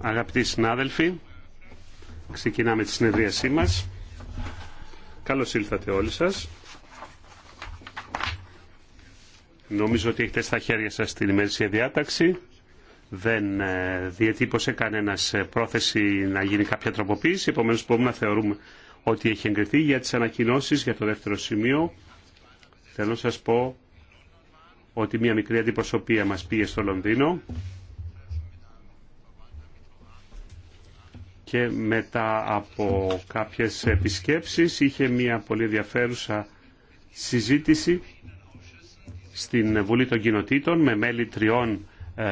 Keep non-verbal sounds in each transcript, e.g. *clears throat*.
Αγαπητοί συνάδελφοι, ξεκινάμε τη συνεδρίασή μας. Καλώς ήλθατε όλοι σας. Νομίζω ότι έχετε στα χέρια σας την ημερήσια διάταξη. Δεν ε, διατύπωσε κανένας ε, πρόθεση να γίνει κάποια τροποποίηση, επομένως μπορούμε να θεωρούμε ότι έχει εγκριθεί για τις ανακοινώσεις για το δεύτερο σημείο. Θέλω να σας πω ότι μια μικρή αντιπροσωπεία μας πήγε στο Λονδίνο και μετά από κάποιες επισκέψεις είχε μια πολύ ενδιαφέρουσα συζήτηση στην Βουλή των Κοινοτήτων με μέλη τριών ε,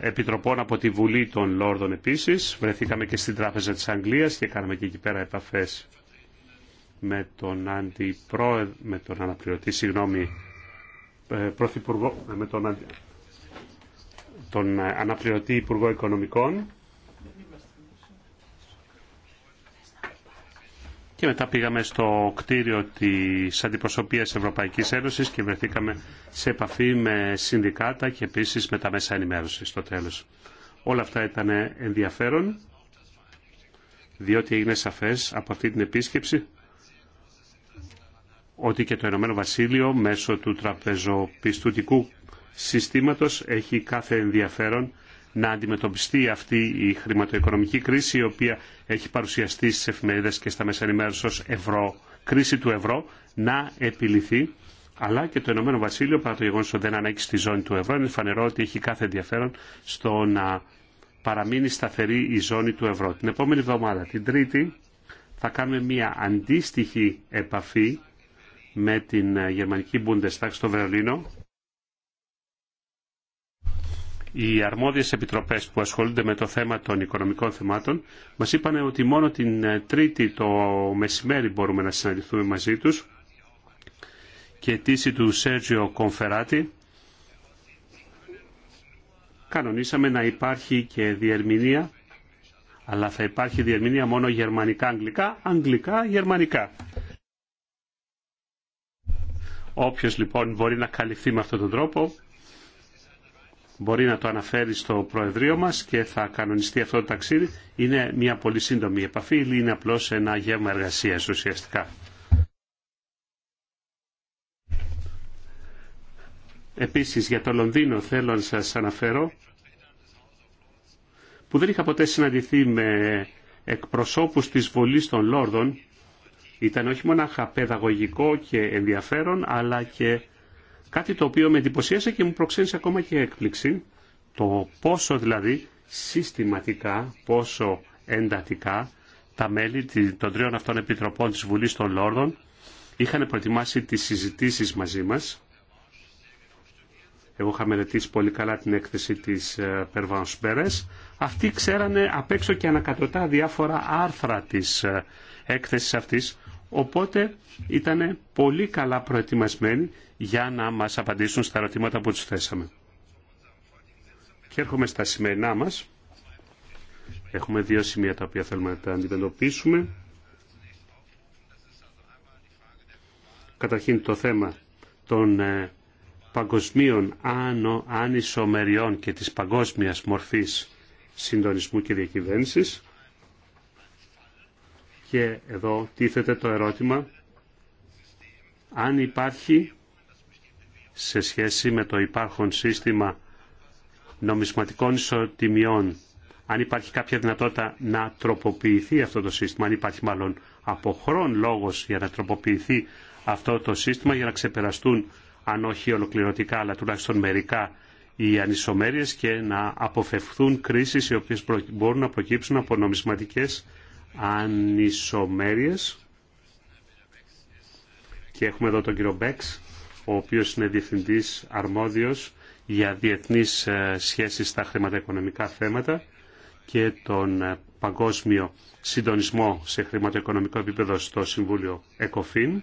επιτροπών από τη Βουλή των Λόρδων επίσης. Βρεθήκαμε και στην Τράπεζα της Αγγλίας και κάναμε και εκεί πέρα επαφές με τον, αντιπρόεδρο, με τον αναπληρωτή, ε, ε, με τον, ε, αναπληρωτή Υπουργό Οικονομικών και μετά πήγαμε στο κτίριο της Αντιπροσωπείας Ευρωπαϊκής Ένωσης και βρεθήκαμε σε επαφή με συνδικάτα και επίσης με τα μέσα ενημέρωσης στο τέλος. Όλα αυτά ήταν ενδιαφέρον διότι έγινε σαφές από αυτή την επίσκεψη ότι και το Ηνωμένο Βασίλειο μέσω του τραπεζοπιστωτικού συστήματος έχει κάθε ενδιαφέρον να αντιμετωπιστεί αυτή η χρηματοοικονομική κρίση η οποία έχει παρουσιαστεί στις εφημερίδες και στα μέσα ενημέρωση ως ευρώ, κρίση του ευρώ να επιληθεί αλλά και το Ηνωμένο Βασίλειο παρά το γεγονό ότι δεν ανέκει στη ζώνη του ευρώ είναι φανερό ότι έχει κάθε ενδιαφέρον στο να παραμείνει σταθερή η ζώνη του ευρώ. Την επόμενη εβδομάδα, την Τρίτη, θα κάνουμε μια αντίστοιχη επαφή με την ε, γερμανική Bundestag στο Βερολίνο. Οι αρμόδιες επιτροπές που ασχολούνται με το θέμα των οικονομικών θεμάτων μας είπαν ότι μόνο την ε, Τρίτη το μεσημέρι μπορούμε να συναντηθούμε μαζί τους και αιτήσει του Σέργιο Κομφεράτη κανονίσαμε να υπάρχει και διερμηνία αλλά θα υπάρχει διερμηνία μόνο γερμανικά-αγγλικά, αγγλικά-γερμανικά. Όποιος λοιπόν μπορεί να καλυφθεί με αυτόν τον τρόπο μπορεί να το αναφέρει στο Προεδρείο μας και θα κανονιστεί αυτό το ταξίδι. Είναι μια πολύ σύντομη επαφή ή είναι απλώς ένα γεύμα εργασίας ουσιαστικά. Επίσης για το Λονδίνο θέλω να σας αναφέρω που δεν είχα ποτέ συναντηθεί με εκπροσώπους της Βολής των Λόρδων ήταν όχι μονάχα παιδαγωγικό και ενδιαφέρον, αλλά και κάτι το οποίο με εντυπωσίασε και μου προξένησε ακόμα και έκπληξη, το πόσο δηλαδή συστηματικά, πόσο εντατικά τα μέλη των τριών αυτών επιτροπών της Βουλής των Λόρδων είχαν προετοιμάσει τις συζητήσεις μαζί μας. Εγώ είχα μελετήσει πολύ καλά την έκθεση της ε, Περβανος Μπερές. Αυτοί ξέρανε απ' έξω και ανακατοτά διάφορα άρθρα της ε, έκθεσης αυτής Οπότε ήταν πολύ καλά προετοιμασμένοι για να μας απαντήσουν στα ερωτήματα που τους θέσαμε. Και έρχομαι στα σημερινά μας. Έχουμε δύο σημεία τα οποία θέλουμε να τα αντιμετωπίσουμε. Καταρχήν το θέμα των ε, παγκοσμίων άνο, άνισομεριών και της παγκόσμιας μορφής συντονισμού και διακυβέρνησης. Και εδώ τίθεται το ερώτημα αν υπάρχει σε σχέση με το υπάρχον σύστημα νομισματικών ισοτιμιών αν υπάρχει κάποια δυνατότητα να τροποποιηθεί αυτό το σύστημα, αν υπάρχει μάλλον από χρόν λόγος για να τροποποιηθεί αυτό το σύστημα για να ξεπεραστούν αν όχι ολοκληρωτικά αλλά τουλάχιστον μερικά οι ανισομέρειες και να αποφευθούν κρίσεις οι οποίες μπορούν να προκύψουν από νομισματικές ανισομέρειες και έχουμε εδώ τον κύριο Μπέξ ο οποίος είναι διευθυντής αρμόδιος για διεθνείς ε, σχέσεις στα χρηματοοικονομικά θέματα και τον ε, παγκόσμιο συντονισμό σε χρηματοοικονομικό επίπεδο στο Συμβούλιο ΕΚΟΦΗΝ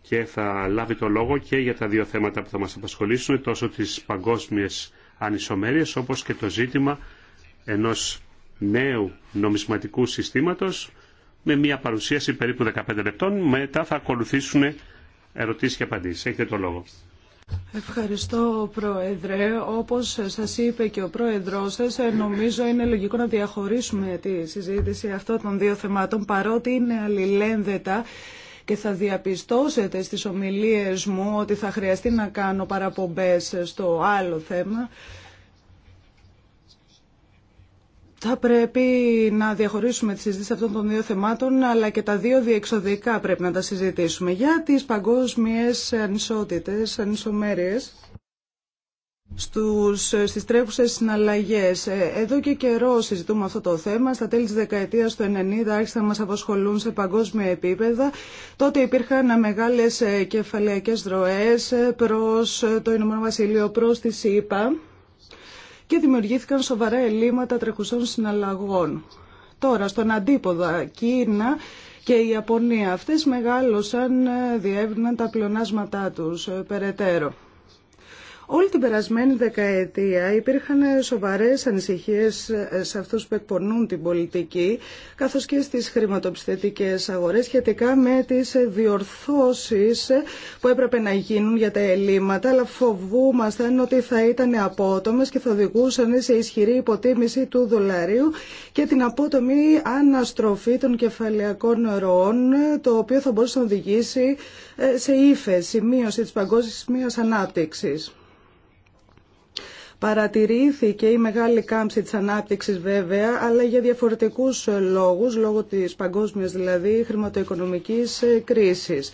και θα λάβει το λόγο και για τα δύο θέματα που θα μας απασχολήσουν τόσο τις παγκόσμιες ανισομέρειες όπως και το ζήτημα ενός νέου νομισματικού συστήματος με μια παρουσίαση περίπου 15 λεπτών. Μετά θα ακολουθήσουν ερωτήσεις και απαντήσεις. Έχετε το λόγο. Ευχαριστώ Πρόεδρε. Όπως σας είπε και ο Πρόεδρός σας, νομίζω είναι λογικό να διαχωρίσουμε τη συζήτηση αυτών των δύο θεμάτων, παρότι είναι αλληλένδετα και θα διαπιστώσετε στις ομιλίες μου ότι θα χρειαστεί να κάνω παραπομπές στο άλλο θέμα θα πρέπει να διαχωρίσουμε τη συζήτηση αυτών των δύο θεμάτων, αλλά και τα δύο διεξοδικά πρέπει να τα συζητήσουμε. Για τις παγκόσμιες ανισότητες, ανισομέρειες, στους, στις τρέχουσες συναλλαγές. Ε, εδώ και καιρό συζητούμε αυτό το θέμα. Στα τέλη της δεκαετίας του 90 άρχισαν να μας απασχολούν σε παγκόσμια επίπεδα. Τότε υπήρχαν μεγάλες ε, κεφαλαιακές ροές ε, προς το Ηνωμένο Βασίλειο, προς τη ΣΥΠΑ και δημιουργήθηκαν σοβαρά ελλείμματα τρεχουσών συναλλαγών. Τώρα, στον αντίποδα, Κίνα και η Ιαπωνία αυτές μεγάλωσαν, ε, διεύναν τα πλεονάσματά τους ε, περαιτέρω. Όλη την περασμένη δεκαετία υπήρχαν σοβαρές ανησυχίες σε αυτούς που εκπονούν την πολιτική, καθώς και στις χρηματοπιστωτικές αγορές σχετικά με τις διορθώσεις που έπρεπε να γίνουν για τα ελλείμματα, αλλά φοβούμασταν ότι θα ήταν απότομες και θα οδηγούσαν σε ισχυρή υποτίμηση του δολαρίου και την απότομη αναστροφή των κεφαλαιακών ροών, το οποίο θα μπορούσε να οδηγήσει ε, σε ύφεση, μείωση της παγκόσμιας ανάπτυξης. Παρατηρήθηκε η μεγάλη κάμψη της ανάπτυξης βέβαια, αλλά για διαφορετικούς λόγους, λόγω της παγκόσμιας δηλαδή χρηματοοικονομικής ε, κρίσης.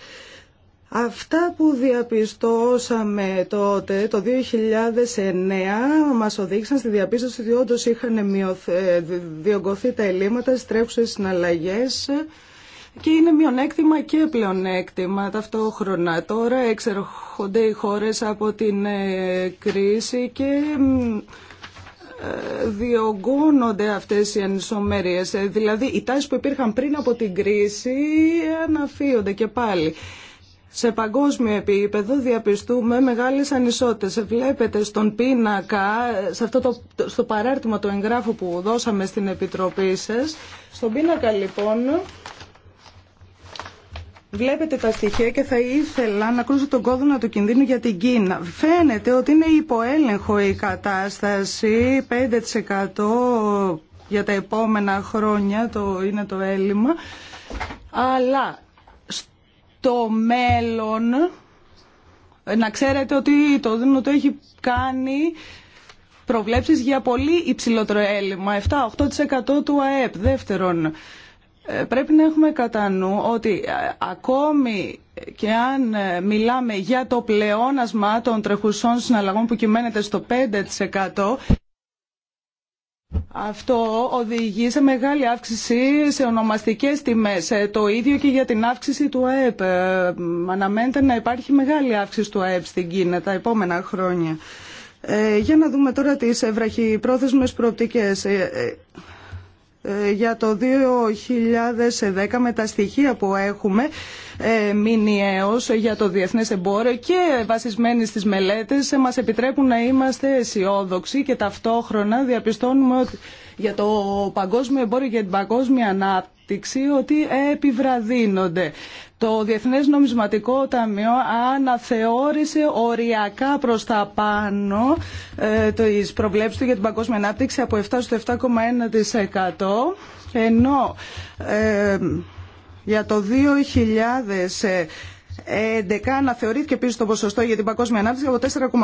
Αυτά που διαπιστώσαμε τότε, το 2009, μας οδήγησαν στη διαπίστωση ότι όντως είχαν ε, διωγκωθεί τα ελλείμματα στις τρέχουσες συναλλαγές και είναι μειονέκτημα και πλεονέκτημα ταυτόχρονα. Τώρα εξερχονται οι χώρες από την ε, κρίση και ε, διωγγώνονται αυτές οι ανισομέρειες. Ε, δηλαδή οι τάσεις που υπήρχαν πριν από την κρίση αναφύονται και πάλι. Σε παγκόσμιο επίπεδο διαπιστούμε μεγάλες ανισότητες. Βλέπετε στον πίνακα, σε αυτό το, στο παράρτημα του εγγράφου που δώσαμε στην Επιτροπή σας, στον πίνακα λοιπόν Βλέπετε τα στοιχεία και θα ήθελα να κρούσω τον κόδωνα του κινδύνου για την Κίνα. Φαίνεται ότι είναι υποέλεγχο η κατάσταση, 5% για τα επόμενα χρόνια το, είναι το έλλειμμα, αλλά στο μέλλον να ξέρετε ότι το Δήμο το έχει κάνει προβλέψεις για πολύ υψηλότερο έλλειμμα, 7-8% του ΑΕΠ. Δεύτερον, ε, πρέπει να έχουμε κατά νου ότι ε, ακόμη και αν ε, μιλάμε για το πλεόνασμα των τρεχουσών συναλλαγών που κυμαίνεται στο 5%, αυτό οδηγεί σε μεγάλη αύξηση σε ονομαστικές τιμές. Το ίδιο και για την αύξηση του ΑΕΠ. Αναμένεται να υπάρχει μεγάλη αύξηση του ΑΕΠ στην Κίνα τα επόμενα χρόνια. για να δούμε τώρα τις βραχυπρόθεσμες προοπτικές για το 2010 με τα στοιχεία που έχουμε ε, μηνιαίως για το διεθνές εμπόριο και βασισμένοι στις μελέτες ε, μας επιτρέπουν να είμαστε αισιόδοξοι και ταυτόχρονα διαπιστώνουμε ότι για το παγκόσμιο εμπόριο και την παγκόσμια ανάπτυξη ότι επιβραδύνονται. Το Διεθνές Νομισματικό Ταμείο αναθεώρησε οριακά προς τα πάνω ε, το προβλέψεις του για την παγκόσμια ανάπτυξη από 7% στο 7,1% ενώ ε, για το 2011 11 αναθεωρήθηκε επίση το ποσοστό για την παγκόσμια ανάπτυξη από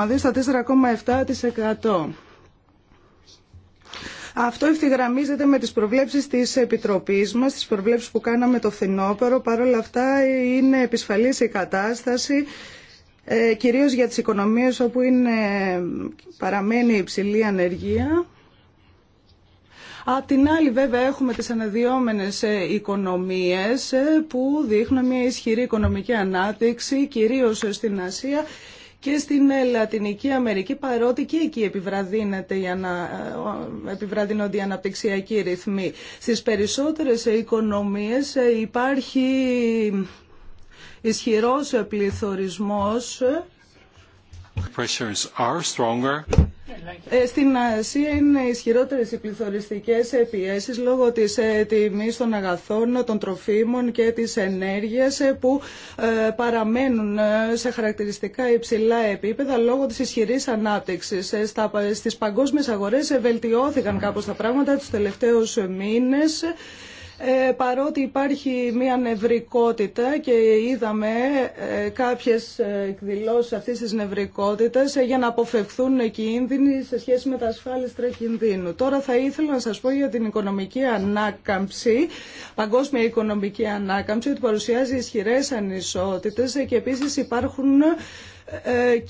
4,2 στα 4,7%. Αυτό ευθυγραμμίζεται με τις προβλέψεις της Επιτροπής μας, τις προβλέψεις που κάναμε το φθινόπερο. Παρ' όλα αυτά είναι επισφαλής η κατάσταση, ε, κυρίως για τις οικονομίες όπου είναι, παραμένει υψηλή ανεργία. Απ' την άλλη βέβαια έχουμε τις αναδυόμενες ε, οικονομίες ε, που δείχνουν μια ισχυρή οικονομική ανάπτυξη κυρίως στην Ασία και στην Λατινική Αμερική, παρότι και εκεί επιβραδύνεται η ανα... Ε, επιβραδύνονται οι αναπτυξιακοί ρυθμοί. Στις περισσότερες οικονομίες ε, υπάρχει ισχυρός πληθωρισμός ε, στην Ασία είναι ισχυρότερε οι πληθωριστικέ πιέσει λόγω τη ε, τιμή των αγαθών, των τροφίμων και τη ενέργεια ε, που παραμένουν σε χαρακτηριστικά υψηλά επίπεδα λόγω τη ισχυρή ανάπτυξη. Στι παγκόσμιε αγορέ βελτιώθηκαν κάπω τα πράγματα του τελευταίου μήνε. Ε, παρότι υπάρχει μια νευρικότητα και είδαμε ε, κάποιες ε, εκδηλώσεις αυτής της νευρικότητας για να αποφευθούν κίνδυνοι σε σχέση με τα ασφάλιστρα κινδύνου. Τώρα θα ήθελα να σας πω για την οικονομική ανάκαμψη, παγκόσμια οικονομική ανάκαμψη, ότι παρουσιάζει ισχυρές ανισότητες και επίσης υπάρχουν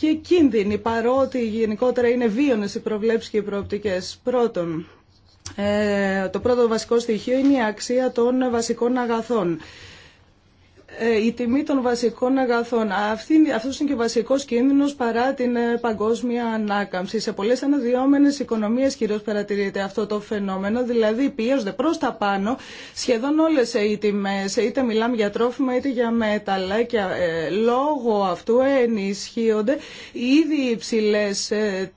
και κίνδυνοι, παρότι γενικότερα είναι βίωνες οι προβλέψεις και οι προοπτικές. Πρώτον, ε, το πρώτο βασικό στοιχείο είναι η αξία των βασικών αγαθών. Ε, η τιμή των βασικών αγαθών. Αυτός είναι και ο βασικός κίνδυνος παρά την ε, παγκόσμια ανάκαμψη. Σε πολλές αναδυόμενες οικονομίες κυρίως παρατηρείται αυτό το φαινόμενο, δηλαδή πιέζονται προς τα πάνω σχεδόν όλες ε, οι τιμές, είτε μιλάμε για τρόφιμα είτε για μέταλλα και λόγω αυτού ενισχύονται ήδη υψηλές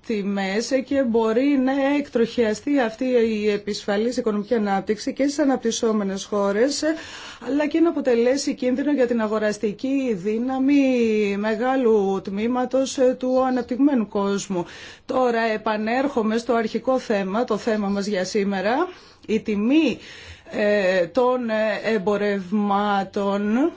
τιμές και μπορεί να εκτροχιαστεί αυτή η επισφαλής οικονομική ανάπτυξη και στις αναπτυσσόμενες χώρες, αλλά και να αποτελέσει κίνδυνο για την αγοραστική δύναμη μεγάλου τμήματος ε, του αναπτυγμένου κόσμου. Τώρα επανέρχομαι στο αρχικό θέμα, το θέμα μας για σήμερα, η τιμή ε, των εμπορευμάτων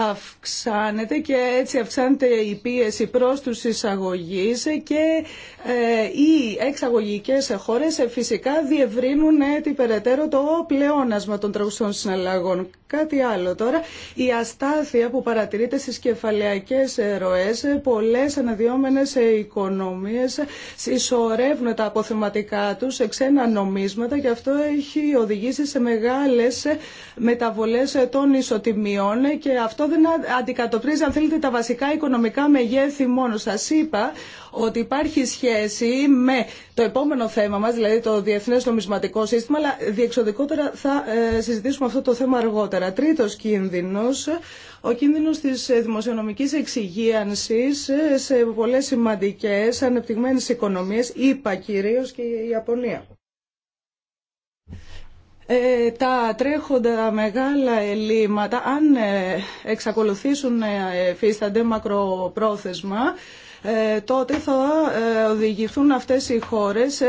αυξάνεται και έτσι αυξάνεται η πίεση προς τους εισαγωγείς και ε, οι εξαγωγικές χώρες φυσικά διευρύνουν έτσι, ε, περαιτέρω το πλεόνασμα των τραγουστών συναλλαγών. Κάτι άλλο τώρα, η αστάθεια που παρατηρείται στις κεφαλαιακές ε, ροές, πολλές αναδυόμενες οικονομίες συσσωρεύουν τα αποθεματικά τους σε ξένα νομίσματα και αυτό έχει οδηγήσει σε μεγάλες μεταβολές των ισοτιμιών και αυτό δεν αντικατοπτρίζει αν θέλετε τα βασικά οικονομικά μεγέθη μόνο. Σα είπα ότι υπάρχει σχέση με το επόμενο θέμα μας, δηλαδή το διεθνέ Νομισματικό Σύστημα, αλλά διεξοδικότερα θα ε, συζητήσουμε αυτό το θέμα αργότερα. Τρίτος κίνδυνο, ο κίνδυνο τη ε, δημοσιονομική εξυγίανση ε, σε πολλές σημαντικέ, ανεπτυγμένε οικονομίε, είπα κυρίω και η Ιαπωνία. Ε, τα τρέχοντα μεγάλα ελλείμματα, αν ε, εξακολουθήσουν να εφίστανται μακροπρόθεσμα, ε, τότε θα οδηγηθούν αυτές οι χώρες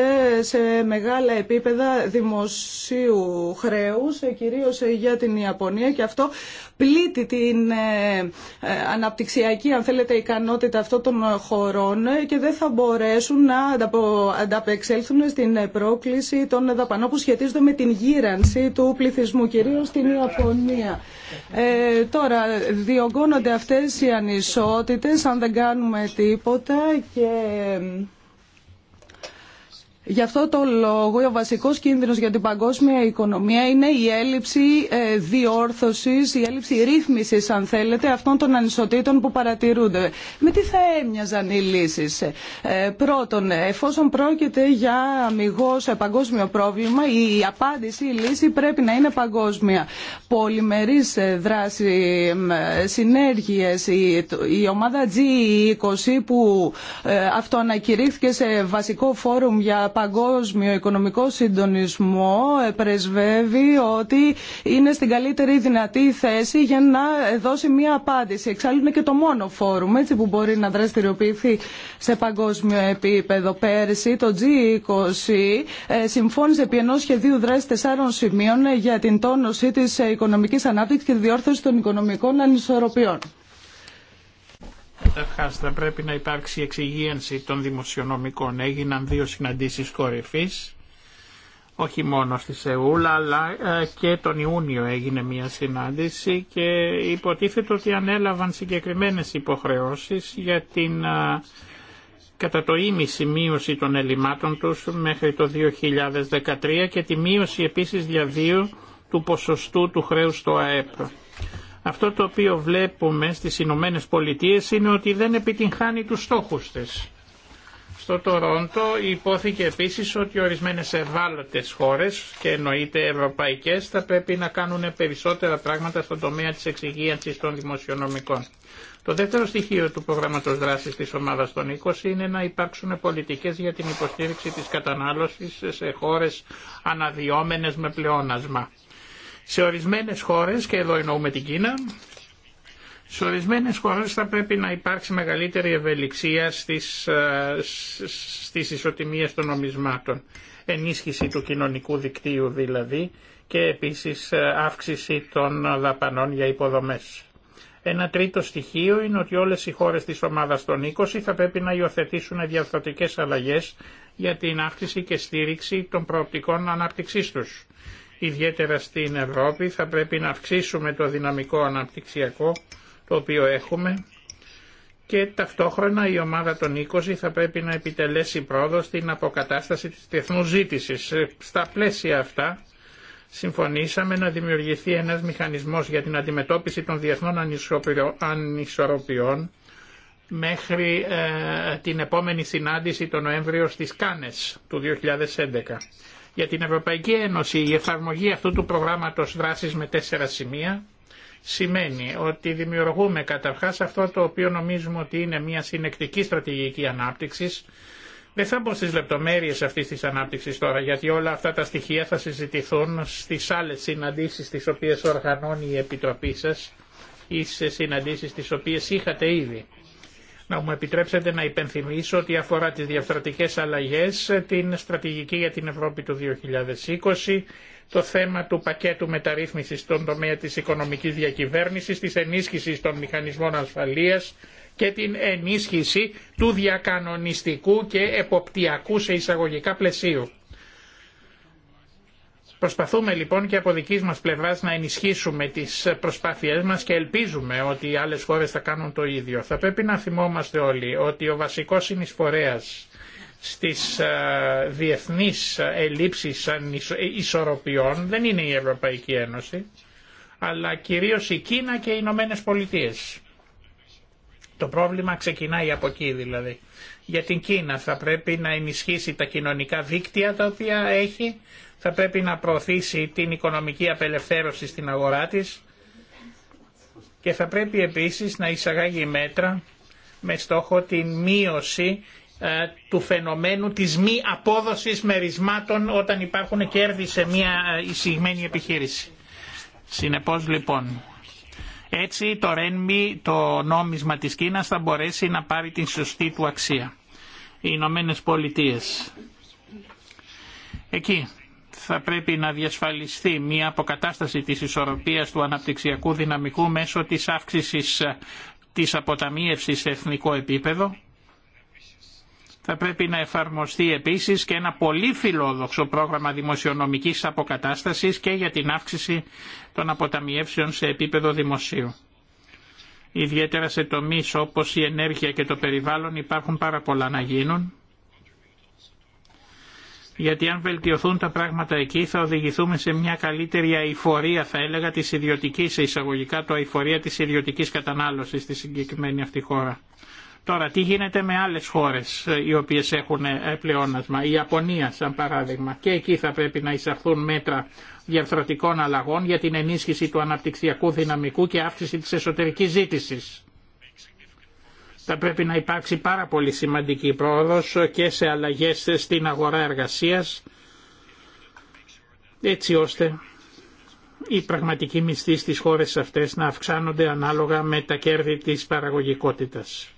σε μεγάλα επίπεδα δημοσίου χρέους, κυρίως για την Ιαπωνία και αυτό πλήττει την ε, ε, αναπτυξιακή, αν θέλετε, ικανότητα αυτών των χωρών και δεν θα μπορέσουν να ανταπεξέλθουν στην πρόκληση των δαπανών που σχετίζονται με την γύρανση του πληθυσμού, κυρίως στην Ιαπωνία. Ε, τώρα, διωγγώνονται αυτές οι ανισότητες αν δεν κάνουμε τίποτα και Γι' αυτό το λόγο ο βασικός κίνδυνος για την παγκόσμια οικονομία είναι η έλλειψη ε, διόρθωσης, η έλλειψη ρύθμισης αν θέλετε αυτών των ανισοτήτων που παρατηρούνται. Με τι θα έμοιαζαν οι λύσεις. Ε, πρώτον, εφόσον πρόκειται για αμυγός ε, παγκόσμιο πρόβλημα, η απάντηση, η λύση πρέπει να είναι παγκόσμια. Πολυμερής δράση, συνέργειες, η ομάδα G20 που αυτοανακηρύχθηκε σε βασικό φόρουμ για παγκόσμιο οικονομικό συντονισμό πρεσβεύει ότι είναι στην καλύτερη δυνατή θέση για να δώσει μία απάντηση. Εξάλλου είναι και το μόνο φόρουμ έτσι, που μπορεί να δραστηριοποιηθεί σε παγκόσμιο επίπεδο. Πέρσι το G20 ε, συμφώνησε επί ενός σχεδίου δράση τεσσάρων σημείων ε, για την τόνωση της ε, οικονομικής ανάπτυξης και τη διόρθωση των οικονομικών ανισορροπιών. Καταρχά, θα πρέπει να υπάρξει εξυγίανση των δημοσιονομικών. Έγιναν δύο συναντήσεις κορυφή, όχι μόνο στη Σεούλα, αλλά ε, και τον Ιούνιο έγινε μια συνάντηση και υποτίθεται ότι ανέλαβαν συγκεκριμένες υποχρεώσεις για την ε, κατά το ίμιση μείωση των ελλημάτων τους μέχρι το 2013 και τη μείωση επίσης διαδίου του ποσοστού του χρέους στο ΑΕΠ. Αυτό το οποίο βλέπουμε στις Ηνωμένε Πολιτείε είναι ότι δεν επιτυγχάνει τους στόχους της. Στο Τορόντο υπόθηκε επίσης ότι ορισμένες ευάλωτες χώρες και εννοείται ευρωπαϊκές θα πρέπει να κάνουν περισσότερα πράγματα στον τομέα της εξυγίανσης των δημοσιονομικών. Το δεύτερο στοιχείο του προγράμματος δράσης της ομάδας των 20 είναι να υπάρξουν πολιτικές για την υποστήριξη της κατανάλωσης σε χώρες αναδυόμενες με πλεόνασμα. Σε ορισμένες χώρες, και εδώ εννοούμε την Κίνα, σε ορισμένες χώρες θα πρέπει να υπάρξει μεγαλύτερη ευελιξία στις, ε, στις ισοτιμίες των νομισμάτων. Ενίσχυση του κοινωνικού δικτύου δηλαδή και επίσης ε, αύξηση των δαπανών για υποδομές. Ένα τρίτο στοιχείο είναι ότι όλες οι χώρες της ομάδας των 20 θα πρέπει να υιοθετήσουν διαρθρωτικές αλλαγές για την αύξηση και στήριξη των προοπτικών ανάπτυξής τους ιδιαίτερα στην Ευρώπη, θα πρέπει να αυξήσουμε το δυναμικό αναπτυξιακό το οποίο έχουμε και ταυτόχρονα η ομάδα των 20 θα πρέπει να επιτελέσει πρόοδο στην αποκατάσταση της διεθνού ζήτησης. Ε, στα πλαίσια αυτά συμφωνήσαμε να δημιουργηθεί ένας μηχανισμός για την αντιμετώπιση των διεθνών ανισορροπιών μέχρι ε, την επόμενη συνάντηση τον Νοέμβριο στις Κάνες του 2011. Για την Ευρωπαϊκή Ένωση η εφαρμογή αυτού του προγράμματος δράσης με τέσσερα σημεία σημαίνει ότι δημιουργούμε καταρχάς αυτό το οποίο νομίζουμε ότι είναι μια συνεκτική στρατηγική ανάπτυξης. Δεν θα μπω στις λεπτομέρειες αυτής της ανάπτυξης τώρα γιατί όλα αυτά τα στοιχεία θα συζητηθούν στις άλλες συναντήσεις τις οποίες οργανώνει η Επιτροπή σας ή σε συναντήσεις τις οποίες είχατε ήδη. Να μου επιτρέψετε να υπενθυμίσω ότι αφορά τις διαφθορτικές αλλαγές, την στρατηγική για την Ευρώπη του 2020, το θέμα του πακέτου μεταρρύθμισης στον τομέα της οικονομικής διακυβέρνησης, της ενίσχυσης των μηχανισμών ασφαλείας και την ενίσχυση του διακανονιστικού και εποπτιακού σε εισαγωγικά πλαισίου. Προσπαθούμε λοιπόν και από δική μα πλευρά να ενισχύσουμε τι προσπάθειές μα και ελπίζουμε ότι οι άλλες χώρες θα κάνουν το ίδιο. Θα πρέπει να θυμόμαστε όλοι ότι ο βασικό συνεισφορέα στι ε, διεθνεί ελλείψεις ε, ισορροπιών δεν είναι η Ευρωπαϊκή Ένωση, αλλά κυρίω η Κίνα και οι Ηνωμένε Πολιτείε. Το πρόβλημα ξεκινάει από εκεί δηλαδή. Για την Κίνα θα πρέπει να ενισχύσει τα κοινωνικά δίκτυα τα οποία έχει, θα πρέπει να προωθήσει την οικονομική απελευθέρωση στην αγορά της και θα πρέπει επίσης να εισαγάγει μέτρα με στόχο την μείωση ε, του φαινομένου της μη απόδοσης μερισμάτων όταν υπάρχουν κέρδη σε μια ε, εισηγμένη επιχείρηση. Συνεπώς λοιπόν, έτσι το ΡΕΝΜΙ, το νόμισμα της Κίνας θα μπορέσει να πάρει την σωστή του αξία. Οι Ηνωμένε Πολιτείε. Εκεί θα πρέπει να διασφαλιστεί μια αποκατάσταση της ισορροπίας του αναπτυξιακού δυναμικού μέσω της αύξησης ε, της αποταμίευσης σε εθνικό επίπεδο. Θα πρέπει να εφαρμοστεί επίσης και ένα πολύ φιλόδοξο πρόγραμμα δημοσιονομικής αποκατάστασης και για την αύξηση των αποταμιεύσεων σε επίπεδο δημοσίου. Ιδιαίτερα σε τομείς όπως η ενέργεια και το περιβάλλον υπάρχουν πάρα πολλά να γίνουν γιατί αν βελτιωθούν τα πράγματα εκεί θα οδηγηθούμε σε μια καλύτερη αηφορία θα έλεγα της ιδιωτικής, εισαγωγικά το αηφορία της ιδιωτικής κατανάλωσης στη συγκεκριμένη αυτή χώρα. Τώρα, τι γίνεται με άλλες χώρες ε, οι οποίες έχουν ε, πλεόνασμα. Η Ιαπωνία, σαν παράδειγμα. Και εκεί θα πρέπει να εισαχθούν μέτρα διαρθρωτικών αλλαγών για την ενίσχυση του αναπτυξιακού δυναμικού και αύξηση της εσωτερικής ζήτησης. Θα πρέπει να υπάρξει πάρα πολύ σημαντική πρόοδος και σε αλλαγές στην αγορά εργασίας έτσι ώστε οι πραγματικοί μισθοί στις χώρες αυτές να αυξάνονται ανάλογα με τα κέρδη της παραγωγικότητας.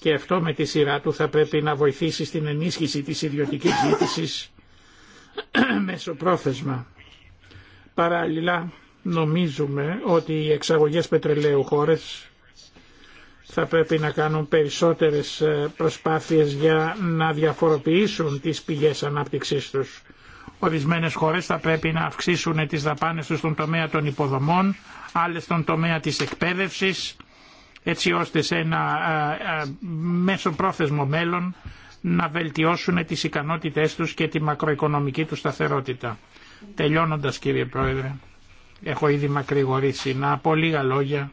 Και αυτό με τη σειρά του θα πρέπει να βοηθήσει στην ενίσχυση της ιδιωτικής *clears throat* μέσω πρόθεσμα. Παράλληλα, νομίζουμε ότι οι εξαγωγές πετρελαίου χώρες θα πρέπει να κάνουν περισσότερες ε, προσπάθειες για να διαφοροποιήσουν τις πηγές ανάπτυξής τους. Ορισμένες χώρες θα πρέπει να αυξήσουν τις δαπάνες τους στον τομέα των υποδομών, άλλες στον τομέα της εκπαίδευσης, έτσι ώστε σε ένα ε, ε, μέσο πρόθεσμο μέλλον να βελτιώσουν τις ικανότητές τους και τη μακροοικονομική τους σταθερότητα. Τελειώνοντας κύριε Πρόεδρε, έχω ήδη μακρηγορήσει να πω λίγα λόγια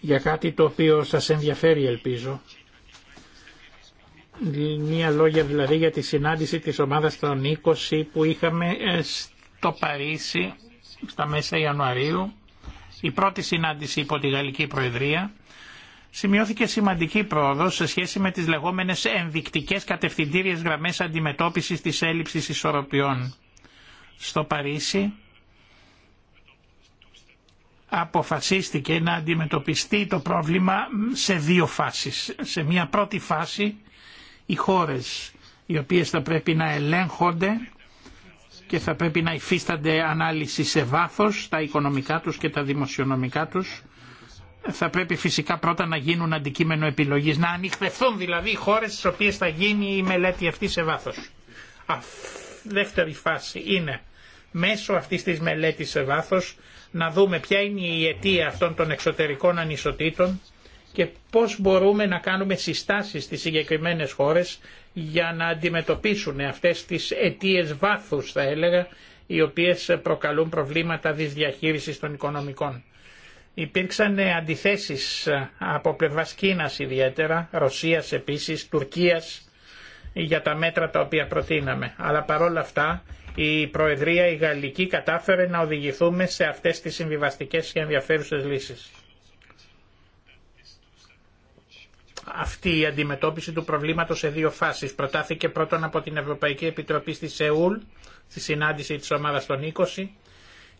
για κάτι το οποίο σας ενδιαφέρει ελπίζω. Μία λόγια δηλαδή για τη συνάντηση της ομάδας των 20 που είχαμε ε, στο Παρίσι στα μέσα Ιανουαρίου. Η πρώτη συνάντηση υπό τη Γαλλική Προεδρία σημειώθηκε σημαντική πρόοδος σε σχέση με τις λεγόμενες ενδεικτικές κατευθυντήριες γραμμές αντιμετώπισης της έλλειψης ισορροπιών. Στο Παρίσι αποφασίστηκε να αντιμετωπιστεί το πρόβλημα σε δύο φάσεις. Σε μια πρώτη φάση οι χώρες οι οποίες θα πρέπει να ελέγχονται και θα πρέπει να υφίστανται ανάλυση σε βάθος τα οικονομικά τους και τα δημοσιονομικά τους θα πρέπει φυσικά πρώτα να γίνουν αντικείμενο επιλογής, να ανοιχτευθούν δηλαδή οι χώρες στις οποίες θα γίνει η μελέτη αυτή σε βάθος. δεύτερη φάση είναι μέσω αυτής της μελέτης σε βάθος να δούμε ποια είναι η αιτία αυτών των εξωτερικών ανισοτήτων και πώς μπορούμε να κάνουμε συστάσεις στις συγκεκριμένες χώρες για να αντιμετωπίσουν αυτές τις αιτίες βάθους θα έλεγα οι οποίες προκαλούν προβλήματα δυσδιαχείρισης των οικονομικών. Υπήρξαν αντιθέσεις από πλευράς Κίνας ιδιαίτερα, Ρωσίας επίσης, Τουρκίας για τα μέτρα τα οποία προτείναμε. Αλλά παρόλα αυτά η Προεδρία η Γαλλική κατάφερε να οδηγηθούμε σε αυτές τις συμβιβαστικές και ενδιαφέρουσες λύσεις. Αυτή η αντιμετώπιση του προβλήματος σε δύο φάσεις προτάθηκε πρώτον από την Ευρωπαϊκή Επιτροπή στη Σεούλ, στη συνάντηση της ομάδας των 20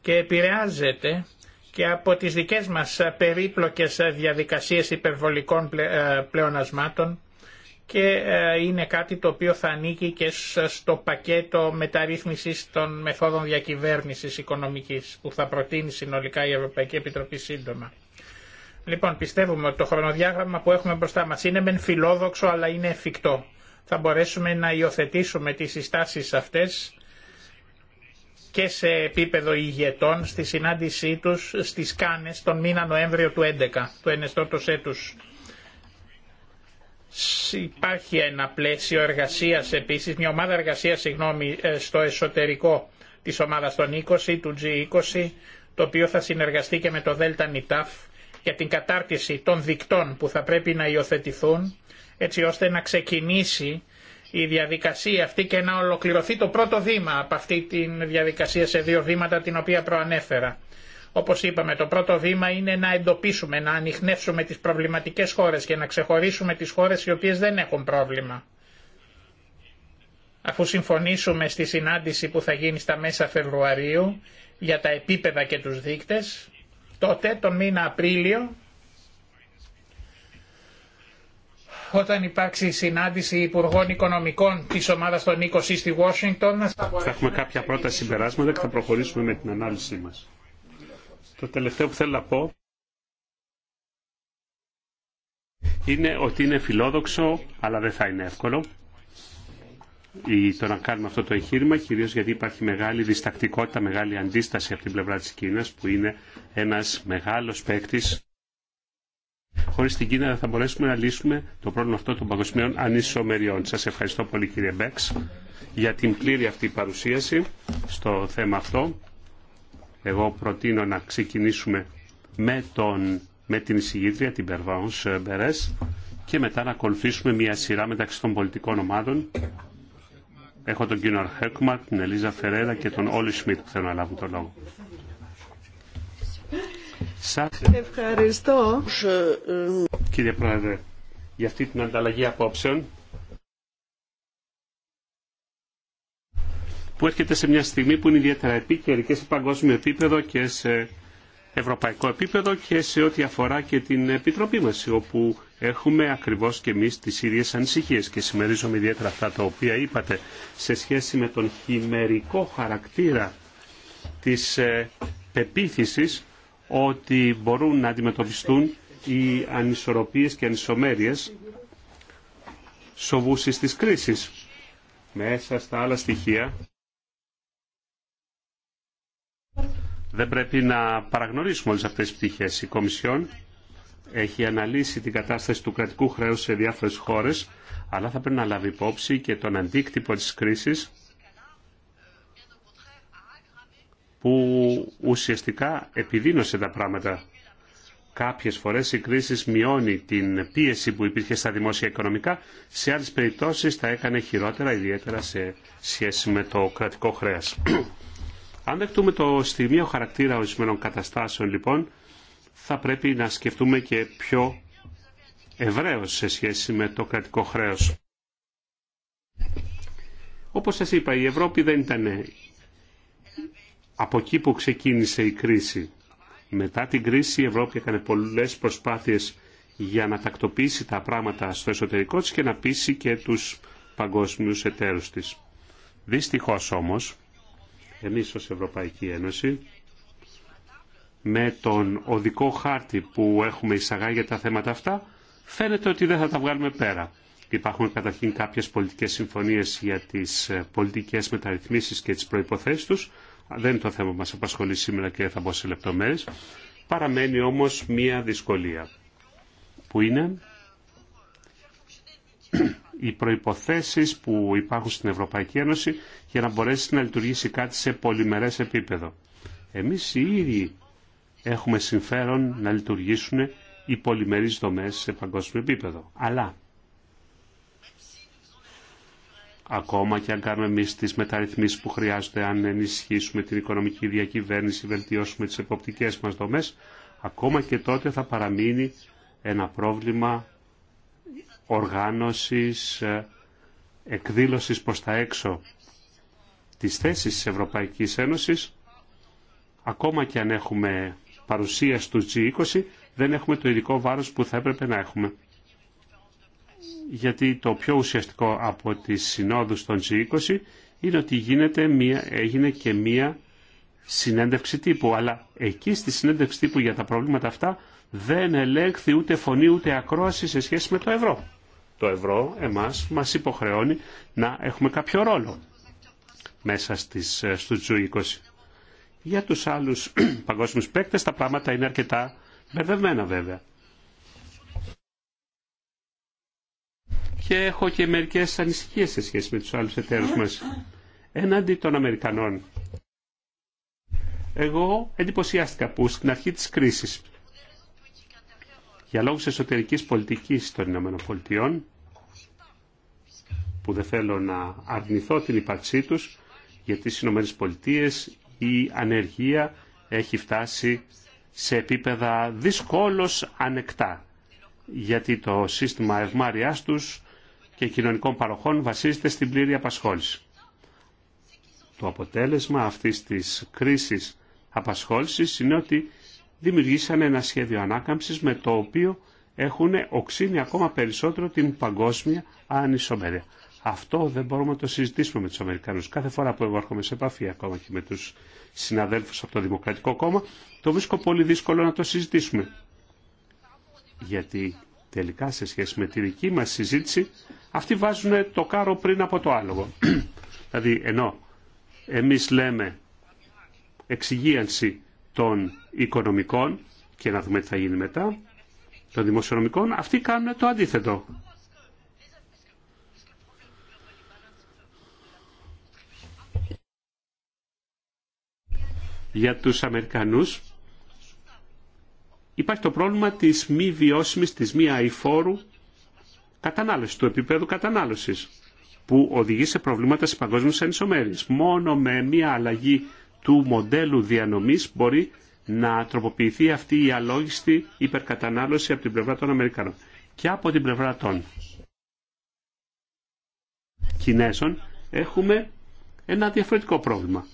και επηρεάζεται και από τις δικές μας περίπλοκες διαδικασίες υπερβολικών ε, πλεονασμάτων και ε, είναι κάτι το οποίο θα ανήκει και στο πακέτο μεταρρύθμισης των μεθόδων διακυβέρνησης οικονομικής που θα προτείνει συνολικά η Ευρωπαϊκή Επιτροπή σύντομα. Λοιπόν, πιστεύουμε ότι το χρονοδιάγραμμα που έχουμε μπροστά μας είναι μεν φιλόδοξο αλλά είναι εφικτό. Θα μπορέσουμε να υιοθετήσουμε τις συστάσεις αυτές και σε επίπεδο ηγετών στη συνάντησή τους στις Κάνες τον μήνα Νοέμβριο του 2011, του ενεστώτος έτους Υπάρχει ένα πλαίσιο εργασία επίσης, μια ομάδα εργασίας συγγνώμη, ε, στο εσωτερικό της ομάδας των 20, του G20, το οποίο θα συνεργαστεί και με το ΔΕΛΤΑ ΝΙΤΑΦ για την κατάρτιση των δικτών που θα πρέπει να υιοθετηθούν έτσι ώστε να ξεκινήσει η διαδικασία αυτή και να ολοκληρωθεί το πρώτο βήμα από αυτή τη διαδικασία σε δύο βήματα την οποία προανέφερα. Όπω είπαμε, το πρώτο βήμα είναι να εντοπίσουμε, να ανοιχνεύσουμε τι προβληματικέ χώρε και να ξεχωρίσουμε τι χώρε οι οποίε δεν έχουν πρόβλημα. Αφού συμφωνήσουμε στη συνάντηση που θα γίνει στα μέσα Φεβρουαρίου για τα επίπεδα και τους δείκτες, τότε τον μήνα Απρίλιο όταν υπάρξει η συνάντηση Υπουργών Οικονομικών της ομάδας των 20 στη Washington θα, θα έχουμε κάποια πρώτα συμπεράσματα και θα προχωρήσουμε με την ανάλυση μας. Το τελευταίο που θέλω να πω είναι ότι είναι φιλόδοξο, αλλά δεν θα είναι εύκολο ή το να κάνουμε αυτό το εγχείρημα, κυρίω γιατί υπάρχει μεγάλη διστακτικότητα, μεγάλη αντίσταση από την πλευρά τη Κίνα, που είναι ένα μεγάλο παίκτη. Χωρί την Κίνα δεν θα μπορέσουμε να λύσουμε το πρόβλημα αυτό των παγκοσμίων ανισομεριών. Σα ευχαριστώ πολύ, κύριε Μπέξ, για την πλήρη αυτή παρουσίαση στο θέμα αυτό. Εγώ προτείνω να ξεκινήσουμε με, τον, με την εισηγήτρια, την Περβάον ε, Μπερές, και μετά να ακολουθήσουμε μια σειρά μεταξύ των πολιτικών ομάδων. Έχω τον κύριο Χέκμαρ, την Ελίζα Φερέρα και τον Όλι Σμιτ που θέλουν να λάβουν τον λόγο. Ευχαριστώ. Κύριε Πρόεδρε, για αυτή την ανταλλαγή απόψεων που έρχεται σε μια στιγμή που είναι ιδιαίτερα επίκαιρη και σε παγκόσμιο επίπεδο και σε ευρωπαϊκό επίπεδο και σε ό,τι αφορά και την Επιτροπή μας, όπου έχουμε ακριβώς και εμείς τις ίδιες ανησυχίες και συμμερίζομαι ιδιαίτερα αυτά τα οποία είπατε σε σχέση με τον χειμερικό χαρακτήρα της ε, πεποίθησης ότι μπορούν να αντιμετωπιστούν οι ανισορροπίες και ανισομέρειες σοβούσης της κρίσης. Μέσα στα άλλα στοιχεία Δεν πρέπει να παραγνωρίσουμε όλες αυτές τις πτυχές. Η Κομισιόν έχει αναλύσει την κατάσταση του κρατικού χρέους σε διάφορες χώρες, αλλά θα πρέπει να λάβει υπόψη και τον αντίκτυπο της κρίσης που ουσιαστικά επιδίνωσε τα πράγματα. Κάποιες φορές η κρίση μειώνει την πίεση που υπήρχε στα δημόσια οικονομικά, σε άλλες περιπτώσεις τα έκανε χειρότερα, ιδιαίτερα σε σχέση με το κρατικό χρέας. Αν δεχτούμε το στιγμίο χαρακτήρα ορισμένων καταστάσεων λοιπόν, θα πρέπει να σκεφτούμε και πιο ευρέως σε σχέση με το κρατικό χρέος. Όπως σας είπα, η Ευρώπη δεν ήταν από εκεί που ξεκίνησε η κρίση. Μετά την κρίση η Ευρώπη έκανε πολλές προσπάθειες για να τακτοποιήσει τα πράγματα στο εσωτερικό της και να πείσει και τους παγκόσμιους εταίρους της. Δυστυχώς όμως, εμείς ως Ευρωπαϊκή Ένωση με τον οδικό χάρτη που έχουμε εισαγάγει για τα θέματα αυτά φαίνεται ότι δεν θα τα βγάλουμε πέρα. Υπάρχουν καταρχήν κάποιες πολιτικές συμφωνίες για τις ε, πολιτικές μεταρρυθμίσεις και τις προϋποθέσεις τους. Δεν είναι το θέμα που μας απασχολεί σήμερα και θα μπω σε λεπτομέρειες. Παραμένει όμως μία δυσκολία που είναι *clears throat* οι προϋποθέσεις που υπάρχουν στην Ευρωπαϊκή Ένωση για να μπορέσει να λειτουργήσει κάτι σε πολυμερές επίπεδο. Εμείς οι ίδιοι έχουμε συμφέρον να λειτουργήσουν οι πολυμερείς δομές σε παγκόσμιο επίπεδο. Αλλά ακόμα και αν κάνουμε εμεί τις μεταρρυθμίσεις που χρειάζονται, αν ενισχύσουμε την οικονομική διακυβέρνηση, βελτιώσουμε τις εποπτικές μας δομές, ακόμα και τότε θα παραμείνει ένα πρόβλημα οργάνωσης, ε, εκδήλωσης προς τα έξω τις θέσεις της Ευρωπαϊκής Ένωσης, ακόμα και αν έχουμε παρουσία στους G20, δεν έχουμε το ειδικό βάρος που θα έπρεπε να έχουμε. Γιατί το πιο ουσιαστικό από τις συνόδους των G20 είναι ότι γίνεται μία, έγινε και μία συνέντευξη τύπου. Αλλά εκεί στη συνέντευξη τύπου για τα προβλήματα αυτά δεν ελέγχθη ούτε φωνή ούτε ακρόαση σε σχέση με το ευρώ. Το ευρώ εμάς μας υποχρεώνει να έχουμε κάποιο ρόλο μέσα στις, ε, στους 20 Για τους άλλους *clears throat* παγκόσμιους παίκτες τα πράγματα είναι αρκετά μπερδευμένα βέβαια. Και έχω και μερικές ανησυχίες σε σχέση με τους άλλους εταίρους μας. Έναντι των Αμερικανών. Εγώ εντυπωσιάστηκα που στην αρχή της κρίσης για λόγους εσωτερικής πολιτικής των Πολιτειών, που δεν θέλω να αρνηθώ την ύπαρξή τους γιατί στι ΗΠΑ η ανεργία έχει φτάσει σε επίπεδα δυσκόλως ανεκτά, γιατί το σύστημα ευμάριάς τους και κοινωνικών παροχών βασίζεται στην πλήρη απασχόληση. Το αποτέλεσμα αυτής της κρίσης απασχόλησης είναι ότι δημιουργήσαν ένα σχέδιο ανάκαμψης με το οποίο έχουν οξύνει ακόμα περισσότερο την παγκόσμια ανισομέρεια. Αυτό δεν μπορούμε να το συζητήσουμε με τους Αμερικανούς. Κάθε φορά που εγώ έρχομαι σε επαφή ακόμα και με τους συναδέλφους από το Δημοκρατικό Κόμμα, το βρίσκω πολύ δύσκολο να το συζητήσουμε. Γιατί τελικά σε σχέση με τη δική μας συζήτηση, αυτοί βάζουν το κάρο πριν από το άλογο. *clears throat* δηλαδή ενώ εμείς λέμε εξυγίανση των οικονομικών και να δούμε τι θα γίνει μετά των δημοσιονομικών, αυτοί κάνουν το αντίθετο. για τους Αμερικανούς υπάρχει το πρόβλημα της μη βιώσιμης, της μη αηφόρου κατανάλωσης, του επίπεδου κατανάλωσης που οδηγεί σε προβλήματα στις παγκόσμιες ενισομέρειες. Μόνο με μια αλλαγή του μοντέλου διανομής μπορεί να τροποποιηθεί αυτή η αλόγιστη υπερκατανάλωση από την πλευρά των Αμερικανών και από την πλευρά των Κινέζων έχουμε ένα διαφορετικό πρόβλημα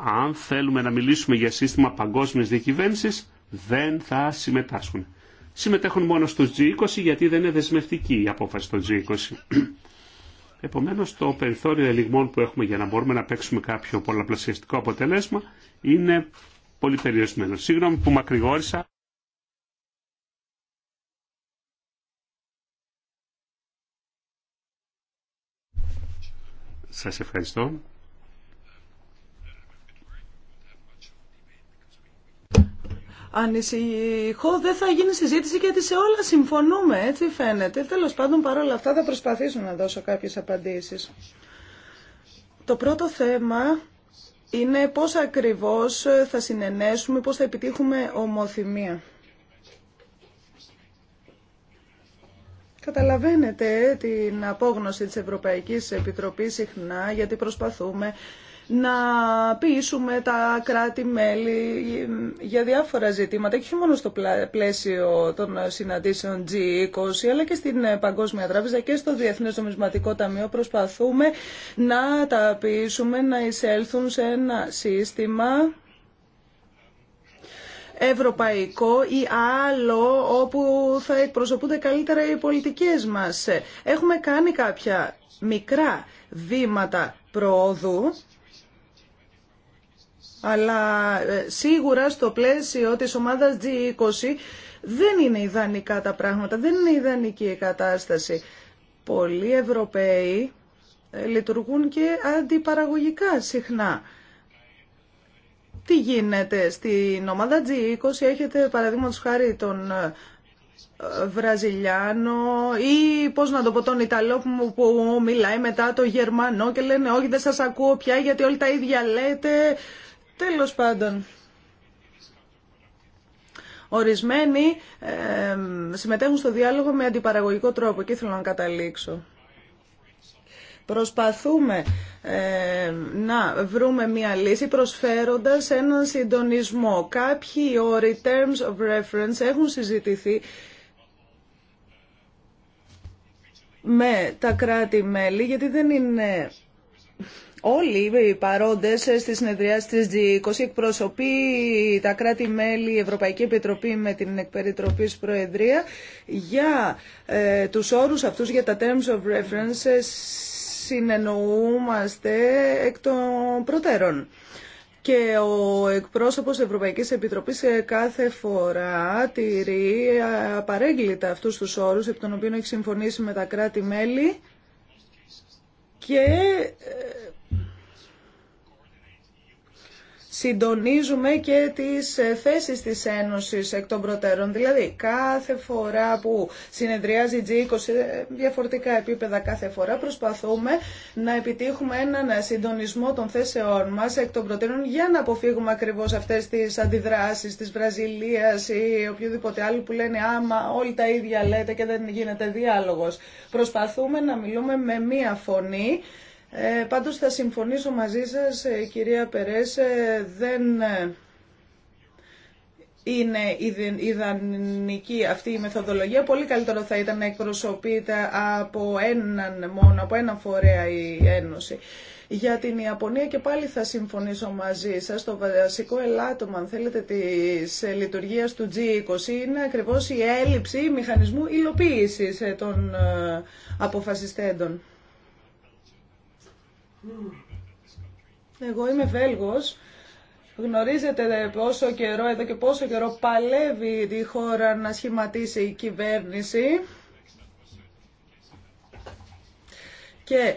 αν θέλουμε να μιλήσουμε για σύστημα παγκόσμια διακυβέρνηση δεν θα συμμετάσχουν. Συμμετέχουν μόνο στο G20 γιατί δεν είναι δεσμευτική η απόφαση των G20. *clears throat* Επομένως το περιθώριο ελιγμών που έχουμε για να μπορούμε να παίξουμε κάποιο πολλαπλασιαστικό αποτελέσμα είναι πολύ περιορισμένο. Συγγνώμη που μακρηγόρησα. Σας ευχαριστώ. ανησυχώ δεν θα γίνει συζήτηση γιατί σε όλα συμφωνούμε, έτσι φαίνεται. Τέλος πάντων παρόλα αυτά θα προσπαθήσω να δώσω κάποιες απαντήσεις. Το πρώτο θέμα είναι πώς ακριβώς θα συνενέσουμε, πώς θα επιτύχουμε ομοθυμία. Καταλαβαίνετε την απόγνωση της Ευρωπαϊκής Επιτροπής συχνά γιατί προσπαθούμε να πείσουμε τα κράτη-μέλη για διάφορα ζητήματα και όχι μόνο στο πλαίσιο των συναντήσεων G20 αλλά και στην Παγκόσμια Τράπεζα και στο Διεθνές Νομισματικό Ταμείο προσπαθούμε να τα πείσουμε να εισέλθουν σε ένα σύστημα ευρωπαϊκό ή άλλο όπου θα εκπροσωπούνται καλύτερα οι πολιτικές μας. Έχουμε κάνει κάποια μικρά βήματα προόδου αλλά ε, σίγουρα στο πλαίσιο της ομάδας G20 δεν είναι ιδανικά τα πράγματα, δεν είναι ιδανική η κατάσταση. Πολλοί Ευρωπαίοι ε, λειτουργούν και αντιπαραγωγικά συχνά. Τι γίνεται στην ομάδα G20, έχετε παραδείγματο χάρη τον ε, Βραζιλιάνο ή πώς να το πω τον Ιταλό που μιλάει μετά το Γερμανό και λένε όχι δεν σας ακούω πια γιατί όλοι τα ίδια λέτε Τέλος πάντων, ορισμένοι συμμετέχουν στο διάλογο με αντιπαραγωγικό τρόπο. και θέλω να καταλήξω. Προσπαθούμε να βρούμε μία λύση προσφέροντας έναν συντονισμό. Κάποιοι όροι terms of reference έχουν συζητηθεί με τα κράτη-μέλη γιατί δεν είναι Όλοι οι παρόντες στη συνεδρία της G20 εκπροσωπεί τα κράτη-μέλη, η Ευρωπαϊκή Επιτροπή με την εκπεριτροπής Προεδρία για ε, τους όρους αυτούς για τα Terms of Reference ε, συνεννοούμαστε εκ των προτέρων. Και ο εκπρόσωπος της Ευρωπαϊκής Επιτροπής ε, κάθε φορά τηρεί απαρέγκλητα αυτούς τους όρους επί των οποίων έχει συμφωνήσει με τα κράτη-μέλη και συντονίζουμε και τις ε, θέσεις της Ένωσης εκ των προτέρων. Δηλαδή, κάθε φορά που συνεδριάζει G20, ε, διαφορετικά επίπεδα κάθε φορά, προσπαθούμε να επιτύχουμε έναν συντονισμό των θέσεών μας εκ των προτέρων για να αποφύγουμε ακριβώς αυτές τις αντιδράσεις της Βραζιλίας ή οποιοδήποτε άλλο που λένε άμα όλοι τα ίδια λέτε και δεν γίνεται διάλογος. Προσπαθούμε να μιλούμε με μία φωνή ε, πάντως θα συμφωνήσω μαζί σας, ε, κυρία Περέσε, δεν ε, είναι ιδανική αυτή η μεθοδολογία. Πολύ καλύτερο θα ήταν να εκπροσωπείται από έναν μόνο, από ένα φορέα η Ένωση. Για την Ιαπωνία και πάλι θα συμφωνήσω μαζί σας. Το βασικό ελάττωμα, αν θέλετε, της λειτουργίας του G20 είναι ακριβώς η έλλειψη μηχανισμού υλοποίησης ε, των αποφασιστέντων. Εγώ είμαι Βέλγος. Γνωρίζετε πόσο καιρό, εδώ και πόσο καιρό παλεύει η χώρα να σχηματίσει η κυβέρνηση. Και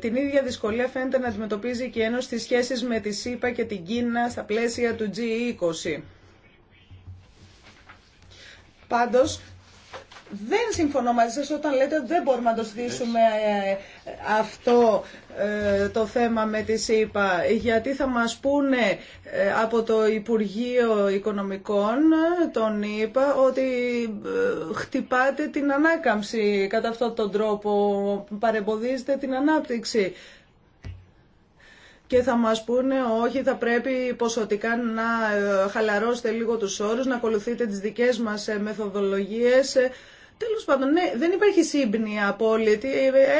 την ίδια δυσκολία φαίνεται να αντιμετωπίζει και η Ένωση στις σχέσεις με τη ΣΥΠΑ και την Κίνα στα πλαίσια του G20. Πάντως, δεν συμφωνώ μαζί σας όταν λέτε ότι δεν μπορούμε να το στήσουμε ε, αυτό ε, το θέμα με τη ΣΥΠΑ, γιατί θα μας πούνε ε, από το Υπουργείο Οικονομικών, τον ίπα, ότι χτυπάτε την ανάκαμψη κατά αυτόν τον τρόπο, παρεμποδίζετε την ανάπτυξη και θα μας πούνε όχι θα πρέπει ποσοτικά να χαλαρώσετε λίγο τους όρους, να ακολουθείτε τις δικές μας μεθοδολογίες Τέλο πάντων, ναι, δεν υπάρχει σύμπνη απόλυτη.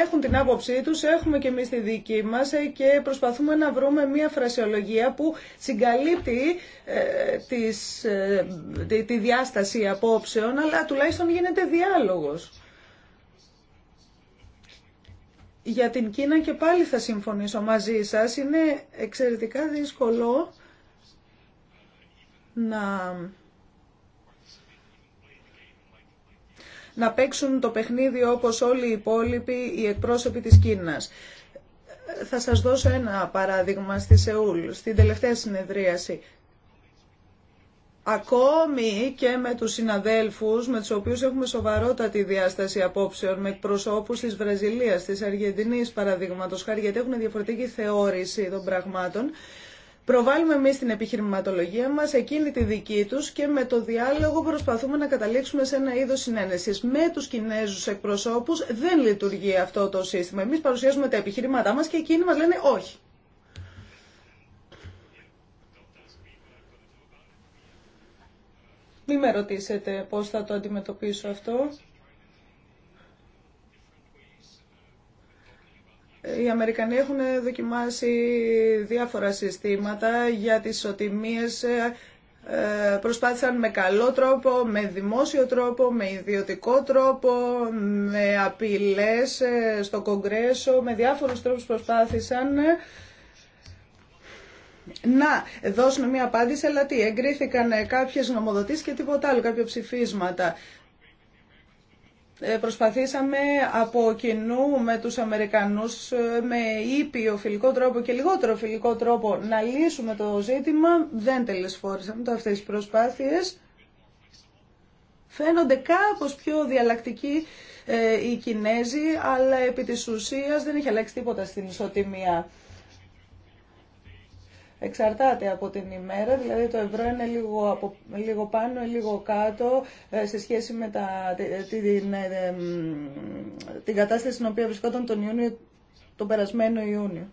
Έχουν την άποψή τους, έχουμε και εμεί τη δική μας ε, και προσπαθούμε να βρούμε μια φρασιολογία που συγκαλύπτει ε, ε, τη, τη διάσταση απόψεων, αλλά τουλάχιστον γίνεται διάλογος. Για την Κίνα και πάλι θα συμφωνήσω μαζί σας. Είναι εξαιρετικά δύσκολο να να παίξουν το παιχνίδι όπως όλοι οι υπόλοιποι οι εκπρόσωποι της Κίνας. Θα σας δώσω ένα παράδειγμα στη Σεούλ, στην τελευταία συνεδρίαση. Ακόμη και με τους συναδέλφους με τους οποίους έχουμε σοβαρότατη διάσταση απόψεων, με προσώπους της Βραζιλίας, της Αργεντινής παραδείγματος χάρη, γιατί έχουν διαφορετική θεώρηση των πραγμάτων, προβάλλουμε εμεί την επιχειρηματολογία μα, εκείνη τη δική του και με το διάλογο προσπαθούμε να καταλήξουμε σε ένα είδο συνένεση. Με του Κινέζου εκπροσώπου δεν λειτουργεί αυτό το σύστημα. Εμεί παρουσιάζουμε τα επιχειρήματά μα και εκείνοι μα λένε όχι. Μην με ρωτήσετε πώς θα το αντιμετωπίσω αυτό. Οι Αμερικανοί έχουν δοκιμάσει διάφορα συστήματα για τις σωτημίες. Ε, ε, προσπάθησαν με καλό τρόπο, με δημόσιο τρόπο, με ιδιωτικό τρόπο, με απειλές ε, στο Κογκρέσο, με διάφορους τρόπους προσπάθησαν να δώσουν μια απάντηση, αλλά τι, εγκρίθηκαν κάποιες νομοδοτήσεις και τίποτα άλλο, κάποια ψηφίσματα. Ε, προσπαθήσαμε από κοινού με τους Αμερικανούς ε, με ήπιο φιλικό τρόπο και λιγότερο φιλικό τρόπο να λύσουμε το ζήτημα. Δεν τελεσφόρησαμε το αυτές τις προσπάθειες. Φαίνονται κάπως πιο διαλλακτικοί ε, οι Κινέζοι, αλλά επί της ουσίας δεν έχει αλλάξει τίποτα στην ισοτιμία εξαρτάται από την ημέρα, δηλαδή το ευρώ είναι λίγο, από, λίγο πάνω ή λίγο κάτω ε, σε σχέση με τα, την, ε, την κατάσταση στην οποία βρισκόταν τον Ιούνιο, τον περασμένο Ιούνιο.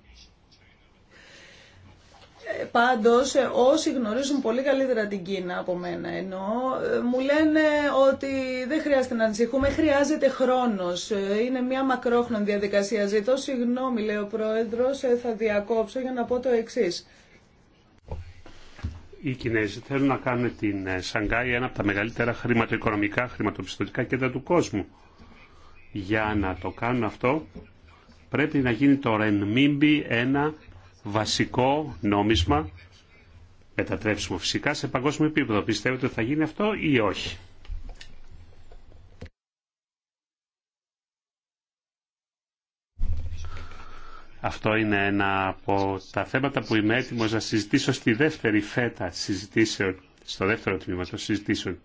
Ε, πάντως, όσοι γνωρίζουν πολύ καλύτερα την Κίνα από μένα ενώ μου λένε ότι δεν χρειάζεται να ανησυχούμε, χρειάζεται χρόνος. Είναι μια μακρόχρονη διαδικασία. Ζητώ συγγνώμη, λέει ο Πρόεδρος, θα διακόψω για να πω το εξής οι Κινέζοι θέλουν να κάνουν την ε, Σανγκάη ένα από τα μεγαλύτερα χρηματοοικονομικά, χρηματοπιστωτικά κέντρα του κόσμου. Για να το κάνουν αυτό πρέπει να γίνει το ρενμίμπι ένα βασικό νόμισμα μετατρέψουμε φυσικά σε παγκόσμιο επίπεδο. Πιστεύετε ότι θα γίνει αυτό ή όχι. Αυτό είναι ένα από τα θέματα που είμαι έτοιμος να συζητήσω στη δεύτερη φέτα συζητήσεων, στο δεύτερο τμήμα των συζητήσεων.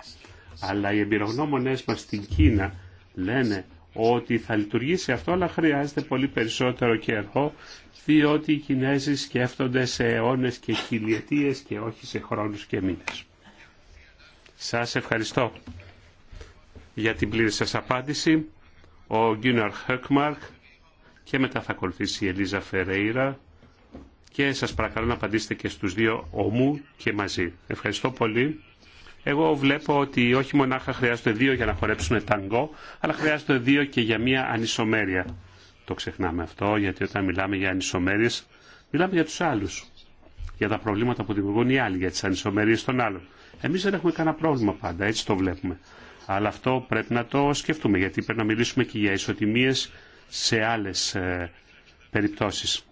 Αλλά οι εμπειρογνώμονές μας στην Κίνα λένε ότι θα λειτουργήσει αυτό, αλλά χρειάζεται πολύ περισσότερο καιρό, διότι οι Κινέζοι σκέφτονται σε αιώνες και χιλιετίες και όχι σε χρόνους και μήνες. Σας ευχαριστώ για την πλήρη σας απάντηση. Ο Γκίνορ Χέκμαρκ και μετά θα ακολουθήσει η Ελίζα Φερέιρα και σας παρακαλώ να απαντήσετε και στους δύο ομού και μαζί. Ευχαριστώ πολύ. Εγώ βλέπω ότι όχι μονάχα χρειάζονται δύο για να χορέψουν ταγκό, αλλά χρειάζονται δύο και για μια ανισομέρεια. Το ξεχνάμε αυτό, γιατί όταν μιλάμε για ανισομέρειες, μιλάμε για τους άλλους. Για τα προβλήματα που δημιουργούν οι άλλοι, για τις ανισομέρειες των άλλων. Εμείς δεν έχουμε κανένα πρόβλημα πάντα, έτσι το βλέπουμε. Αλλά αυτό πρέπει να το σκεφτούμε, γιατί πρέπει να μιλήσουμε και για ισοτιμίες σε άλλες ε, περιπτώσεις.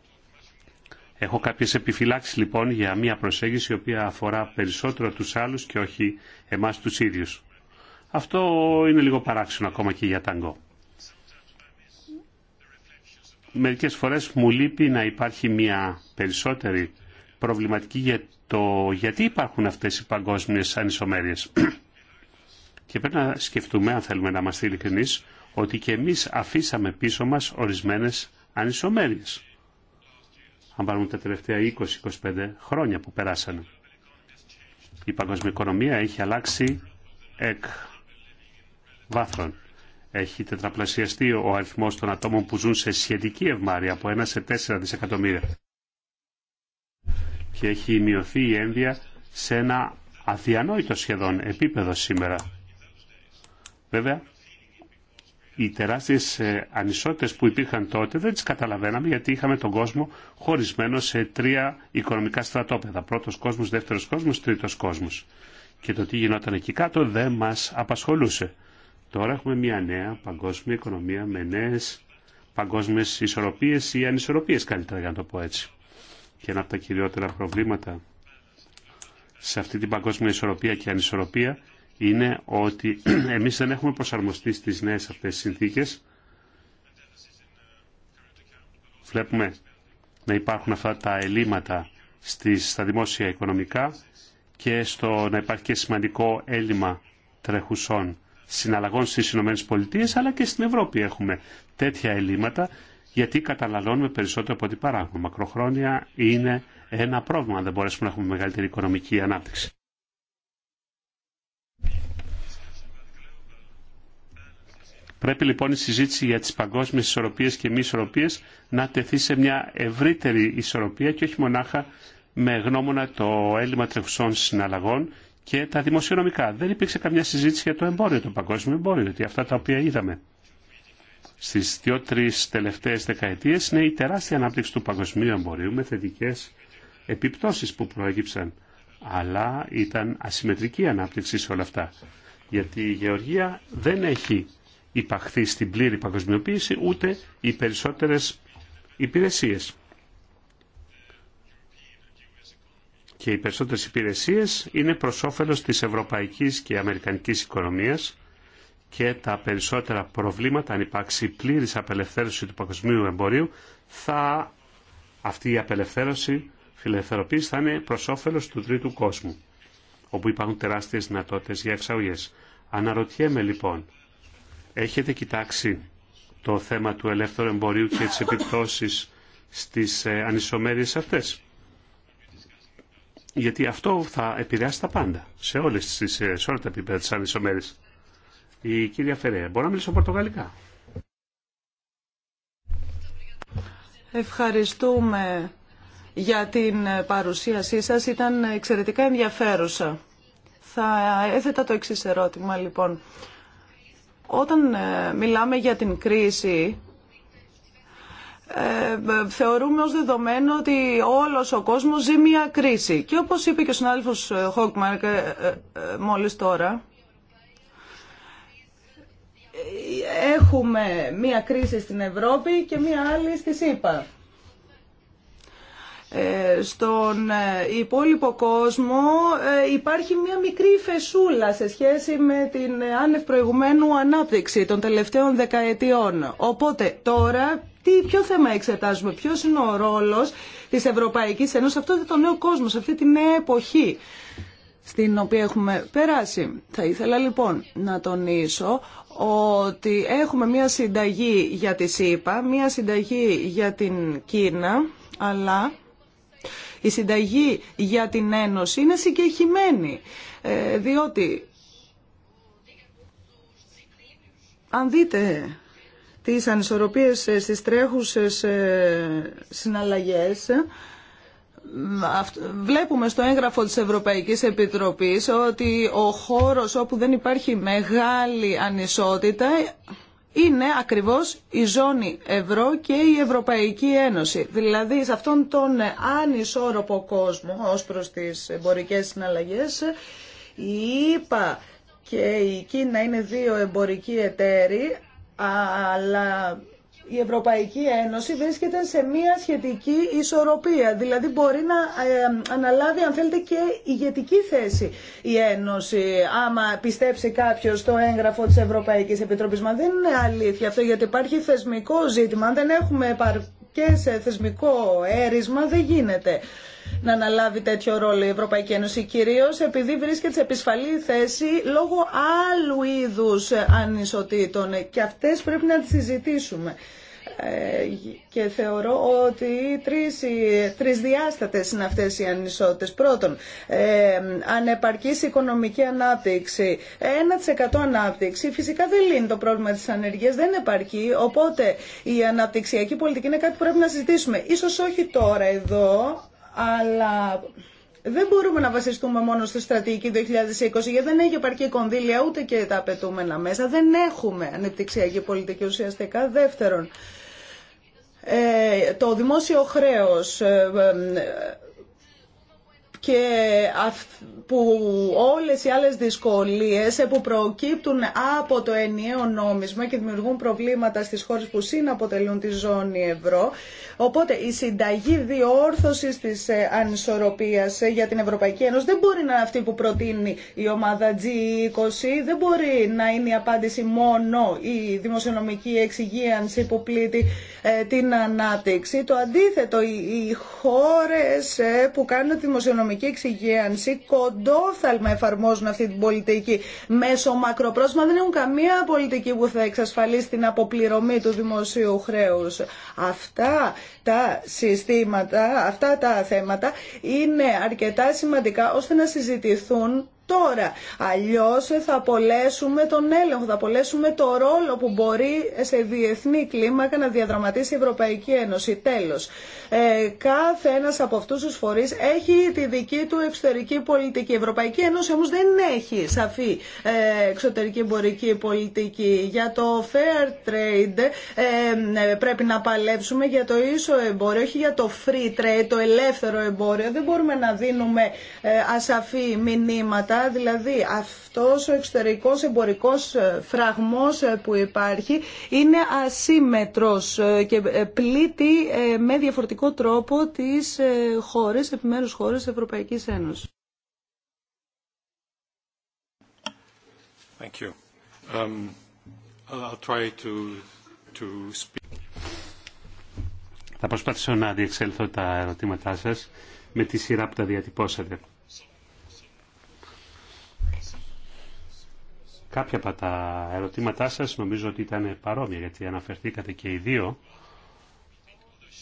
Έχω κάποιες επιφυλάξεις λοιπόν για μια προσέγγιση η οποία αφορά περισσότερο τους άλλους και όχι εμάς τους ίδιους. Αυτό είναι λίγο παράξενο ακόμα και για ταγκό. Μερικές φορές μου λείπει να υπάρχει μια περισσότερη προβληματική για το γιατί υπάρχουν αυτές οι παγκόσμιες ανισομέρειες. *clears throat* και πρέπει να σκεφτούμε, αν θέλουμε να είμαστε ειλικρινείς, ότι και εμείς αφήσαμε πίσω μας ορισμένες ανισομέρειες. Αν πάρουμε τα τελευταία 20-25 χρόνια που περάσανε. Η παγκόσμια οικονομία έχει αλλάξει εκ βάθρων. Έχει τετραπλασιαστεί ο αριθμός των ατόμων που ζουν σε σχετική ευμάρεια από 1 σε 4 δισεκατομμύρια. Και έχει μειωθεί η ένδια σε ένα αδιανόητο σχεδόν επίπεδο σήμερα. Βέβαια, οι τεράστιε ε, ανισότητες που υπήρχαν τότε δεν τις καταλαβαίναμε γιατί είχαμε τον κόσμο χωρισμένο σε τρία οικονομικά στρατόπεδα. Πρώτος κόσμος, δεύτερος κόσμος, τρίτος κόσμος. Και το τι γινόταν εκεί κάτω δεν μας απασχολούσε. Τώρα έχουμε μια νέα παγκόσμια οικονομία με νέες παγκόσμιες ισορροπίε ή ανισορροπίε, καλύτερα για να το πω έτσι. Και ένα από τα κυριότερα προβλήματα σε αυτή την παγκόσμια ισορροπία και ανισορροπία είναι ότι *clears throat* εμείς δεν έχουμε προσαρμοστεί στις νέες αυτές συνθήκες. Βλέπουμε να υπάρχουν αυτά τα ελλείμματα στις, στα δημόσια οικονομικά και στο να υπάρχει και σημαντικό έλλειμμα τρεχουσών συναλλαγών στις ΗΠΑ αλλά και στην Ευρώπη έχουμε τέτοια ελλείμματα γιατί καταναλώνουμε περισσότερο από ό,τι παράγουμε. Μακροχρόνια είναι ένα πρόβλημα δεν μπορέσουμε να έχουμε μεγαλύτερη οικονομική ανάπτυξη. Πρέπει λοιπόν η συζήτηση για τις παγκόσμιες ισορροπίες και μη ισορροπίες να τεθεί σε μια ευρύτερη ισορροπία και όχι μονάχα με γνώμονα το έλλειμμα τρεχουσών συναλλαγών και τα δημοσιονομικά. Δεν υπήρξε καμιά συζήτηση για το εμπόριο, το παγκόσμιο εμπόριο, γιατί αυτά τα οποία είδαμε στις δύο-τρεις τελευταίες δεκαετίες είναι η τεράστια ανάπτυξη του παγκοσμίου εμπορίου με θετικές επιπτώσεις που προέκυψαν. Αλλά ήταν ασυμμετρική ανάπτυξη σε όλα αυτά. Γιατί η Γεωργία δεν έχει υπαχθεί στην πλήρη παγκοσμιοποίηση, ούτε οι περισσότερες υπηρεσίες. Και οι περισσότερες υπηρεσίες είναι προς όφελος της ευρωπαϊκής και αμερικανικής οικονομίας και τα περισσότερα προβλήματα, αν υπάρξει πλήρης απελευθέρωση του παγκοσμίου εμπορίου, θα, αυτή η απελευθέρωση φιλελευθεροποίηση θα είναι προς όφελος του τρίτου κόσμου, όπου υπάρχουν τεράστιες δυνατότητες για εξαγωγές. Αναρωτιέμαι λοιπόν, Έχετε κοιτάξει το θέμα του ελεύθερου εμπορίου και τις επιπτώσεις στις ε, ανισομέρειες αυτές. Γιατί αυτό θα επηρεάσει τα πάντα, σε, όλες τις, ε, σε όλα τα επίπεδα της ανισομέρειας. Η κυρία Φερέα, μπορώ να μιλήσω πορτογαλικά. Ευχαριστούμε για την παρουσίασή σας. Ήταν εξαιρετικά ενδιαφέρουσα. Θα έθετα το εξής ερώτημα, λοιπόν. Όταν ε, μιλάμε για την κρίση, ε, ε, θεωρούμε ως δεδομένο ότι όλος ο κόσμος ζει μια κρίση. Και όπως είπε και ο συνάδελφος Χόκμαρκ μόλις τώρα, έχουμε μια κρίση στην Ευρώπη και μια άλλη στη ΣΥΠΑ. Ε, στον ε, υπόλοιπο κόσμο ε, υπάρχει μια μικρή φεσούλα σε σχέση με την άνευ προηγουμένου ανάπτυξη των τελευταίων δεκαετιών. Οπότε τώρα τι, ποιο θέμα εξετάζουμε, ποιο είναι ο ρόλος της Ευρωπαϊκής Ένωσης σε αυτό το νέο κόσμο, σε αυτή τη νέα εποχή στην οποία έχουμε περάσει. Θα ήθελα λοιπόν να τονίσω ότι έχουμε μια συνταγή για τη ΣΥΠΑ, μια συνταγή για την Κίνα, αλλά η συνταγή για την Ένωση είναι συγκεχημένη, ε, διότι αν δείτε τις ανισορροπίες ε, στις τρέχουσες ε, συναλλαγές, βλέπουμε στο έγγραφο της Ευρωπαϊκής Επιτροπής ότι ο χώρος όπου δεν υπάρχει μεγάλη ανισότητα είναι ακριβώς η ζώνη ευρώ και η Ευρωπαϊκή Ένωση. Δηλαδή σε αυτόν τον ανισόρροπο κόσμο ως προς τις εμπορικές συναλλαγές η ΕΠΑ και η Κίνα είναι δύο εμπορικοί εταίροι αλλά η Ευρωπαϊκή Ένωση βρίσκεται σε μια σχετική ισορροπία. Δηλαδή μπορεί να ε, αναλάβει αν θέλετε και ηγετική θέση η Ένωση άμα πιστέψει κάποιο το έγγραφο της Ευρωπαϊκής Επιτροπής. Μα δεν είναι αλήθεια αυτό γιατί υπάρχει θεσμικό ζήτημα. Αν δεν έχουμε σε θεσμικό έρισμα δεν γίνεται να αναλάβει τέτοιο ρόλο η Ευρωπαϊκή Ένωση, Κυρίω επειδή βρίσκεται σε επισφαλή θέση λόγω άλλου είδου ε, ανισοτήτων και αυτές πρέπει να τις συζητήσουμε. Ε, και θεωρώ ότι τρεις, τρεις διάστατες είναι αυτές οι ανισότητες. Πρώτον, ε, ανεπαρκής οικονομική ανάπτυξη. 1% ανάπτυξη φυσικά δεν λύνει το πρόβλημα της ανεργίας, δεν επαρκεί. Οπότε η αναπτυξιακή πολιτική είναι κάτι που πρέπει να συζητήσουμε. Ίσως όχι τώρα εδώ, αλλά δεν μπορούμε να βασιστούμε μόνο στη στρατηγική 2020 γιατί δεν έχει επαρκή κονδύλια ούτε και τα απαιτούμενα μέσα. Δεν έχουμε ανεπτυξιακή πολιτική ουσιαστικά. Δεύτερον, ε, το δημόσιο χρέος ε, ε, και που όλες οι άλλες δυσκολίες που προκύπτουν από το ενιαίο νόμισμα και δημιουργούν προβλήματα στις χώρες που συναποτελούν τη ζώνη ευρώ. Οπότε η συνταγή διόρθωσης της ε, ανισορροπίας ε, για την Ευρωπαϊκή Ένωση δεν μπορεί να είναι αυτή που προτείνει η ομάδα G20, δεν μπορεί να είναι η απάντηση μόνο η δημοσιονομική εξυγίανση που πλήττει ε, την ανάπτυξη. Το αντίθετο, οι χώρες που κάνουν τη δημοσιονομική οικονομική εξυγίανση κοντόθαλμα εφαρμόζουν αυτή την πολιτική. Μέσω μακροπρόσμα δεν έχουν καμία πολιτική που θα εξασφαλίσει την αποπληρωμή του δημοσίου χρέους. Αυτά τα συστήματα, αυτά τα θέματα είναι αρκετά σημαντικά ώστε να συζητηθούν τώρα. Αλλιώς θα απολέσουμε τον έλεγχο, θα απολέσουμε το ρόλο που μπορεί σε διεθνή κλίμακα να διαδραματίσει η Ευρωπαϊκή Ένωση. Τέλος, ε, κάθε ένας από αυτούς τους φορείς έχει τη δική του εξωτερική πολιτική. Η Ευρωπαϊκή Ένωση όμως δεν έχει σαφή ε, εξωτερική εμπορική πολιτική. Για το fair trade ε, ε, πρέπει να παλέψουμε για το ίσο εμπόριο, όχι για το free trade, το ελεύθερο εμπόριο. Δεν μπορούμε να δίνουμε ασαφή μηνύματα δηλαδή αυτός ο εξωτερικός εμπορικός ε, φραγμός ε, που υπάρχει είναι ασύμετρος ε, και πλήττει με διαφορετικό τρόπο τις χώρες, επιμέρους χώρες της Ευρωπαϊκής Ένωσης. Thank you. Um, I'll try to, to speak. Θα προσπαθήσω να διεξέλθω τα ερωτήματά σας με τη σειρά που τα διατυπώσατε. Κάποια από τα ερωτήματά σας νομίζω ότι ήταν παρόμοια, γιατί αναφερθήκατε και οι δύο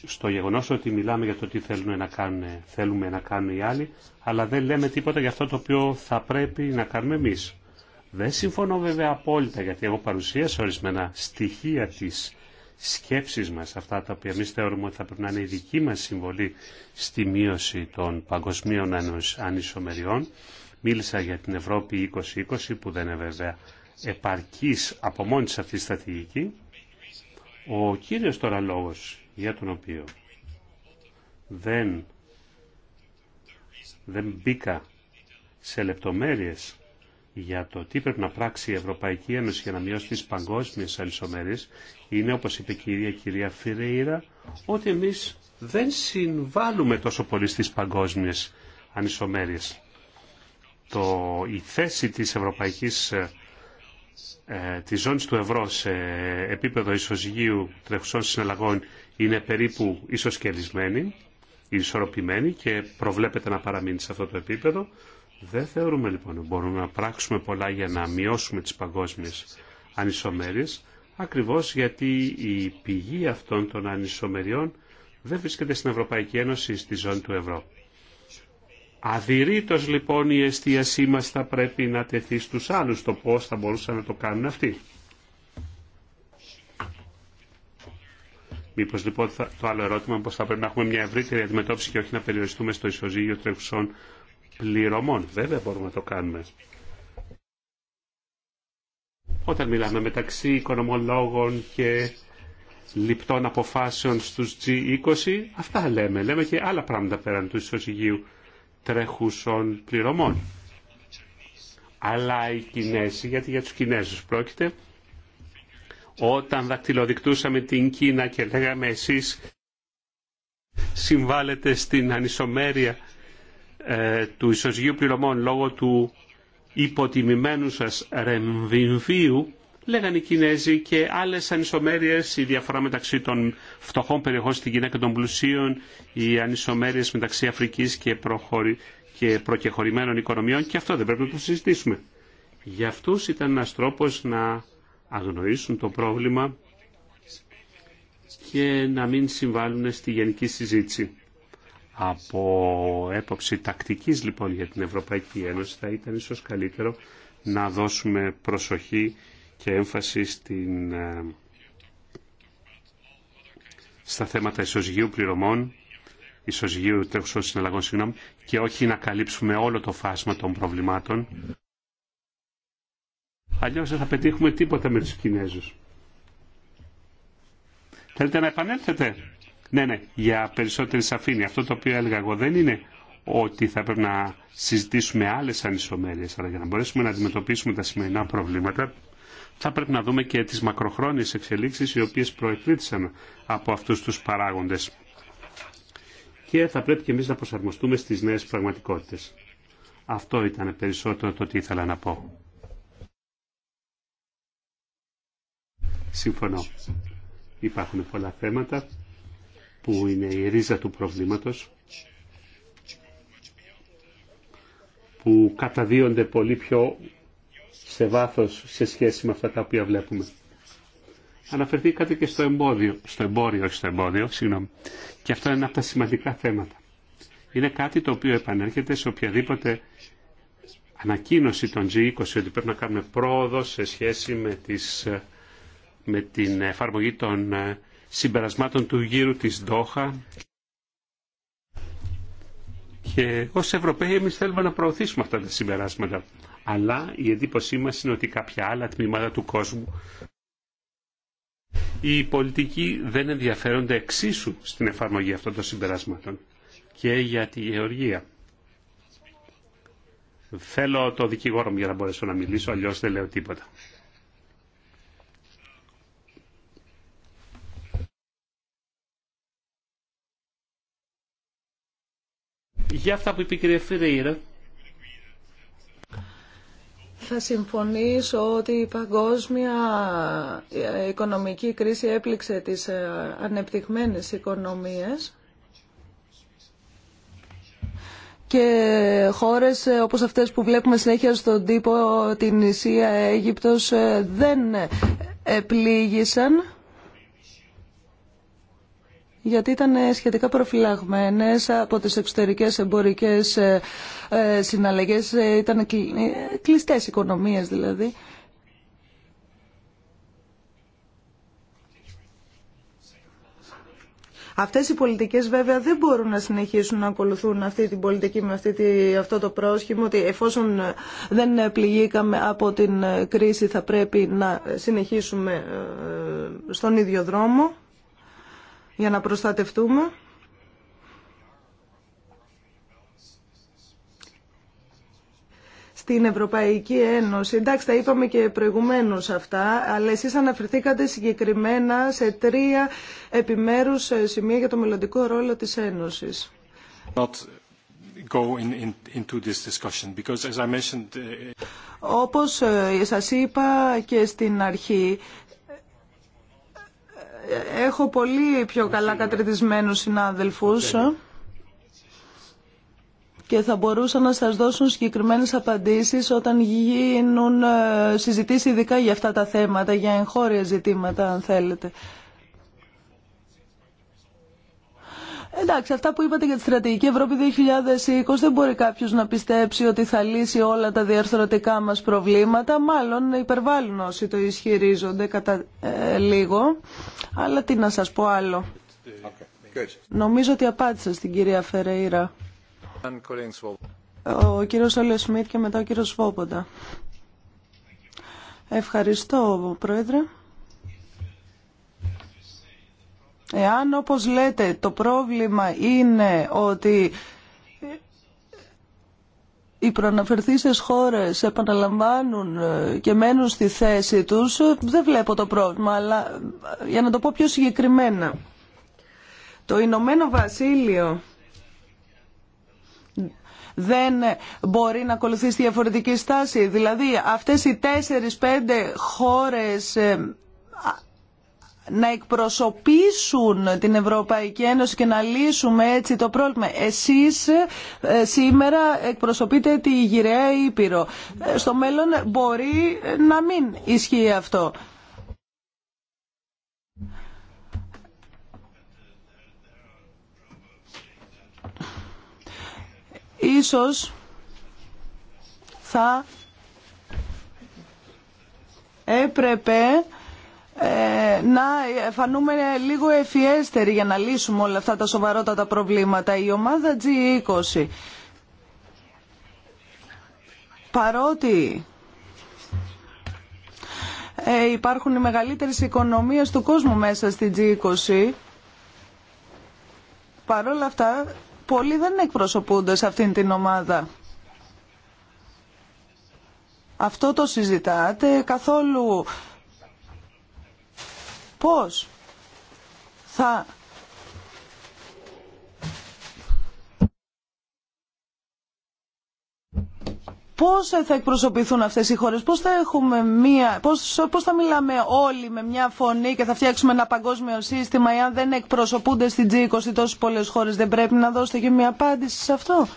στο γεγονός ότι μιλάμε για το τι θέλουν να κάνουν, θέλουμε να κάνουν οι άλλοι, αλλά δεν λέμε τίποτα για αυτό το οποίο θα πρέπει να κάνουμε εμείς. Δεν συμφωνώ βέβαια απόλυτα, γιατί εγώ παρουσίασα ορισμένα στοιχεία της σκέψης μας, αυτά τα οποία εμείς θεωρούμε ότι θα πρέπει να είναι η δική μας συμβολή στη μείωση των παγκοσμίων ανισομεριών Μίλησα για την Ευρώπη 2020 που δεν είναι βέβαια επαρκής από μόνη της αυτή η στρατηγική. Ο κύριος τώρα λόγος για τον οποίο δεν, δεν μπήκα σε λεπτομέρειες για το τι πρέπει να πράξει η Ευρωπαϊκή Ένωση για να μειώσει τις παγκόσμιες ανισομέρειες είναι, όπως είπε η κυρία Φιρέιρα, ότι εμείς δεν συμβάλλουμε τόσο πολύ στις παγκόσμιες ανισομέρειες το, η θέση της Ευρωπαϊκής ε, ε, της ζώνης του ευρώ σε επίπεδο ισοζυγίου τρεχουσών συναλλαγών είναι περίπου ισοσκελισμένη, ισορροπημένη και προβλέπεται να παραμείνει σε αυτό το επίπεδο. Δεν θεωρούμε λοιπόν ότι μπορούμε να πράξουμε πολλά για να μειώσουμε τις παγκόσμιες ανισομέρειες, ακριβώς γιατί η πηγή αυτών των ανισομεριών δεν βρίσκεται στην Ευρωπαϊκή Ένωση στη ζώνη του ευρώ. Αδειρήτως λοιπόν η εστίασή μας θα πρέπει να τεθεί στους άλλους το πώς θα μπορούσαν να το κάνουν αυτοί. Μήπως λοιπόν το άλλο ερώτημα πως θα πρέπει να έχουμε μια ευρύτερη αντιμετώπιση και όχι να περιοριστούμε στο ισοζύγιο τρέχουσων πληρωμών. Βέβαια μπορούμε να το κάνουμε. Όταν μιλάμε μεταξύ οικονομολόγων και λιπτών αποφάσεων στους G20, αυτά λέμε. Λέμε και άλλα πράγματα πέραν του ισοζυγίου τρέχουσων πληρωμών. Αλλά οι Κινέζοι, γιατί για τους Κινέζους πρόκειται, όταν δακτυλοδεικτούσαμε την Κίνα και λέγαμε εσείς συμβάλλετε στην ανισομέρεια ε, του ισοζυγίου πληρωμών λόγω του υποτιμημένου σας ρεμβιμβίου λέγανε οι Κινέζοι και άλλε ανισομέρειε η διαφορά μεταξύ των φτωχών περιοχών στην Κίνα και των πλουσίων, οι ανισομέρειε μεταξύ Αφρική και, προχωρη... και προκεχωρημένων οικονομιών και αυτό δεν πρέπει να το συζητήσουμε. Για αυτού ήταν ένα τρόπο να αγνοήσουν το πρόβλημα και να μην συμβάλλουν στη γενική συζήτηση. Από έποψη τακτικής λοιπόν για την Ευρωπαϊκή Ένωση θα ήταν ίσως καλύτερο να δώσουμε προσοχή και έμφαση στην, ε, στα θέματα ισοζυγίου πληρωμών, ισοζυγίου τρέχουσων συναλλαγών, συγγνώμη, και όχι να καλύψουμε όλο το φάσμα των προβλημάτων. Αλλιώς δεν θα πετύχουμε τίποτα με τους Κινέζους. Θέλετε να επανέλθετε. Ναι, ναι, για περισσότερη σαφήνεια. Αυτό το οποίο έλεγα εγώ δεν είναι ότι θα πρέπει να συζητήσουμε άλλες ανισομέρειες, αλλά για να μπορέσουμε να αντιμετωπίσουμε τα σημερινά προβλήματα θα πρέπει να δούμε και τις μακροχρόνιες εξελίξεις οι οποίες προεκλήθησαν από αυτούς τους παράγοντες. Και θα πρέπει και εμείς να προσαρμοστούμε στις νέες πραγματικότητες. Αυτό ήταν περισσότερο το τι ήθελα να πω. Συμφωνώ. Υπάρχουν πολλά θέματα που είναι η ρίζα του προβλήματος που καταδίονται πολύ πιο σε βάθος σε σχέση με αυτά τα οποία βλέπουμε. Αναφερθήκατε και στο εμπόδιο, στο εμπόριο, όχι στο εμπόδιο, συγγνώμη. Και αυτό είναι ένα από τα σημαντικά θέματα. Είναι κάτι το οποίο επανέρχεται σε οποιαδήποτε ανακοίνωση των G20 ότι πρέπει να κάνουμε πρόοδο σε σχέση με, τις, με την εφαρμογή των ε, συμπερασμάτων του γύρου της ΔΟΧΑ. Και ως Ευρωπαίοι εμείς θέλουμε να προωθήσουμε αυτά τα συμπεράσματα αλλά η εντύπωσή μας είναι ότι κάποια άλλα τμήματα του κόσμου οι πολιτικοί δεν ενδιαφέρονται εξίσου στην εφαρμογή αυτών των συμπεράσματων και για τη γεωργία. Θέλω το δικηγόρο μου για να μπορέσω να μιλήσω, αλλιώς δεν λέω τίποτα. Για αυτά που είπε η κυρία Φιρέιρα, θα συμφωνήσω ότι η παγκόσμια οικονομική κρίση έπληξε τις ε, ανεπτυγμένες οικονομίες και χώρες ε, όπως αυτές που βλέπουμε συνέχεια στον τύπο, την Ισία, Αίγυπτος ε, δεν επλήγησαν γιατί ήταν ε, σχετικά προφυλαγμένες από τις εξωτερικές εμπορικές ε, ε, συναλλαγές, ήταν κλειστές οικονομίες δηλαδή. Αυτές οι πολιτικές βέβαια δεν μπορούν να συνεχίσουν να ακολουθούν αυτή την πολιτική με αυτή αυτό το πρόσχημα ότι εφόσον δεν πληγήκαμε από την κρίση θα πρέπει να συνεχίσουμε στον ίδιο δρόμο για να προστατευτούμε. Στην Ευρωπαϊκή Ένωση, εντάξει τα είπαμε και προηγουμένως αυτά, αλλά εσείς αναφερθήκατε συγκεκριμένα σε τρία επιμέρους σημεία για το μελλοντικό ρόλο της Ένωσης. Go Όπως σας είπα και στην αρχή, έχω πολύ πιο καλά κατρετισμένους συνάδελφους και θα μπορούσα να σας δώσουν συγκεκριμένες απαντήσεις όταν γίνουν ε, συζητήσεις ειδικά για αυτά τα θέματα, για εγχώρια ζητήματα αν θέλετε. Εντάξει, αυτά που είπατε για τη στρατηγική Ευρώπη 2020 δεν μπορεί κάποιος να πιστέψει ότι θα λύσει όλα τα διαρθρωτικά μας προβλήματα. Μάλλον υπερβάλλουν όσοι το ισχυρίζονται κατά ε, λίγο. Αλλά τι να σας πω άλλο. Νομίζω ότι απάντησα στην κυρία Φερέιρα. Ο κύριος Όλε Σμίτ και μετά ο κύριος Σβόποντα. Ευχαριστώ, Πρόεδρε. Εάν όπως λέτε το πρόβλημα είναι ότι οι προαναφερθήσεις χώρες επαναλαμβάνουν ε, και μένουν στη θέση τους, ε, δεν βλέπω το πρόβλημα, αλλά ε, για να το πω πιο συγκεκριμένα. Το Ηνωμένο Βασίλειο δεν μπορεί να ακολουθήσει διαφορετική στάση. Δηλαδή αυτές οι τέσσερις-πέντε χώρες να εκπροσωπήσουν την Ευρωπαϊκή Ένωση και να λύσουμε έτσι το πρόβλημα. Εσείς ε, σήμερα εκπροσωπείτε τη γυραιά Ήπειρο. Ε, στο μέλλον μπορεί ε, να μην ισχύει αυτό. Ίσως θα έπρεπε ε, να φανούμε λίγο ευφιέστεροι για να λύσουμε όλα αυτά τα σοβαρότατα προβλήματα. Η ομάδα G20 παρότι ε, υπάρχουν οι μεγαλύτερες οικονομίες του κόσμου μέσα στη G20 παρόλα αυτά πολλοί δεν εκπροσωπούνται σε αυτήν την ομάδα. Αυτό το συζητάτε καθόλου πώς θα πώς θα εκπροσωπηθούν αυτές οι χώρες, πώς θα, έχουμε μία, πώς, πώς θα μιλάμε όλοι με μια φωνή και θα φτιάξουμε ένα παγκόσμιο σύστημα εάν δεν εκπροσωπούνται στην G20 τόσες πολλές χώρες. Δεν πρέπει να δώσετε και μια απάντηση σε αυτό.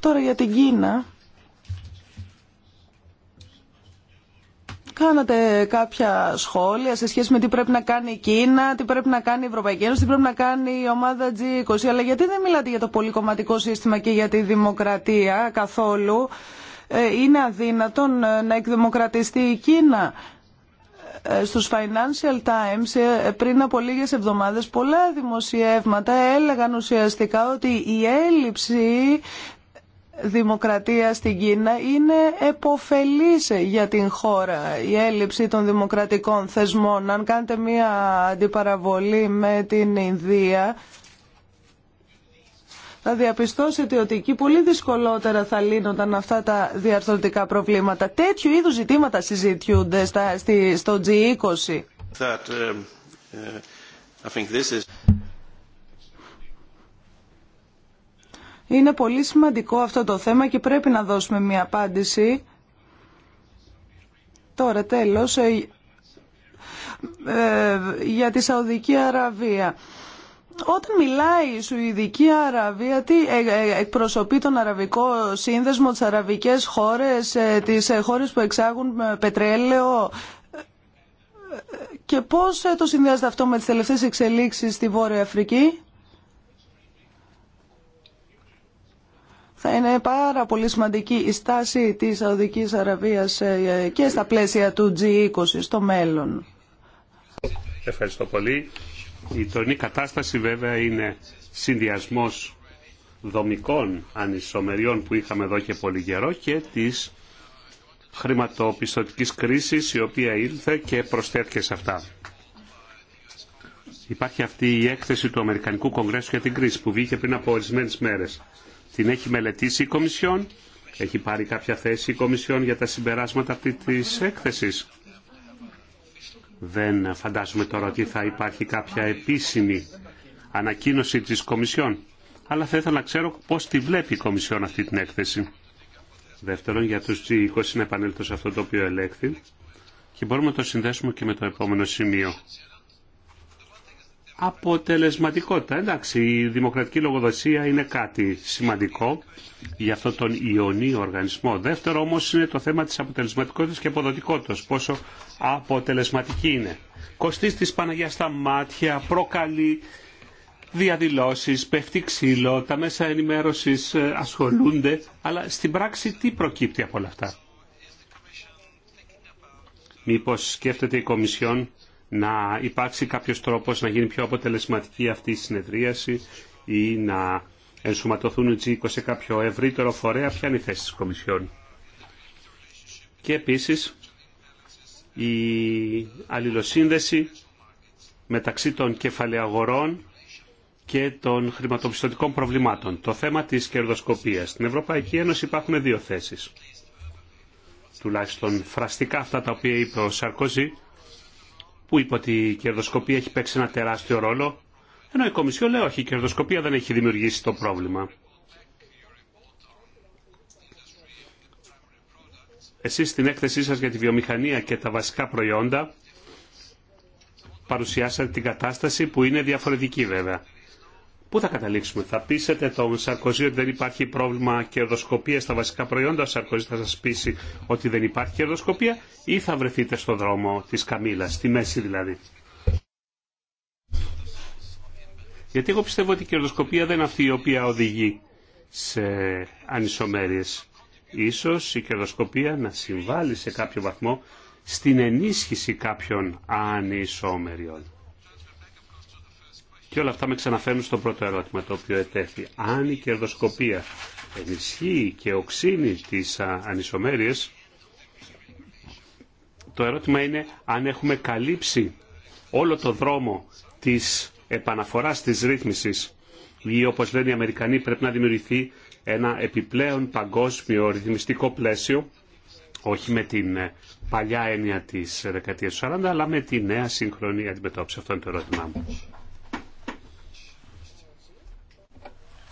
Τώρα για την Κίνα. Κάνατε κάποια σχόλια σε σχέση με τι πρέπει να κάνει η Κίνα, τι πρέπει να κάνει η Ευρωπαϊκή Ένωση, τι πρέπει να κάνει η ομάδα G20. Αλλά γιατί δεν μιλάτε για το πολυκομματικό σύστημα και για τη δημοκρατία καθόλου. Ε, είναι αδύνατον ε, να εκδημοκρατιστεί η Κίνα ε, στους Financial Times πριν από λίγες εβδομάδες πολλά δημοσιεύματα έλεγαν ουσιαστικά ότι η έλλειψη δημοκρατία στην Κίνα είναι εποφελής για την χώρα η έλλειψη των δημοκρατικών θεσμών. Αν κάνετε μία αντιπαραβολή με την Ινδία θα διαπιστώσετε ότι εκεί πολύ δυσκολότερα θα λύνονταν αυτά τα διαρθρωτικά προβλήματα. Τέτοιου είδους ζητήματα συζητιούνται στο G20. Είναι πολύ σημαντικό αυτό το θέμα και πρέπει να δώσουμε μια απάντηση. Τώρα τέλος ε, ε, για τη Σαουδική Αραβία. Όταν μιλάει η Σουηδική Αραβία, τι ε, εκπροσωπεί τον Αραβικό Σύνδεσμο, τις αραβικές χώρες, τις χώρες που εξάγουν πετρέλαιο και πώς το συνδυάζεται αυτό με τις τελευταίες εξελίξεις στη Βόρεια Αφρική. Θα είναι πάρα πολύ σημαντική η στάση της Σαουδικής Αραβίας ε, και στα πλαίσια του G20 στο μέλλον. Ευχαριστώ πολύ. Η τωρινή κατάσταση βέβαια είναι συνδυασμός δομικών ανισομεριών που είχαμε εδώ και πολύ καιρό και της χρηματοπιστωτικής κρίσης η οποία ήλθε και προσθέθηκε σε αυτά. Υπάρχει αυτή η έκθεση του Αμερικανικού Κογκρέσου για την κρίση που βγήκε πριν από ορισμένε μέρες την έχει μελετήσει η Κομισιόν, έχει πάρει κάποια θέση η Κομισιόν για τα συμπεράσματα αυτή της έκθεσης. Δεν φαντάζομαι τώρα ότι θα υπάρχει κάποια επίσημη ανακοίνωση της Κομισιόν, αλλά θα ήθελα να ξέρω πώς τη βλέπει η Κομισιόν αυτή την έκθεση. Δεύτερον, για τους G20 να επανέλθω σε αυτό το οποίο ελέγχθη και μπορούμε να το συνδέσουμε και με το επόμενο σημείο αποτελεσματικότητα. Εντάξει, η δημοκρατική λογοδοσία είναι κάτι σημαντικό για αυτόν τον ιονή οργανισμό. Δεύτερο όμως είναι το θέμα της αποτελεσματικότητας και αποδοτικότητας, πόσο αποτελεσματική είναι. Κωστής της Παναγιάς στα μάτια, προκαλεί διαδηλώσεις, πέφτει ξύλο, τα μέσα ενημέρωσης ε, ασχολούνται, αλλά στην πράξη τι προκύπτει από όλα αυτά. Μήπως σκέφτεται η Κομισιόν να υπάρξει κάποιος τρόπος να γίνει πιο αποτελεσματική αυτή η συνεδρίαση ή να ενσωματωθούν οι G20 σε κάποιο ευρύτερο φορέα. Ποια είναι η θέση g Κομισιόν. Και επίσης η αλληλοσύνδεση μεταξύ των κεφαλαιαγορών και των χρηματοπιστωτικών προβλημάτων. Το θέμα της κερδοσκοπίας. Στην Ευρωπαϊκή Ένωση υπάρχουν δύο θέσεις. Τουλάχιστον φραστικά αυτά τα οποία είπε ο Σαρκοζή που είπε ότι η κερδοσκοπία έχει παίξει ένα τεράστιο ρόλο, ενώ η Κομισιό λέει όχι, η κερδοσκοπία δεν έχει δημιουργήσει το πρόβλημα. Εσείς στην έκθεσή σας για τη βιομηχανία και τα βασικά προϊόντα παρουσιάσατε την κατάσταση που είναι διαφορετική βέβαια. Πού θα καταλήξουμε, θα πείσετε τον Σαρκοζή ότι δεν υπάρχει πρόβλημα κερδοσκοπία στα βασικά προϊόντα, ο Σαρκοζή θα σα πείσει ότι δεν υπάρχει κερδοσκοπία ή θα βρεθείτε στο δρόμο τη Καμίλα, στη μέση δηλαδή. Γιατί εγώ πιστεύω ότι η θα βρεθειτε στον δρομο δεν είναι αυτή η οποία οδηγεί σε ανισομέρειες. Ίσως η κερδοσκοπία να συμβάλλει σε κάποιο βαθμό στην ενίσχυση κάποιων ανισομεριών. Και όλα αυτά με ξαναφέρνουν στο πρώτο ερώτημα το οποίο ετέθη. Αν η κερδοσκοπία ενισχύει και οξύνει τις ανισομέρειες, το ερώτημα είναι αν έχουμε καλύψει όλο το δρόμο της επαναφοράς της ρύθμισης ή όπως λένε οι Αμερικανοί πρέπει να δημιουργηθεί ένα επιπλέον παγκόσμιο ρυθμιστικό πλαίσιο όχι με την ε, παλιά έννοια της δεκαετίας του 40 αλλά με τη νέα σύγχρονη αντιμετώπιση. Αυτό είναι το ερώτημά μου.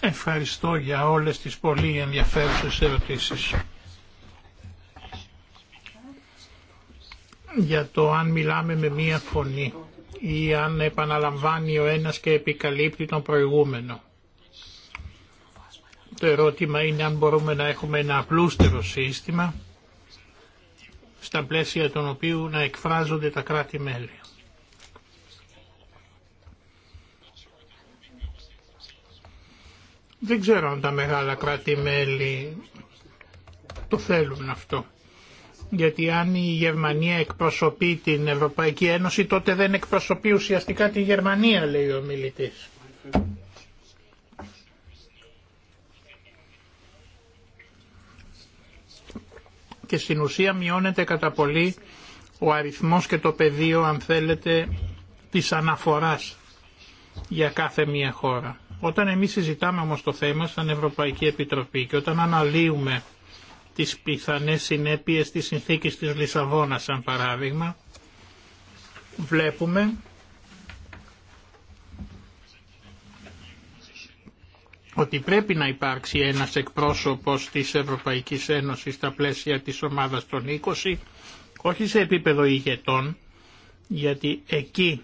Ευχαριστώ για όλες τις πολύ ενδιαφέρουσες ερωτήσεις. Για το αν μιλάμε με μία φωνή ή αν επαναλαμβάνει ο ένας και επικαλύπτει τον προηγούμενο. Το ερώτημα είναι αν μπορούμε να έχουμε ένα απλούστερο σύστημα στα πλαίσια των οποίων να εκφράζονται τα κράτη-μέλη. Δεν ξέρω αν τα μεγάλα κράτη-μέλη το θέλουν αυτό. Γιατί αν η Γερμανία εκπροσωπεί την Ευρωπαϊκή Ένωση, τότε δεν εκπροσωπεί ουσιαστικά τη Γερμανία, λέει ο μιλητής. Και στην ουσία μειώνεται κατά πολύ ο αριθμός και το πεδίο, αν θέλετε, της αναφοράς για κάθε μία χώρα. Όταν εμείς συζητάμε όμως το θέμα σαν Ευρωπαϊκή Επιτροπή και όταν αναλύουμε τις πιθανές συνέπειες της συνθήκης της Λισαβόνας σαν παράδειγμα, βλέπουμε ότι πρέπει να υπάρξει ένας εκπρόσωπος της Ευρωπαϊκής Ένωσης στα πλαίσια της ομάδας των 20, όχι σε επίπεδο ηγετών, γιατί εκεί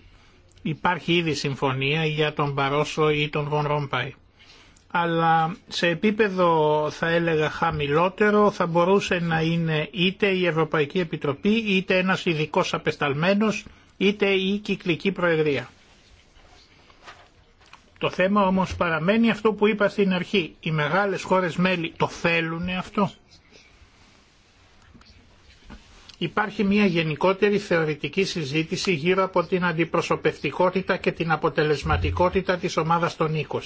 Υπάρχει ήδη συμφωνία για τον Παρόσο ή τον Βον Ρόμπαϊ. Αλλά σε επίπεδο θα έλεγα χαμηλότερο θα μπορούσε να είναι είτε η Ευρωπαϊκή Επιτροπή είτε ένας ειδικό απεσταλμένος είτε η κυκλική προεδρία. Το θέμα όμως παραμένει αυτό που είπα στην αρχή. Οι μεγάλες χώρες μέλη το θέλουν αυτό υπάρχει μια γενικότερη θεωρητική συζήτηση γύρω από την αντιπροσωπευτικότητα και την αποτελεσματικότητα της ομάδας των 20.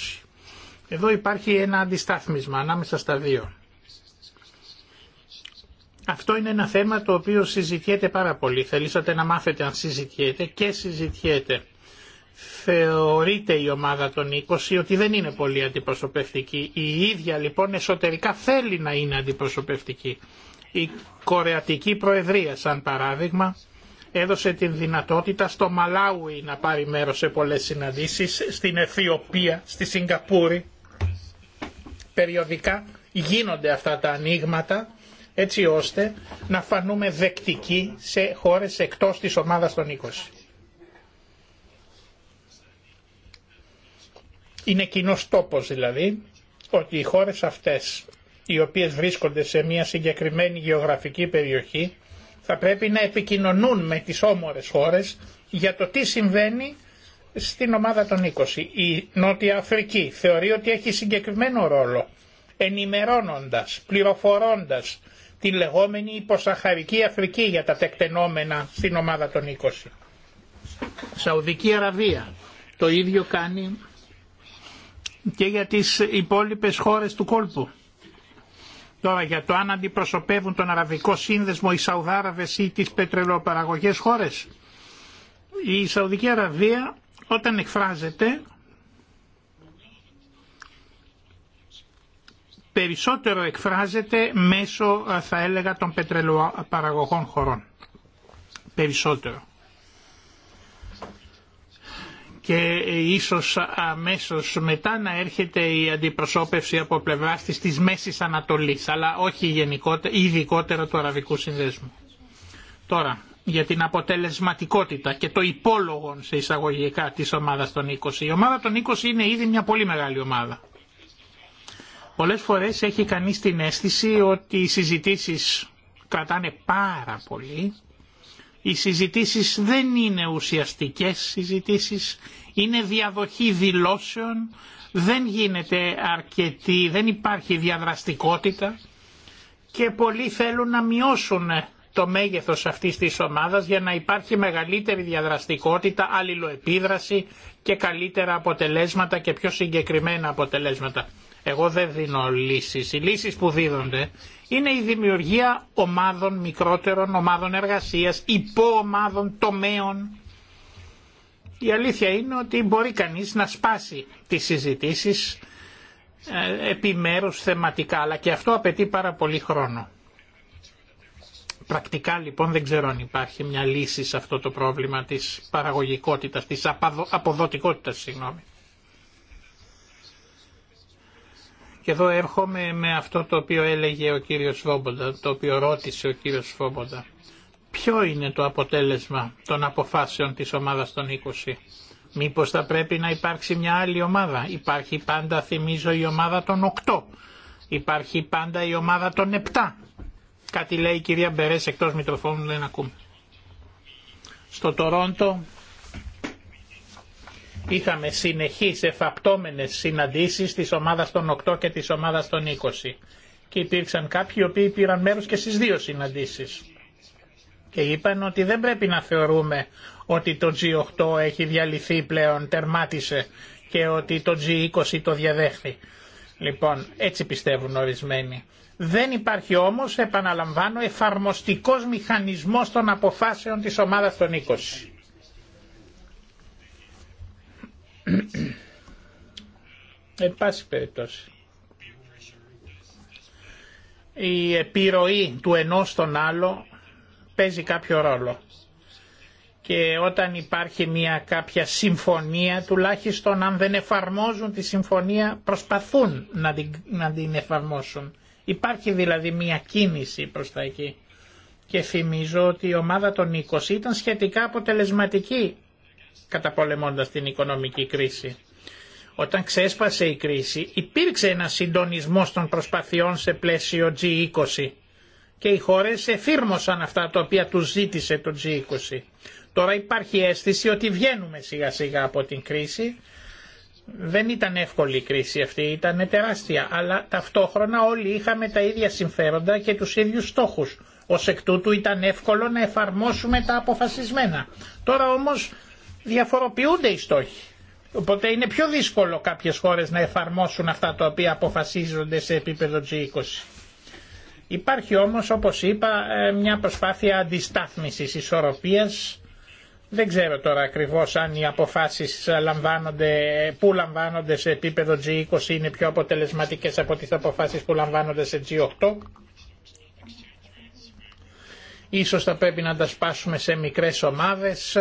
Εδώ υπάρχει ένα αντιστάθμισμα ανάμεσα στα δύο. Αυτό είναι ένα θέμα το οποίο συζητιέται πάρα πολύ. Θελήσατε να μάθετε αν συζητιέται και συζητιέται. Θεωρείται η ομάδα των 20 ότι δεν είναι πολύ αντιπροσωπευτική. Η ίδια λοιπόν εσωτερικά θέλει να είναι αντιπροσωπευτική. Η Κορεατική Προεδρία, σαν παράδειγμα, έδωσε την δυνατότητα στο Μαλάουι να πάρει μέρος σε πολλές συναντήσεις, στην Αιθιοπία, στη Σιγκαπούρη. Περιοδικά γίνονται αυτά τα ανοίγματα έτσι ώστε να φανούμε δεκτικοί σε χώρες εκτός της ομάδας των 20. Είναι κοινό τόπος δηλαδή ότι οι χώρες αυτές οι οποίες βρίσκονται σε μια συγκεκριμένη γεωγραφική περιοχή θα πρέπει να επικοινωνούν με τις όμορες χώρες για το τι συμβαίνει στην ομάδα των 20. Η Νότια Αφρική θεωρεί ότι έχει συγκεκριμένο ρόλο ενημερώνοντας, πληροφορώντας την λεγόμενη υποσαχαρική Αφρική για τα τεκτενόμενα στην ομάδα των 20. Σαουδική Αραβία το ίδιο κάνει και για τις υπόλοιπες χώρες του κόλπου. Τώρα για το αν αντιπροσωπεύουν τον Αραβικό Σύνδεσμο οι Σαουδάραβες ή τις πετρελοπαραγωγές χώρες. Η Σαουδική Αραβία όταν εκφράζεται περισσότερο εκφράζεται μέσω θα έλεγα των πετρελοπαραγωγών χωρών. Περισσότερο και ίσως αμέσως μετά να έρχεται η αντιπροσώπευση από πλευρά της της Μέσης Ανατολής, αλλά όχι γενικότερα, ειδικότερα του Αραβικού Συνδέσμου. Τώρα, για την αποτελεσματικότητα και το υπόλογο σε εισαγωγικά της ομάδας των 20. Η ομάδα των 20 είναι ήδη μια πολύ μεγάλη ομάδα. Πολλές φορές έχει κανείς την αίσθηση ότι οι συζητήσεις κρατάνε πάρα πολύ οι συζητήσεις δεν είναι ουσιαστικές συζητήσεις, είναι διαδοχή δηλώσεων, δεν γίνεται αρκετή, δεν υπάρχει διαδραστικότητα και πολλοί θέλουν να μειώσουν το μέγεθος αυτής της ομάδας για να υπάρχει μεγαλύτερη διαδραστικότητα, αλληλοεπίδραση και καλύτερα αποτελέσματα και πιο συγκεκριμένα αποτελέσματα. Εγώ δεν δίνω λύσεις. Οι λύσεις που δίδονται είναι η δημιουργία ομάδων μικρότερων, ομάδων εργασίας, υπο-ομάδων τομέων. Η αλήθεια είναι ότι μπορεί κανείς να σπάσει τις συζητήσεις ε, επιμέρους θεματικά, αλλά και αυτό απαιτεί πάρα πολύ χρόνο. Πρακτικά λοιπόν δεν ξέρω αν υπάρχει μια λύση σε αυτό το πρόβλημα της παραγωγικότητας, της αποδοτικότητας, συγγνώμη. Και εδώ έρχομαι με αυτό το οποίο έλεγε ο κύριος Βόμποντα, το οποίο ρώτησε ο κύριος Βόμποντα. Ποιο είναι το αποτέλεσμα των αποφάσεων της ομάδας των 20. Μήπως θα πρέπει να υπάρξει μια άλλη ομάδα. Υπάρχει πάντα, θυμίζω, η ομάδα των 8. Υπάρχει πάντα η ομάδα των 7. Κάτι λέει η κυρία Μπερές εκτός μητροφώνου δεν ακούμε. Στο Τορόντο είχαμε συνεχείς εφαπτώμενες συναντήσεις της ομάδας των 8 και της ομάδας των 20 και υπήρξαν κάποιοι οι οποίοι πήραν μέρος και στις δύο συναντήσεις και είπαν ότι δεν πρέπει να θεωρούμε ότι το G8 έχει διαλυθεί πλέον, τερμάτισε και ότι το G20 το διαδέχθη. Λοιπόν, έτσι πιστεύουν ορισμένοι. Δεν υπάρχει όμως, επαναλαμβάνω, εφαρμοστικός μηχανισμός των αποφάσεων της ομάδας των 20. Εν πάση περιπτώσει. Η επιρροή του ενός στον άλλο παίζει κάποιο ρόλο. Και όταν υπάρχει μια κάποια συμφωνία, τουλάχιστον αν δεν εφαρμόζουν τη συμφωνία, προσπαθούν να την, να την εφαρμόσουν. Υπάρχει δηλαδή μια κίνηση προς τα εκεί. Και θυμίζω ότι η ομάδα των 20 ήταν σχετικά αποτελεσματική καταπολεμώντας την οικονομική κρίση. Όταν ξέσπασε η κρίση υπήρξε ένα συντονισμό των προσπαθειών σε πλαίσιο G20 και οι χώρες εφήρμοσαν αυτά τα οποία τους ζήτησε το G20. Τώρα υπάρχει αίσθηση ότι βγαίνουμε σιγά σιγά από την κρίση. Δεν ήταν εύκολη η κρίση αυτή, ήταν τεράστια, αλλά ταυτόχρονα όλοι είχαμε τα ίδια συμφέροντα και τους ίδιους στόχους. Ως εκ τούτου ήταν εύκολο να εφαρμόσουμε τα αποφασισμένα. Τώρα όμως διαφοροποιούνται οι στόχοι. Οπότε είναι πιο δύσκολο κάποιες χώρες να εφαρμόσουν αυτά τα οποία αποφασίζονται σε επίπεδο G20. Υπάρχει όμως όπως είπα ε, μια προσπάθεια αντιστάθμισης ισορροπίας. Δεν ξέρω τώρα ακριβώς αν οι αποφάσεις λαμβάνονται, που λαμβάνονται σε επίπεδο G20 είναι πιο αποτελεσματικές από τις αποφάσεις που λαμβάνονται σε G8. Ίσως θα πρέπει να τα σπάσουμε σε μικρές ομάδες.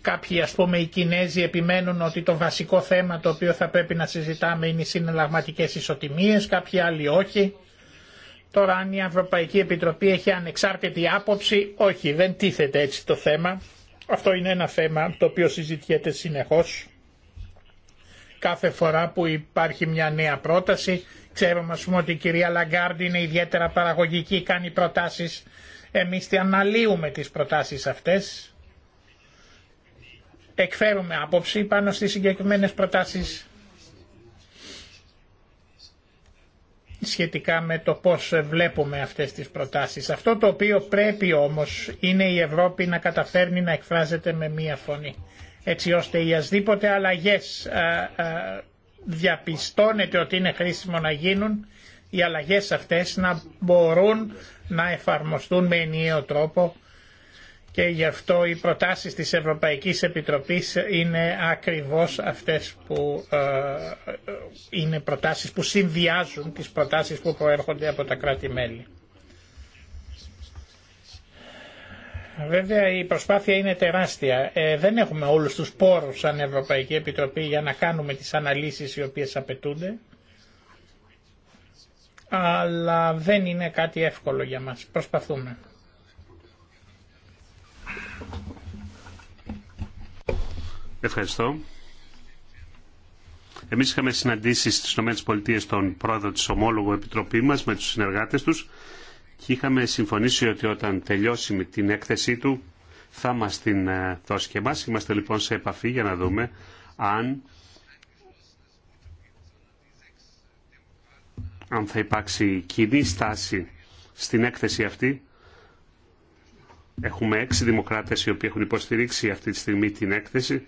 Κάποιοι ας πούμε οι Κινέζοι επιμένουν ότι το βασικό θέμα το οποίο θα πρέπει να συζητάμε είναι οι συναλλαγματικές ισοτιμίες, κάποιοι άλλοι όχι. Τώρα αν η Ευρωπαϊκή Επιτροπή έχει ανεξάρτητη άποψη, όχι δεν τίθεται έτσι το θέμα. Αυτό είναι ένα θέμα το οποίο συζητιέται συνεχώς. Κάθε φορά που υπάρχει μια νέα πρόταση, ξέρουμε ας πούμε ότι η κυρία Λαγκάρντ είναι ιδιαίτερα παραγωγική, κάνει προτάσεις εμείς αναλύουμε τις προτάσεις αυτές, εκφέρουμε άποψη πάνω στις συγκεκριμένες προτάσεις σχετικά με το πώς βλέπουμε αυτές τις προτάσεις. Αυτό το οποίο πρέπει όμως είναι η Ευρώπη να καταφέρνει να εκφράζεται με μία φωνή. Έτσι ώστε οι ασδήποτε αλλαγές ε, ε, διαπιστώνεται ότι είναι χρήσιμο να γίνουν οι αλλαγές αυτές να μπορούν να εφαρμοστούν με ενιαίο τρόπο και γι' αυτό οι προτάσεις της Ευρωπαϊκής Επιτροπής είναι ακριβώς αυτές που ε, ε, είναι προτάσεις που συνδυάζουν τις προτάσεις που προέρχονται από τα κράτη-μέλη. Βέβαια η προσπάθεια είναι τεράστια. Ε, δεν έχουμε όλους τους πόρους σαν Ευρωπαϊκή Επιτροπή για να κάνουμε τις αναλύσεις οι οποίες απαιτούνται αλλά δεν είναι κάτι εύκολο για μας. Προσπαθούμε. Ευχαριστώ. Εμείς είχαμε συναντήσει στις ΗΠΑ τον πρόεδρο της ομόλογου επιτροπή μας με τους συνεργάτες τους και είχαμε συμφωνήσει ότι όταν τελειώσει με την έκθεσή του θα μας την ε, δώσει και εμάς. Είμαστε λοιπόν σε επαφή για να δούμε αν αν θα υπάρξει κοινή στάση στην έκθεση αυτή. Έχουμε έξι δημοκράτες οι οποίοι έχουν υποστηρίξει αυτή τη στιγμή την έκθεση,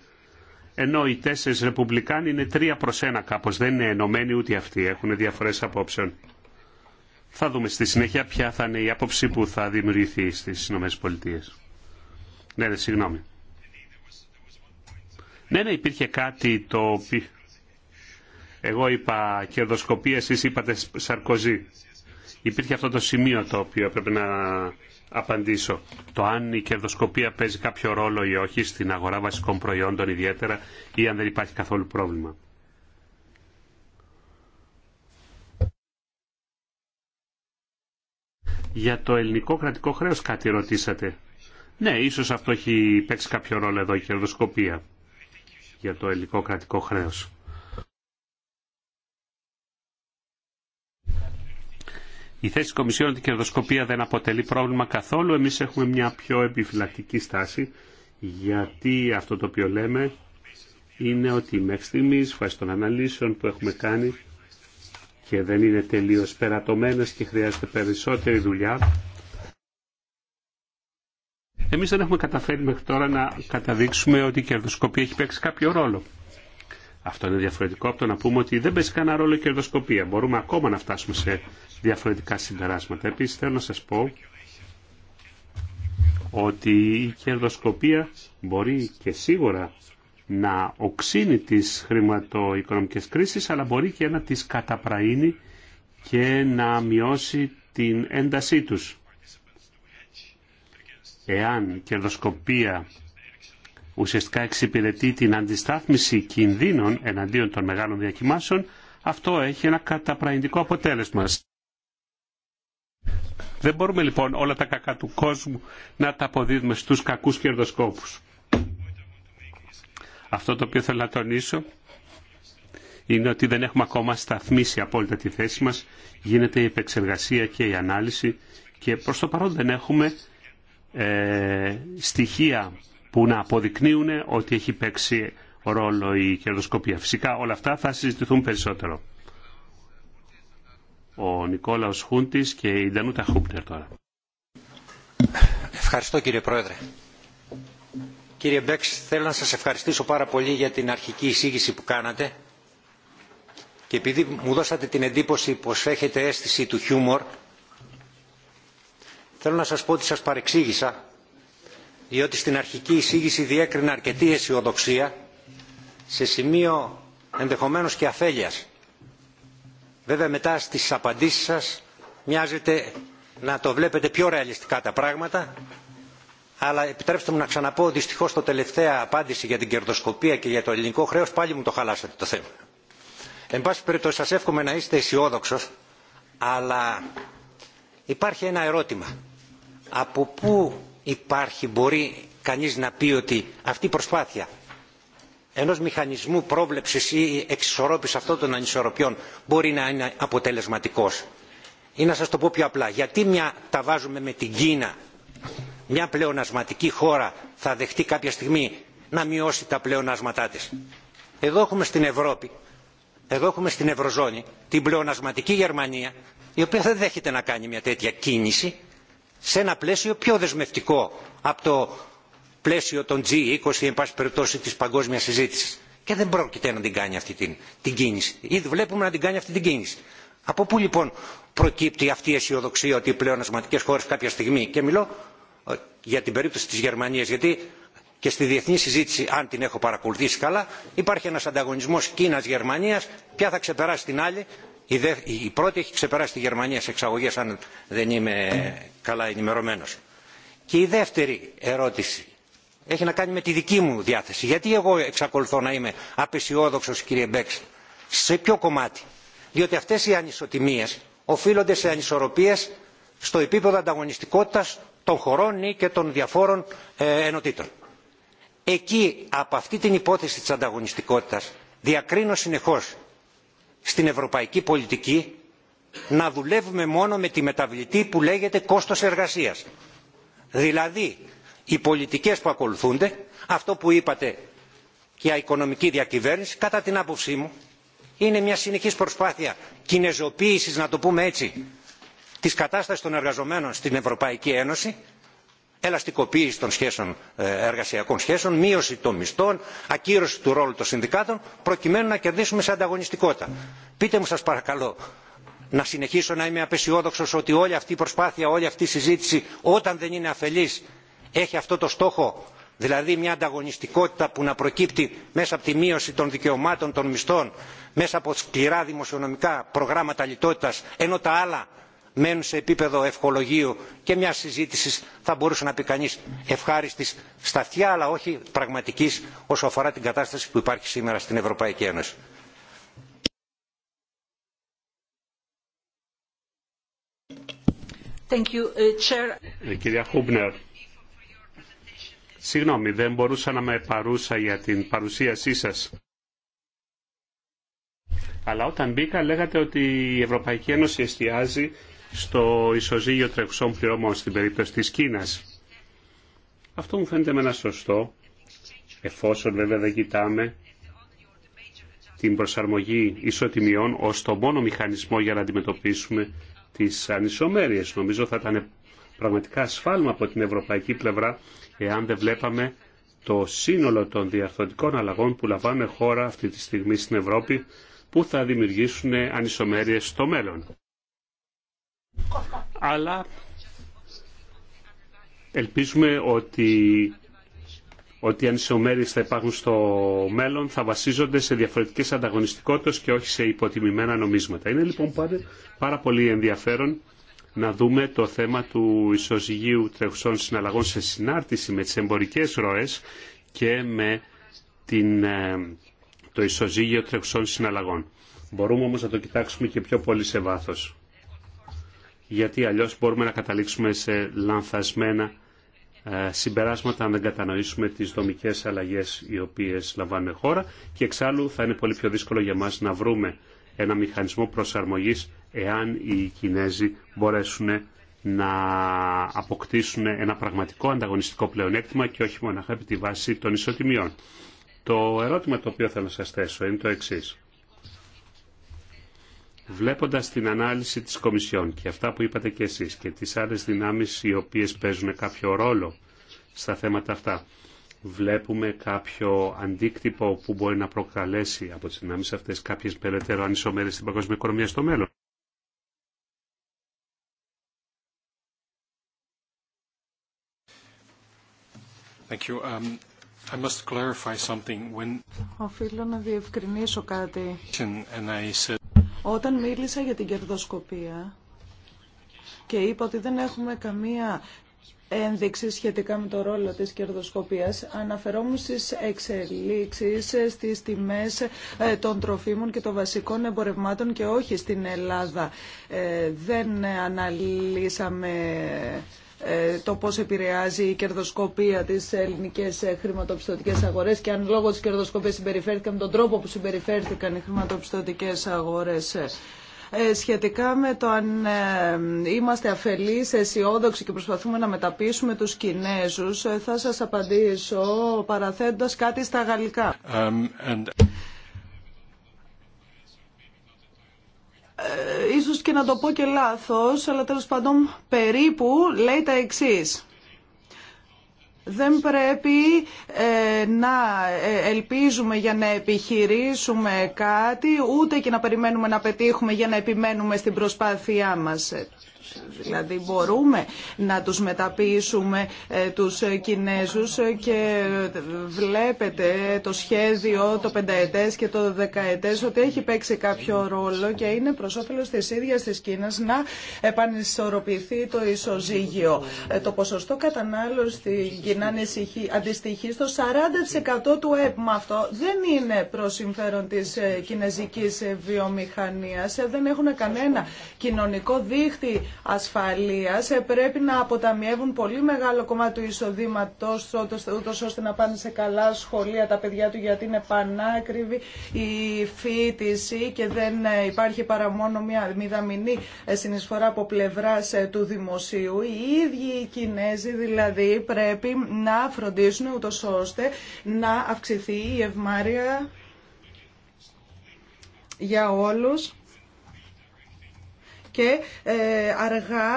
ενώ οι τέσσερις ρεπουμπλικάνοι είναι τρία προς ένα κάπως, δεν είναι ενωμένοι ούτε αυτοί, έχουν διαφορές απόψεων. Θα δούμε στη συνέχεια ποια θα είναι η άποψη που θα δημιουργηθεί στις Ηνωμένες Πολιτείες. Ναι, ναι συγγνώμη. Ναι, ναι, υπήρχε κάτι το οποίο... Εγώ είπα κερδοσκοπία, εσείς είπατε Σαρκοζή. Υπήρχε αυτό το σημείο το οποίο έπρεπε να απαντήσω. Το αν η κερδοσκοπία παίζει κάποιο ρόλο ή όχι στην αγορά βασικών προϊόντων ιδιαίτερα ή αν δεν υπάρχει καθόλου πρόβλημα. Για το ελληνικό κρατικό χρέος κάτι ρωτήσατε. Ναι, ίσως αυτό έχει παίξει κάποιο ρόλο εδώ η κερδοσκοπία για το ελληνικό κρατικό χρέος. Η θέση της Κομισιόν ότι η κερδοσκοπία δεν αποτελεί πρόβλημα καθόλου. Εμείς έχουμε μια πιο επιφυλακτική στάση γιατί αυτό το οποίο λέμε είναι ότι μέχρι στιγμής φάση των αναλύσεων που έχουμε κάνει και δεν είναι τελείως περατωμένες και χρειάζεται περισσότερη δουλειά. Εμείς δεν έχουμε καταφέρει μέχρι τώρα να καταδείξουμε ότι η κερδοσκοπία έχει παίξει κάποιο ρόλο. Αυτό είναι διαφορετικό από το να πούμε ότι δεν παίζει κανένα ρόλο η κερδοσκοπία. Μπορούμε ακόμα να φτάσουμε σε διαφορετικά συμπεράσματα. Επίσης θέλω να σα πω ότι η κερδοσκοπία μπορεί και σίγουρα να οξύνει τις χρηματοοικονομικές κρίσεις, αλλά μπορεί και να τις καταπραίνει και να μειώσει την έντασή τους. Εάν η κερδοσκοπία ουσιαστικά εξυπηρετεί την αντιστάθμιση κινδύνων εναντίον των μεγάλων διακοιμάσεων, αυτό έχει ένα καταπραγητικό αποτέλεσμα. Δεν μπορούμε λοιπόν όλα τα κακά του κόσμου να τα αποδίδουμε στους κακούς κερδοσκόπους. Αυτό το οποίο θέλω να τονίσω είναι ότι δεν έχουμε ακόμα σταθμίσει απόλυτα τη θέση μας. Γίνεται η επεξεργασία και η ανάλυση και προς το παρόν δεν έχουμε ε, στοιχεία που να αποδεικνύουν ότι έχει παίξει ρόλο η κερδοσκοπία. Φυσικά όλα αυτά θα συζητηθούν περισσότερο. Ο Νικόλαος Χούντης και η Ντανούτα Χούπτερ τώρα. Ευχαριστώ κύριε Πρόεδρε. Κύριε Μπέξ, θέλω να σας ευχαριστήσω πάρα πολύ για την αρχική εισήγηση που κάνατε και επειδή μου δώσατε την εντύπωση πως έχετε αίσθηση του χιούμορ θέλω να σας πω ότι σας παρεξήγησα διότι στην αρχική εισήγηση διέκρινα αρκετή αισιοδοξία σε σημείο ενδεχομένως και αφέλειας. Βέβαια μετά στις απαντήσεις σας μοιάζεται να το βλέπετε πιο ρεαλιστικά τα πράγματα αλλά επιτρέψτε μου να ξαναπώ δυστυχώς το τελευταία απάντηση για την κερδοσκοπία και για το ελληνικό χρέος πάλι μου το χαλάσατε το θέμα. Εν πάση περιπτώσει σας εύχομαι να είστε αισιόδοξο, αλλά υπάρχει ένα ερώτημα. Από πού υπάρχει, μπορεί κανείς να πει ότι αυτή η προσπάθεια ενός μηχανισμού πρόβλεψης ή εξισορρόπησης αυτών των ανισορροπιών μπορεί να είναι αποτελεσματικός. Ή να σας το πω πιο απλά, γιατί μια τα βάζουμε με την Κίνα, μια πλεονασματική χώρα θα δεχτεί κάποια στιγμή να μειώσει τα πλεονάσματά της. Εδώ έχουμε στην Ευρώπη, εδώ έχουμε στην Ευρωζώνη την πλεονασματική Γερμανία, η οποία δεν δέχεται να κάνει μια τέτοια κίνηση σε ένα πλαίσιο πιο δεσμευτικό από το πλαίσιο των G20 εν πάση περιπτώσει της παγκόσμιας συζήτησης. Και δεν πρόκειται να την κάνει αυτή την, την κίνηση. Ήδη βλέπουμε να την κάνει αυτή την κίνηση. Από πού λοιπόν προκύπτει αυτή η αισιοδοξία ότι οι πλεονασματικές χώρες κάποια στιγμή, και μιλώ ε, για την περίπτωση της Γερμανίας, γιατί και στη διεθνή συζήτηση, αν την έχω παρακολουθήσει καλά, υπάρχει ένας ανταγωνισμός Κίνας-Γερμανίας, ποια θα ξεπεράσει την άλλη η πρώτη έχει ξεπεράσει τη Γερμανία σε εξαγωγές αν δεν είμαι καλά ενημερωμένος. Και η δεύτερη ερώτηση έχει να κάνει με τη δική μου διάθεση. Γιατί εγώ εξακολουθώ να είμαι απεσιόδοξος κύριε Μπέξ. Σε ποιο κομμάτι. Διότι αυτές οι ανισοτιμίες οφείλονται σε ανισορροπίες στο επίπεδο ανταγωνιστικότητας των χωρών ή και των διαφόρων ε, ενωτήτων. Εκεί από αυτή την υπόθεση της ανταγωνιστικότητας διακρίνω συνεχώς στην ευρωπαϊκή πολιτική να δουλεύουμε μόνο με τη μεταβλητή που λέγεται κόστος εργασίας. Δηλαδή, οι πολιτικές που ακολουθούνται, αυτό που είπατε και η οικονομική διακυβέρνηση, κατά την άποψή μου, είναι μια συνεχής προσπάθεια κινεζοποίησης, να το πούμε έτσι, της κατάστασης των εργαζομένων στην Ευρωπαϊκή Ένωση ελαστικοποίηση των σχέσεων, ε, εργασιακών σχέσεων, μείωση των μισθών, ακύρωση του ρόλου των συνδικάτων, προκειμένου να κερδίσουμε σε ανταγωνιστικότητα. Πείτε μου σας παρακαλώ, να συνεχίσω να είμαι απεσιόδοξος ότι όλη αυτή η προσπάθεια, όλη αυτή η συζήτηση, όταν δεν είναι αφελής, έχει αυτό το στόχο, δηλαδή μια ανταγωνιστικότητα που να προκύπτει μέσα από τη μείωση των δικαιωμάτων των μισθών, μέσα από σκληρά δημοσιονομικά προγράμματα λιτότητας, ενώ τα άλλα μένουν σε επίπεδο ευχολογίου και μια συζήτηση θα μπορούσε να πει κανεί ευχάριστη στα αυτιά αλλά όχι πραγματική όσο αφορά την κατάσταση που υπάρχει σήμερα στην ευρωπαϊκή ένωση. Thank uh, ε, Κυρία Χούμπνερ, συγγνώμη, δεν μπορούσα να με παρούσα για την παρουσίασή σας. Αλλά όταν μπήκα λέγατε ότι η Ευρωπαϊκή Ένωση εστιάζει στο ισοζύγιο τρεξών πληρωμών στην περίπτωση της Κίνας. Αυτό μου φαίνεται με ένα σωστό, εφόσον βέβαια δεν κοιτάμε την προσαρμογή ισοτιμιών ως το μόνο μηχανισμό για να αντιμετωπίσουμε τις ανισομέρειες. Νομίζω θα ήταν πραγματικά σφάλμα από την ευρωπαϊκή πλευρά εάν δεν βλέπαμε το σύνολο των διαρθωτικών αλλαγών που λαμβάνουν χώρα αυτή τη στιγμή στην Ευρώπη που θα δημιουργήσουν ανισομέρειες στο μέλλον αλλά ελπίζουμε ότι ότι οι ανισομέρειες θα υπάρχουν στο μέλλον θα βασίζονται σε διαφορετικές ανταγωνιστικότητες και όχι σε υποτιμημένα νομίσματα. Είναι λοιπόν πάρα, πολύ ενδιαφέρον να δούμε το θέμα του ισοζυγίου τρεχουσών συναλλαγών σε συνάρτηση με τις εμπορικές ροές και με την, ε, το ισοζύγιο τρεχουσών συναλλαγών. Μπορούμε όμως να το κοιτάξουμε και πιο πολύ σε βάθος γιατί αλλιώς μπορούμε να καταλήξουμε σε λανθασμένα ε, συμπεράσματα αν δεν κατανοήσουμε τις δομικές αλλαγές οι οποίες λαμβάνουν χώρα και εξάλλου θα είναι πολύ πιο δύσκολο για μας να βρούμε ένα μηχανισμό προσαρμογής εάν οι Κινέζοι μπορέσουν να αποκτήσουν ένα πραγματικό ανταγωνιστικό πλεονέκτημα και όχι μόνο επί τη βάση των ισοτιμιών. Το ερώτημα το οποίο θέλω να σας θέσω είναι το εξής βλέποντας την ανάλυση της Κομισιόν και αυτά που είπατε και εσείς και τις άλλες δυνάμεις οι οποίες παίζουν κάποιο ρόλο στα θέματα αυτά, βλέπουμε κάποιο αντίκτυπο που μπορεί να προκαλέσει από τις δυνάμεις αυτές κάποιες περαιτέρω ανισομέρειες στην παγκόσμια οικονομία στο μέλλον. Um, Οφείλω να διευκρινίσω κάτι. Όταν μίλησα για την κερδοσκοπία και είπα ότι δεν έχουμε καμία ένδειξη σχετικά με το ρόλο της κερδοσκοπίας. Αναφερόμουν στις εξελίξεις, στις τιμές ε, των τροφίμων και των βασικών εμπορευμάτων και όχι στην Ελλάδα. Ε, δεν αναλύσαμε το πώς επηρεάζει η κερδοσκοπία τι ελληνικές ε, χρηματοπιστωτικέ αγορές και αν λόγω της κερδοσκοπία συμπεριφέρθηκαν με τον τρόπο που συμπεριφέρθηκαν οι χρηματοπιστωτικές αγορές. Ε, σχετικά με το αν ε, είμαστε αφελείς, αισιόδοξοι και προσπαθούμε να μεταπίσουμε τους Κινέζους, θα σας απαντήσω παραθέτοντας κάτι στα γαλλικά. Um, ίσως και να το πω και λάθος, αλλά τέλο πάντων περίπου λέει τα εξή. Δεν πρέπει ε, να ε, ελπίζουμε για να επιχειρήσουμε κάτι, ούτε και να περιμένουμε να πετύχουμε για να επιμένουμε στην προσπάθειά μας. Δηλαδή μπορούμε να τους μεταποιήσουμε ε, τους Κινέζους και βλέπετε το σχέδιο το πενταετές και το δεκαετές ότι έχει παίξει κάποιο ρόλο και είναι προς όφελος της ίδιας της Κίνας να επανισορροπηθεί το ισοζύγιο. Ε, το ποσοστό κατανάλωση στην Κίνα αντιστοιχεί στο 40% του ΕΠ. αυτό δεν είναι προ συμφέρον της ε, κινέζικης βιομηχανίας. Δεν έχουν κανένα κοινωνικό δίχτυ ασφαλείας ε, πρέπει να αποταμιεύουν πολύ μεγάλο κομμάτι του εισοδήματος ούτως ώστε να πάνε σε καλά σχολεία τα παιδιά του γιατί είναι πανάκριβη η φίτηση και δεν ε, υπάρχει παρά μόνο μια μηδαμινή ε, συνεισφορά από πλευρά του δημοσίου. Οι ίδιοι οι Κινέζοι δηλαδή πρέπει να φροντίσουν ούτως ώστε να αυξηθεί η ευμάρεια για όλους και ε, αργά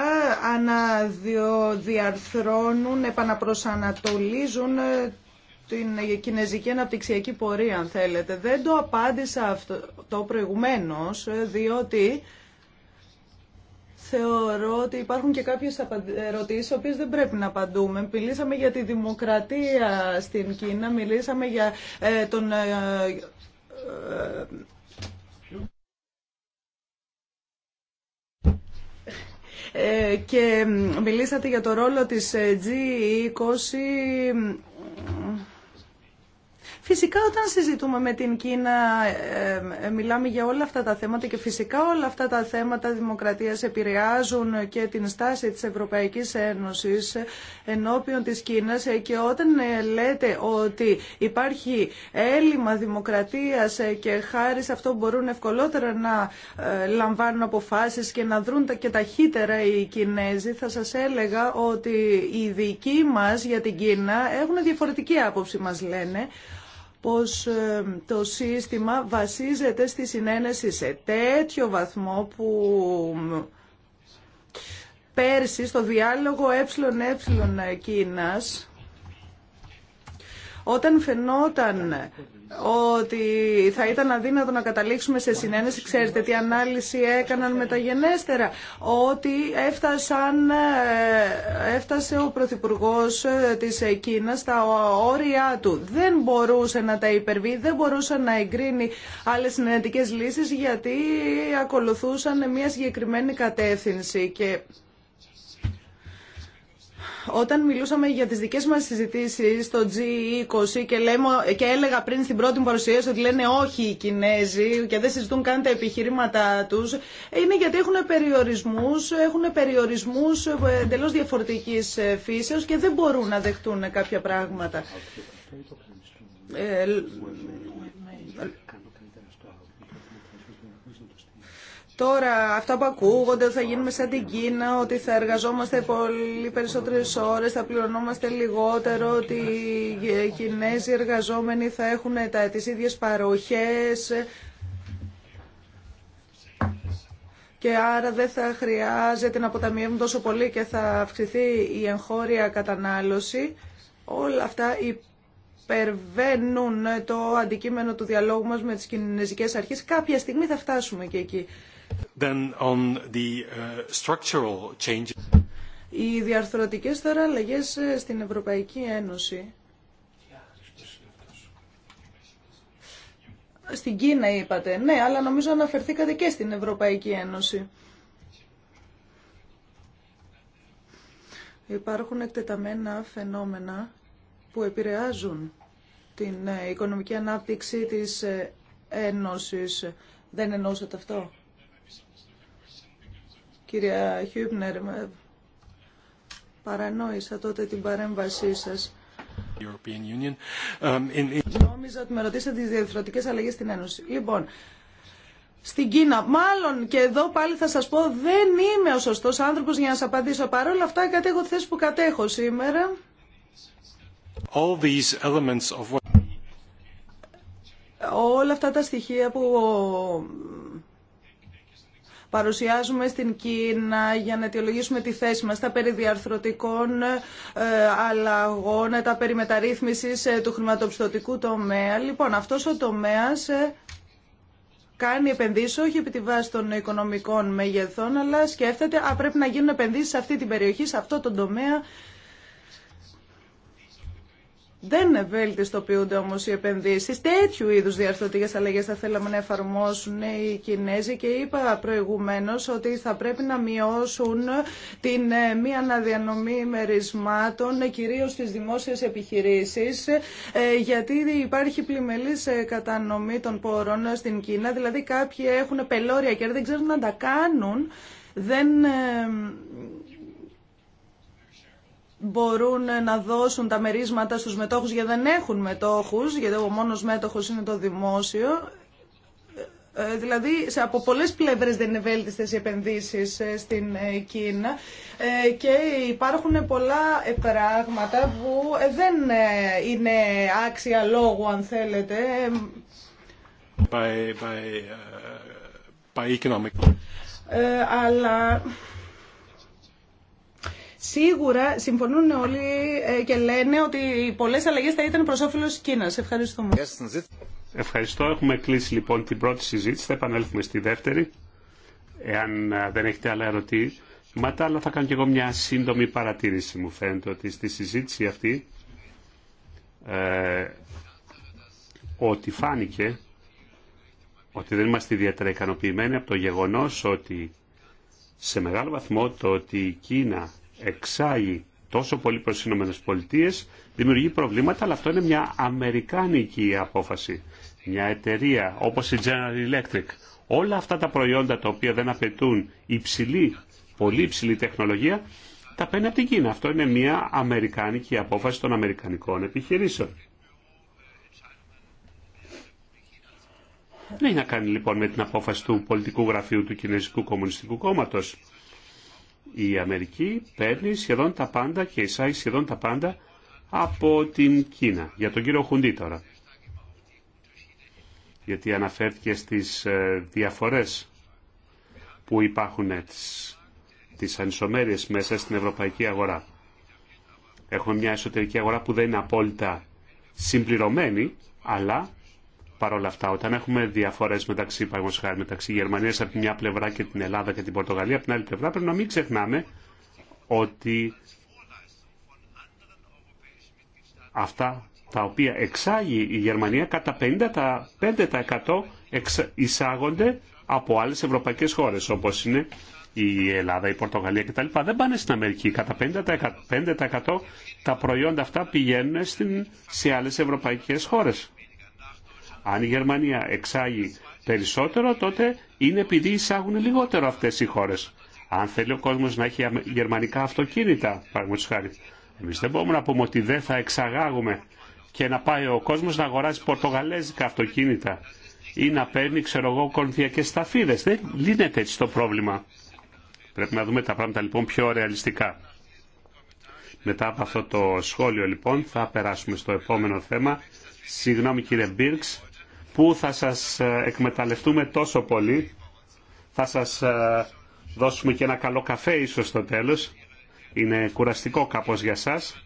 αναδιαρθρώνουν, επαναπροσανατολίζουν ε, την κινέζικη αναπτυξιακή πορεία, αν θέλετε. Δεν το απάντησα αυτό το προηγουμένως, ε, διότι θεωρώ ότι υπάρχουν και κάποιες ερωτήσεις, οποίες δεν πρέπει να απαντούμε. Μιλήσαμε για τη δημοκρατία στην Κίνα, μιλήσαμε για τον Ε, και μιλήσατε για το ρόλο της ε, G20 Φυσικά όταν συζητούμε με την Κίνα ε, ε, μιλάμε για όλα αυτά τα θέματα και φυσικά όλα αυτά τα θέματα δημοκρατίας επηρεάζουν και την στάση της Ευρωπαϊκής Ένωσης ενώπιον της Κίνας ε, και όταν λέτε ότι υπάρχει έλλειμμα δημοκρατίας και χάρη σε αυτό μπορούν ευκολότερα να λαμβάνουν αποφάσεις και να δρουν και ταχύτερα οι Κινέζοι θα σας έλεγα ότι οι δικοί μας για την Κίνα έχουν διαφορετική άποψη μας λένε πως ε, το σύστημα βασίζεται στη συνένεση σε τέτοιο βαθμό που πέρσι στο διάλογο ΕΕ Κίνας όταν φαινόταν ότι θα ήταν αδύνατο να καταλήξουμε σε συνένεση, ξέρετε τι ανάλυση έκαναν μεταγενέστερα, ότι έφτασαν, ε, έφτασε ο Πρωθυπουργό ε, της Κίνας στα όρια του. Δεν μπορούσε να τα υπερβεί, δεν μπορούσε να εγκρίνει άλλες συνενετικές λύσεις γιατί ακολουθούσαν μια συγκεκριμένη κατεύθυνση όταν μιλούσαμε για τις δικές μας συζητήσεις στο G20 και, λέμε, και έλεγα πριν στην πρώτη μου παρουσίαση ότι λένε όχι οι Κινέζοι και δεν συζητούν καν τα επιχειρήματά τους, είναι γιατί έχουν περιορισμούς, έχουν περιορισμούς εντελώ διαφορετικής ε, φύσεως και δεν μπορούν να δεχτούν κάποια πράγματα. Ε, Τώρα αυτά που ακούγονται ότι θα γίνουμε σαν την Κίνα, ότι θα εργαζόμαστε πολύ περισσότερες ώρες, θα πληρωνόμαστε λιγότερο, ότι οι Κινέζοι εργαζόμενοι θα έχουν τα, τις ίδιες παροχές και άρα δεν θα χρειάζεται να αποταμιεύουν τόσο πολύ και θα αυξηθεί η εγχώρια κατανάλωση. Όλα αυτά υπερβαίνουν το αντικείμενο του διαλόγου μας με τις κινέζικες αρχές. Κάποια στιγμή θα φτάσουμε και εκεί. Uh, Οι διαρθρωτικές τώρα αλλαγές ε, στην Ευρωπαϊκή Ένωση. Στην Κίνα είπατε, ναι, αλλά νομίζω αναφερθήκατε και στην Ευρωπαϊκή Ένωση. Υπάρχουν εκτεταμένα φαινόμενα που επηρεάζουν την ε, οικονομική ανάπτυξη της ε, Ένωσης. Δεν εννοούσατε αυτό. Κυρία Χιούπνερ, παρανόησα τότε την παρέμβασή σας. Um, Νόμιζα ότι με ρωτήσατε τις διαδικαστικές αλλαγές στην Ένωση. Λοιπόν, στην Κίνα. Μάλλον και εδώ πάλι θα σας πω δεν είμαι ο σωστός άνθρωπος για να σας απαντήσω. Παρ' όλα αυτά κατέχω τη θέση που κατέχω σήμερα. Όλα αυτά τα στοιχεία που παρουσιάζουμε στην Κίνα για να αιτιολογήσουμε τη θέση μας, τα περί διαρθρωτικών ε, αλλαγών, τα περί μεταρρύθμισης ε, του χρηματοπιστωτικού τομέα. Λοιπόν, αυτός ο τομέας ε, κάνει επενδύσει όχι επί τη βάση των οικονομικών μεγεθών, αλλά σκέφτεται, α, πρέπει να γίνουν επενδύσει σε αυτή την περιοχή, σε αυτό το τομέα, δεν ευελτιστοποιούνται όμω οι επενδύσει. Τέτοιου είδου διαρθρωτικέ αλλαγέ θα θέλαμε να εφαρμόσουν οι Κινέζοι και είπα προηγουμένω ότι θα πρέπει να μειώσουν την ε, μη αναδιανομή μερισμάτων, κυρίω στι δημόσιε επιχειρήσει, ε, γιατί υπάρχει πλημελή ε, κατανομή των πόρων στην Κίνα. Δηλαδή κάποιοι έχουν πελώρια κέρδη, δεν ξέρουν να τα κάνουν. Δεν μπορούν να δώσουν τα μερίσματα στους μετόχους γιατί δεν έχουν μετόχους, γιατί ο μόνος μέτοχος είναι το δημόσιο. Ε, ε, δηλαδή, από πολλές πλευρές δεν είναι βέλτιστες οι επενδύσεις ε, στην Κίνα και υπάρχουν πολλά πράγματα που δεν είναι άξια λόγου, αν θέλετε. By, by, αλλά Σίγουρα συμφωνούν όλοι ε, και λένε ότι οι πολλές αλλαγές θα ήταν όφελο τη Κίνα. Ευχαριστούμε. Ευχαριστώ. Έχουμε κλείσει λοιπόν την πρώτη συζήτηση. Θα επανέλθουμε στη δεύτερη, εάν ε, δεν έχετε άλλα ερωτήματα, αλλά θα κάνω και εγώ μια σύντομη παρατήρηση. Μου φαίνεται ότι στη συζήτηση αυτή ε, ότι φάνηκε ότι δεν είμαστε ιδιαίτερα ικανοποιημένοι από το γεγονός ότι σε μεγάλο βαθμό το ότι η Κίνα εξάγει τόσο πολύ προς τις Ηνωμένες Πολιτείες δημιουργεί προβλήματα, αλλά αυτό είναι μια αμερικάνικη απόφαση. Μια εταιρεία όπως η General Electric. Όλα αυτά τα προϊόντα τα οποία δεν απαιτούν υψηλή, πολύ υψηλή τεχνολογία, τα παίρνει από την Κίνα. Αυτό είναι μια αμερικάνικη απόφαση των αμερικανικών επιχειρήσεων. Δεν έχει να κάνει λοιπόν με την απόφαση του πολιτικού γραφείου του Κινέζικου Κομμουνιστικού Κόμματος η Αμερική παίρνει σχεδόν τα πάντα και εισάγει σχεδόν τα πάντα από την Κίνα. Για τον κύριο Χουντή τώρα. Γιατί αναφέρθηκε στις ε, διαφορές που υπάρχουν ε, τις, τις ανισομέρειες μέσα στην ευρωπαϊκή αγορά. Έχουμε μια εσωτερική αγορά που δεν είναι απόλυτα συμπληρωμένη, αλλά Παρ' όλα αυτά, όταν έχουμε διαφορέ μεταξύ, μεταξύ Γερμανία από τη μια πλευρά και την Ελλάδα και την Πορτογαλία από την άλλη πλευρά, πρέπει να μην ξεχνάμε ότι αυτά τα οποία εξάγει η Γερμανία κατά 55% εισάγονται από άλλε Ευρωπαϊκέ χώρε, όπω είναι η Ελλάδα, η Πορτογαλία κτλ. Δεν πάνε στην Αμερική. Κατά 55% τα προϊόντα αυτά πηγαίνουν σε άλλε ευρωπαϊκέ χώρε. Αν η Γερμανία εξάγει περισσότερο, τότε είναι επειδή εισάγουν λιγότερο αυτέ οι χώρε. Αν θέλει ο κόσμο να έχει γερμανικά αυτοκίνητα, παραδείγματο χάρη, εμεί δεν μπορούμε να πούμε ότι δεν θα εξαγάγουμε και να πάει ο κόσμο να αγοράζει πορτογαλέζικα αυτοκίνητα ή να παίρνει, ξέρω εγώ, κορνθιακέ σταφίδες. Δεν λύνεται έτσι το πρόβλημα. Πρέπει να δούμε τα πράγματα λοιπόν πιο ρεαλιστικά. Μετά από αυτό το σχόλιο λοιπόν θα περάσουμε στο επόμενο θέμα. Συγγνώμη κύριε Μπίρξ, που θα σας ε, εκμεταλλευτούμε τόσο πολύ. Θα σας ε, δώσουμε και ένα καλό καφέ ίσως στο τέλος. Είναι κουραστικό κάπως για σας.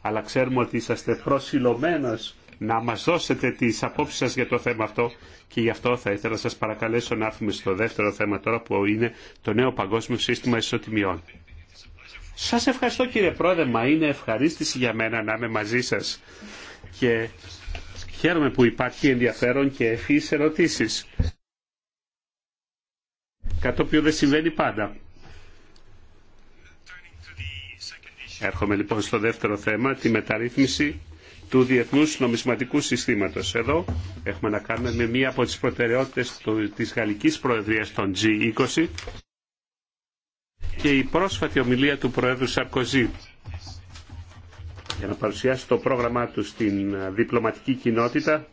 Αλλά ξέρουμε ότι είσαστε προσιλωμένος να μας δώσετε τις απόψεις σας για το θέμα αυτό και γι' αυτό θα ήθελα να σας παρακαλέσω να έρθουμε στο δεύτερο θέμα τώρα που είναι το νέο παγκόσμιο σύστημα ισοτιμιών. Σας ευχαριστώ κύριε Πρόεδρε, μα είναι ευχαρίστηση για μένα να είμαι μαζί σας και Χαίρομαι που υπάρχει ενδιαφέρον και ευφύης ερωτήσεις. Κάτι το οποίο δεν συμβαίνει πάντα. Έρχομαι λοιπόν στο δεύτερο θέμα, τη μεταρρύθμιση του Διεθνούς Νομισματικού Συστήματος. Εδώ έχουμε να κάνουμε με μία από τις προτεραιότητες της Γαλλικής Προεδρίας των G20 και η πρόσφατη ομιλία του Προέδρου Σαρκοζή για να παρουσιάσει το πρόγραμμά του στην ε, διπλωματική κοινότητα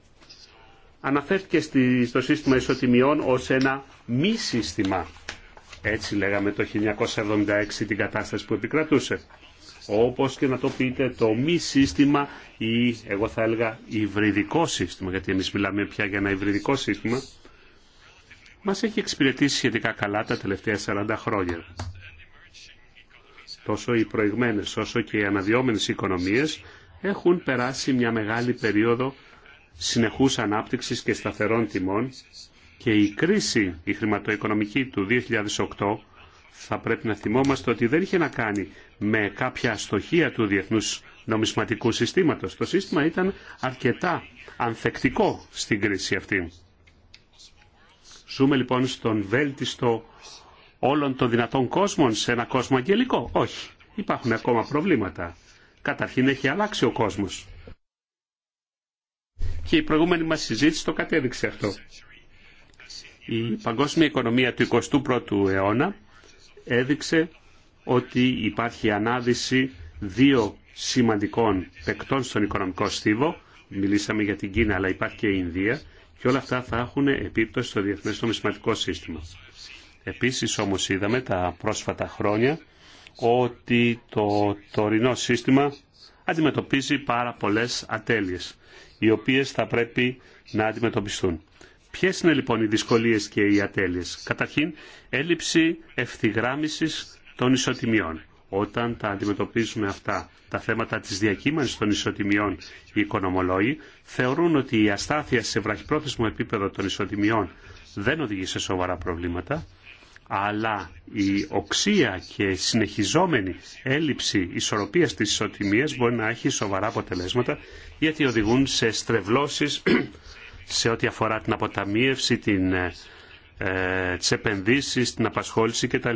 αναφέρθηκε στο σύστημα ισοτιμιών ως ένα μη σύστημα. Έτσι λέγαμε το 1976 την κατάσταση που επικρατούσε. Όπως και να το πείτε, το μη σύστημα ή εγώ θα έλεγα υβριδικό σύστημα, γιατί εμείς μιλάμε πια για ένα υβριδικό σύστημα, μας έχει εξυπηρετήσει σχετικά καλά τα τελευταία 40 χρόνια τόσο οι προηγμένες όσο και οι αναδυόμενες οικονομίες έχουν περάσει μια μεγάλη περίοδο συνεχούς ανάπτυξης και σταθερών τιμών και η κρίση η χρηματοοικονομική του 2008 θα πρέπει να θυμόμαστε ότι δεν είχε να κάνει με κάποια αστοχία του διεθνούς νομισματικού συστήματος. Το σύστημα ήταν αρκετά ανθεκτικό στην κρίση αυτή. Ζούμε λοιπόν στον βέλτιστο όλων των δυνατών κόσμων σε ένα κόσμο αγγελικό. Όχι. Υπάρχουν ακόμα προβλήματα. Καταρχήν έχει αλλάξει ο κόσμος. Και η προηγούμενη μας συζήτηση το κατέδειξε αυτό. Η παγκόσμια οικονομία του 21ου αιώνα έδειξε ότι υπάρχει ανάδυση δύο σημαντικών παικτών στον οικονομικό στίβο. Μιλήσαμε για την Κίνα, αλλά υπάρχει και η Ινδία. Και όλα αυτά θα έχουν επίπτωση στο Διεθνές Νομισματικό Σύστημα. Επίσης όμως είδαμε τα πρόσφατα χρόνια ότι το τωρινό σύστημα αντιμετωπίζει πάρα πολλές ατέλειες, οι οποίες θα πρέπει να αντιμετωπιστούν. Ποιες είναι λοιπόν οι δυσκολίες και οι ατέλειες. Καταρχήν, έλλειψη ευθυγράμμισης των ισοτιμιών. Όταν τα αντιμετωπίζουμε αυτά τα θέματα της διακύμανσης των ισοτιμιών οι οικονομολόγοι, θεωρούν ότι η αστάθεια σε βραχυπρόθεσμο επίπεδο των ισοτιμιών δεν οδηγεί σε σοβαρά προβλήματα αλλά η οξία και συνεχιζόμενη έλλειψη ισορροπίας της ισοτιμίας μπορεί να έχει σοβαρά αποτελέσματα γιατί οδηγούν σε στρεβλώσεις *clears throat* σε ό,τι αφορά την αποταμίευση, την, ε, ε, τις επενδύσεις, την απασχόληση κτλ.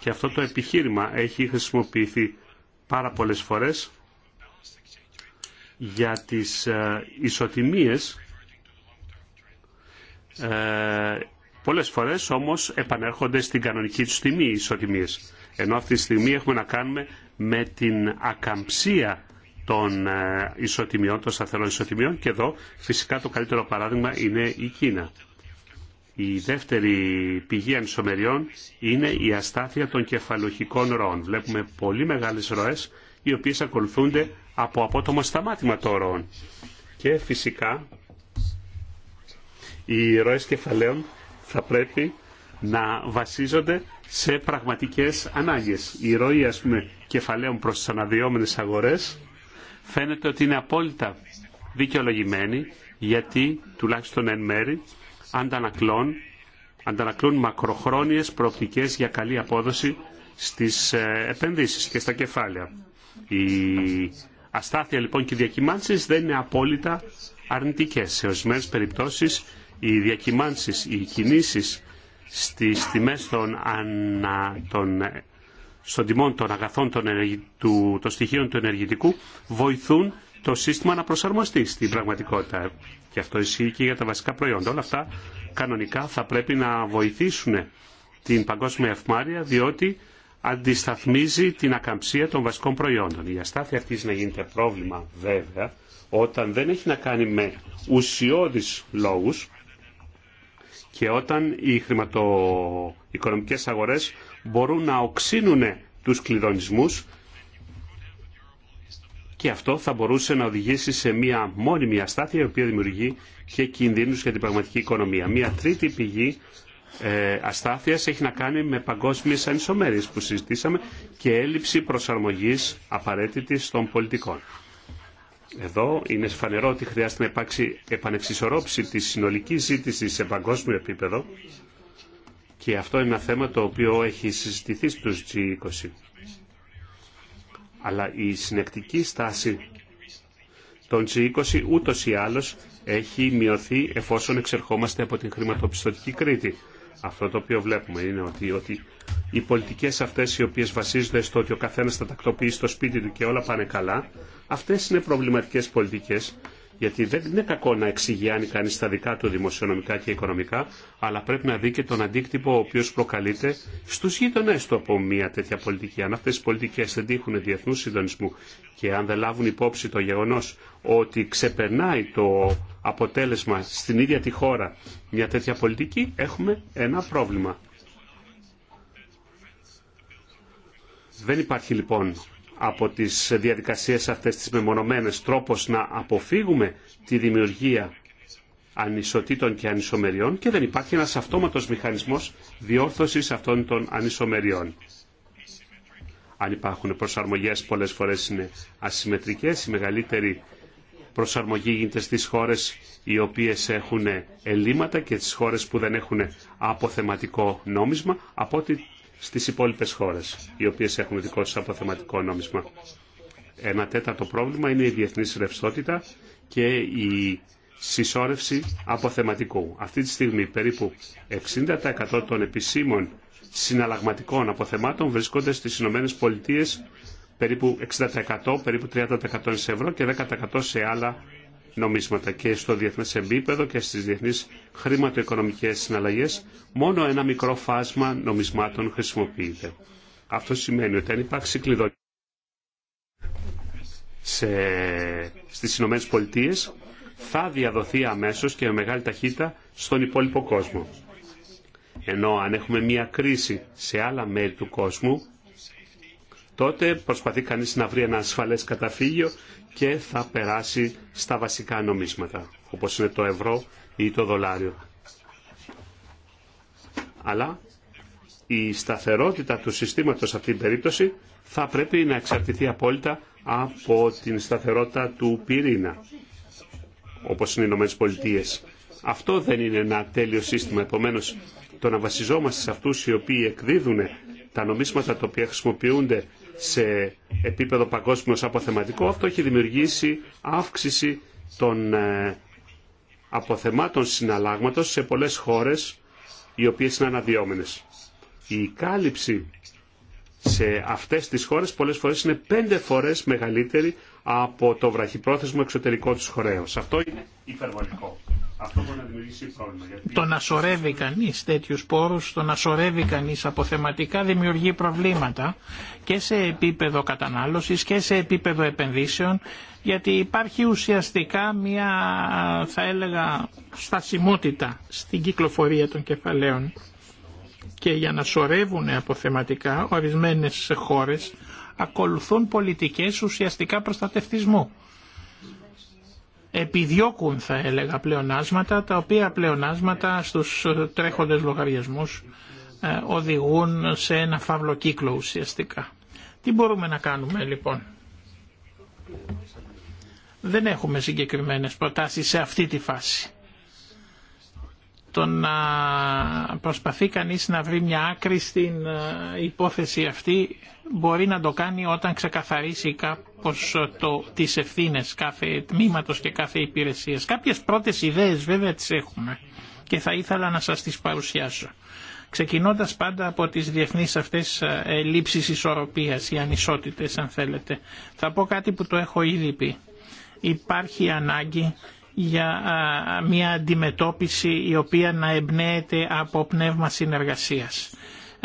Και αυτό το επιχείρημα έχει χρησιμοποιηθεί πάρα πολλές φορές για τις ε, ισοτιμίες ε, Πολλές φορές όμως επανέρχονται στην κανονική τους τιμή οι ισοτιμίες. Ενώ αυτή τη στιγμή έχουμε να κάνουμε με την ακαμψία των ε, ισοτιμιών, των σταθερών ισοτιμιών και εδώ φυσικά το καλύτερο παράδειγμα είναι η Κίνα. Η δεύτερη πηγή ανισομεριών είναι η αστάθεια των κεφαλοχικών ροών. Βλέπουμε πολύ μεγάλες ροές οι οποίες ακολουθούνται από απότομο σταμάτημα των ροών. Και φυσικά οι ροές κεφαλαίων θα πρέπει να βασίζονται σε πραγματικές ανάγκες. Η ροή ας πούμε, κεφαλαίων προς τις αναδυόμενες αγορές φαίνεται ότι είναι απόλυτα δικαιολογημένη γιατί τουλάχιστον εν μέρη αντανακλών, αντανακλούν μακροχρόνιες προοπτικές για καλή απόδοση στις ε, επενδύσεις και στα κεφάλαια. Η αστάθεια λοιπόν και οι διακυμάνσεις δεν είναι απόλυτα αρνητικές. Σε ορισμένε περιπτώσεις οι διακυμάνσεις, οι κινήσεις στις τιμές των, ανα, των στον τιμών των αγαθών των, του, στοιχείων του ενεργητικού βοηθούν το σύστημα να προσαρμοστεί στην πραγματικότητα. Και αυτό ισχύει και για τα βασικά προϊόντα. Όλα αυτά κανονικά θα πρέπει να βοηθήσουν την παγκόσμια ευμάρεια διότι αντισταθμίζει την ακαμψία των βασικών προϊόντων. Η αστάθεια αυτή να γίνεται πρόβλημα βέβαια όταν δεν έχει να κάνει με ουσιώδεις λόγους και όταν οι χρηματοοικονομικές αγορές μπορούν να οξύνουν τους κλειδονισμούς και αυτό θα μπορούσε να οδηγήσει σε μια μόνιμη αστάθεια η οποία δημιουργεί και κινδύνους για την πραγματική οικονομία. Μια τρίτη πηγή ε, αστάθειας έχει να κάνει με παγκόσμιες ανισομέρειες που συζητήσαμε και έλλειψη προσαρμογής απαραίτητης των πολιτικών. Εδώ είναι σφανερό ότι χρειάζεται να υπάρξει επανεξισορρόπηση της συνολικής ζήτησης σε παγκόσμιο επίπεδο και αυτό είναι ένα θέμα το οποίο έχει συζητηθεί στους G20. Αλλά η συνεκτική στάση των G20 ούτως ή άλλως έχει μειωθεί εφόσον εξερχόμαστε από την χρηματοπιστωτική κρίτη. Αυτό το οποίο βλέπουμε είναι ότι, ότι οι πολιτικές αυτές οι οποίες βασίζονται στο ότι ο καθένας θα τακτοποιήσει το σπίτι του και όλα πάνε καλά, αυτές είναι προβληματικές πολιτικές γιατί δεν είναι κακό να εξηγιάνει κανεί τα δικά του δημοσιονομικά και οικονομικά, αλλά πρέπει να δει και τον αντίκτυπο ο οποίο προκαλείται στου γείτονέ του από μια τέτοια πολιτική. Αν αυτέ οι πολιτικέ δεν τύχουν διεθνού συντονισμού και αν δεν λάβουν υπόψη το γεγονό ότι ξεπερνάει το αποτέλεσμα στην ίδια τη χώρα μια τέτοια πολιτική, έχουμε ένα πρόβλημα. Δεν υπάρχει λοιπόν από τις διαδικασίες αυτές τις μεμονωμένες τρόπος να αποφύγουμε τη δημιουργία ανισοτήτων και ανισομεριών και δεν υπάρχει ένας αυτόματος μηχανισμός διόρθωσης αυτών των ανισομεριών. Αν υπάρχουν προσαρμογές πολλές φορές είναι ασυμμετρικές, μεγαλύτερη προσαρμογή γίνεται στις χώρες οι οποίες έχουν ελλείμματα και στις χώρες που δεν έχουν αποθεματικό νόμισμα από ότι στις υπόλοιπες χώρες οι οποίες έχουν δικό τους αποθεματικό νόμισμα. Ένα τέταρτο πρόβλημα είναι η διεθνής ρευστότητα και η συσσόρευση αποθεματικού. Αυτή τη στιγμή περίπου 60% των επισήμων συναλλαγματικών αποθεμάτων βρίσκονται στις Ηνωμένες Πολιτείες περίπου 60%, περίπου 30% σε ευρώ και 10% σε άλλα νομίσματα. Και στο διεθνές επίπεδο και στις διεθνείς χρηματοοικονομικές συναλλαγές μόνο ένα μικρό φάσμα νομισμάτων χρησιμοποιείται. Αυτό σημαίνει ότι αν υπάρξει κλειδό σε, στις Ηνωμένες Πολιτείες θα διαδοθεί αμέσως και με μεγάλη ταχύτητα στον υπόλοιπο κόσμο. Ενώ αν έχουμε μια κρίση σε άλλα μέρη του κόσμου τότε προσπαθεί κανείς να βρει ένα ασφαλές καταφύγιο και θα περάσει στα βασικά νομίσματα, όπως είναι το ευρώ ή το δολάριο. Αλλά η σταθερότητα του συστήματος σε αυτήν την περίπτωση θα πρέπει να εξαρτηθεί απόλυτα από την σταθερότητα του πυρήνα, όπως είναι οι Ηνωμένες Πολιτείες. Αυτό δεν είναι ένα τέλειο σύστημα. Επομένως, το να βασιζόμαστε σε αυτούς οι οποίοι εκδίδουν τα νομίσματα τα οποία χρησιμοποιούνται σε επίπεδο παγκόσμιο αποθεματικό, αυτό έχει δημιουργήσει αύξηση των ε, αποθεμάτων συναλλάγματος σε πολλές χώρες οι οποίες είναι αναδυόμενες. Η κάλυψη σε αυτές τις χώρες πολλές φορές είναι πέντε φορές μεγαλύτερη από το βραχυπρόθεσμο εξωτερικό τους χωρέως. Αυτό είναι υπερβολικό να Το να σωρεύει κανεί τέτοιου πόρου, το να σωρεύει κανεί αποθεματικά δημιουργεί προβλήματα και σε επίπεδο κατανάλωση και σε επίπεδο επενδύσεων, γιατί υπάρχει ουσιαστικά μια, θα έλεγα, στασιμότητα στην κυκλοφορία των κεφαλαίων. Και για να σωρεύουν αποθεματικά, ορισμένες χώρες ακολουθούν πολιτικές ουσιαστικά προστατευτισμού επιδιώκουν θα έλεγα πλεονάσματα τα οποία πλεονάσματα στους τρέχοντες λογαριασμούς ε, οδηγούν σε ένα φαύλο κύκλο ουσιαστικά. Τι μπορούμε να κάνουμε λοιπόν. Δεν έχουμε συγκεκριμένες προτάσεις σε αυτή τη φάση. Το να προσπαθεί κανείς να βρει μια άκρη στην ε, υπόθεση αυτή μπορεί να το κάνει όταν ξεκαθαρίσει κάπως το, τις ευθύνες κάθε τμήματος και κάθε υπηρεσίας. Κάποιες πρώτες ιδέες βέβαια τις έχουμε και θα ήθελα να σας τις παρουσιάσω. Ξεκινώντας πάντα από τις διεθνείς αυτές ε, λήψεις ισορροπίας ή ανισότητες αν θέλετε. Θα πω κάτι που το έχω ήδη πει. Υπάρχει ανάγκη για μια αντιμετώπιση η οποία να εμπνέεται από πνεύμα συνεργασίας.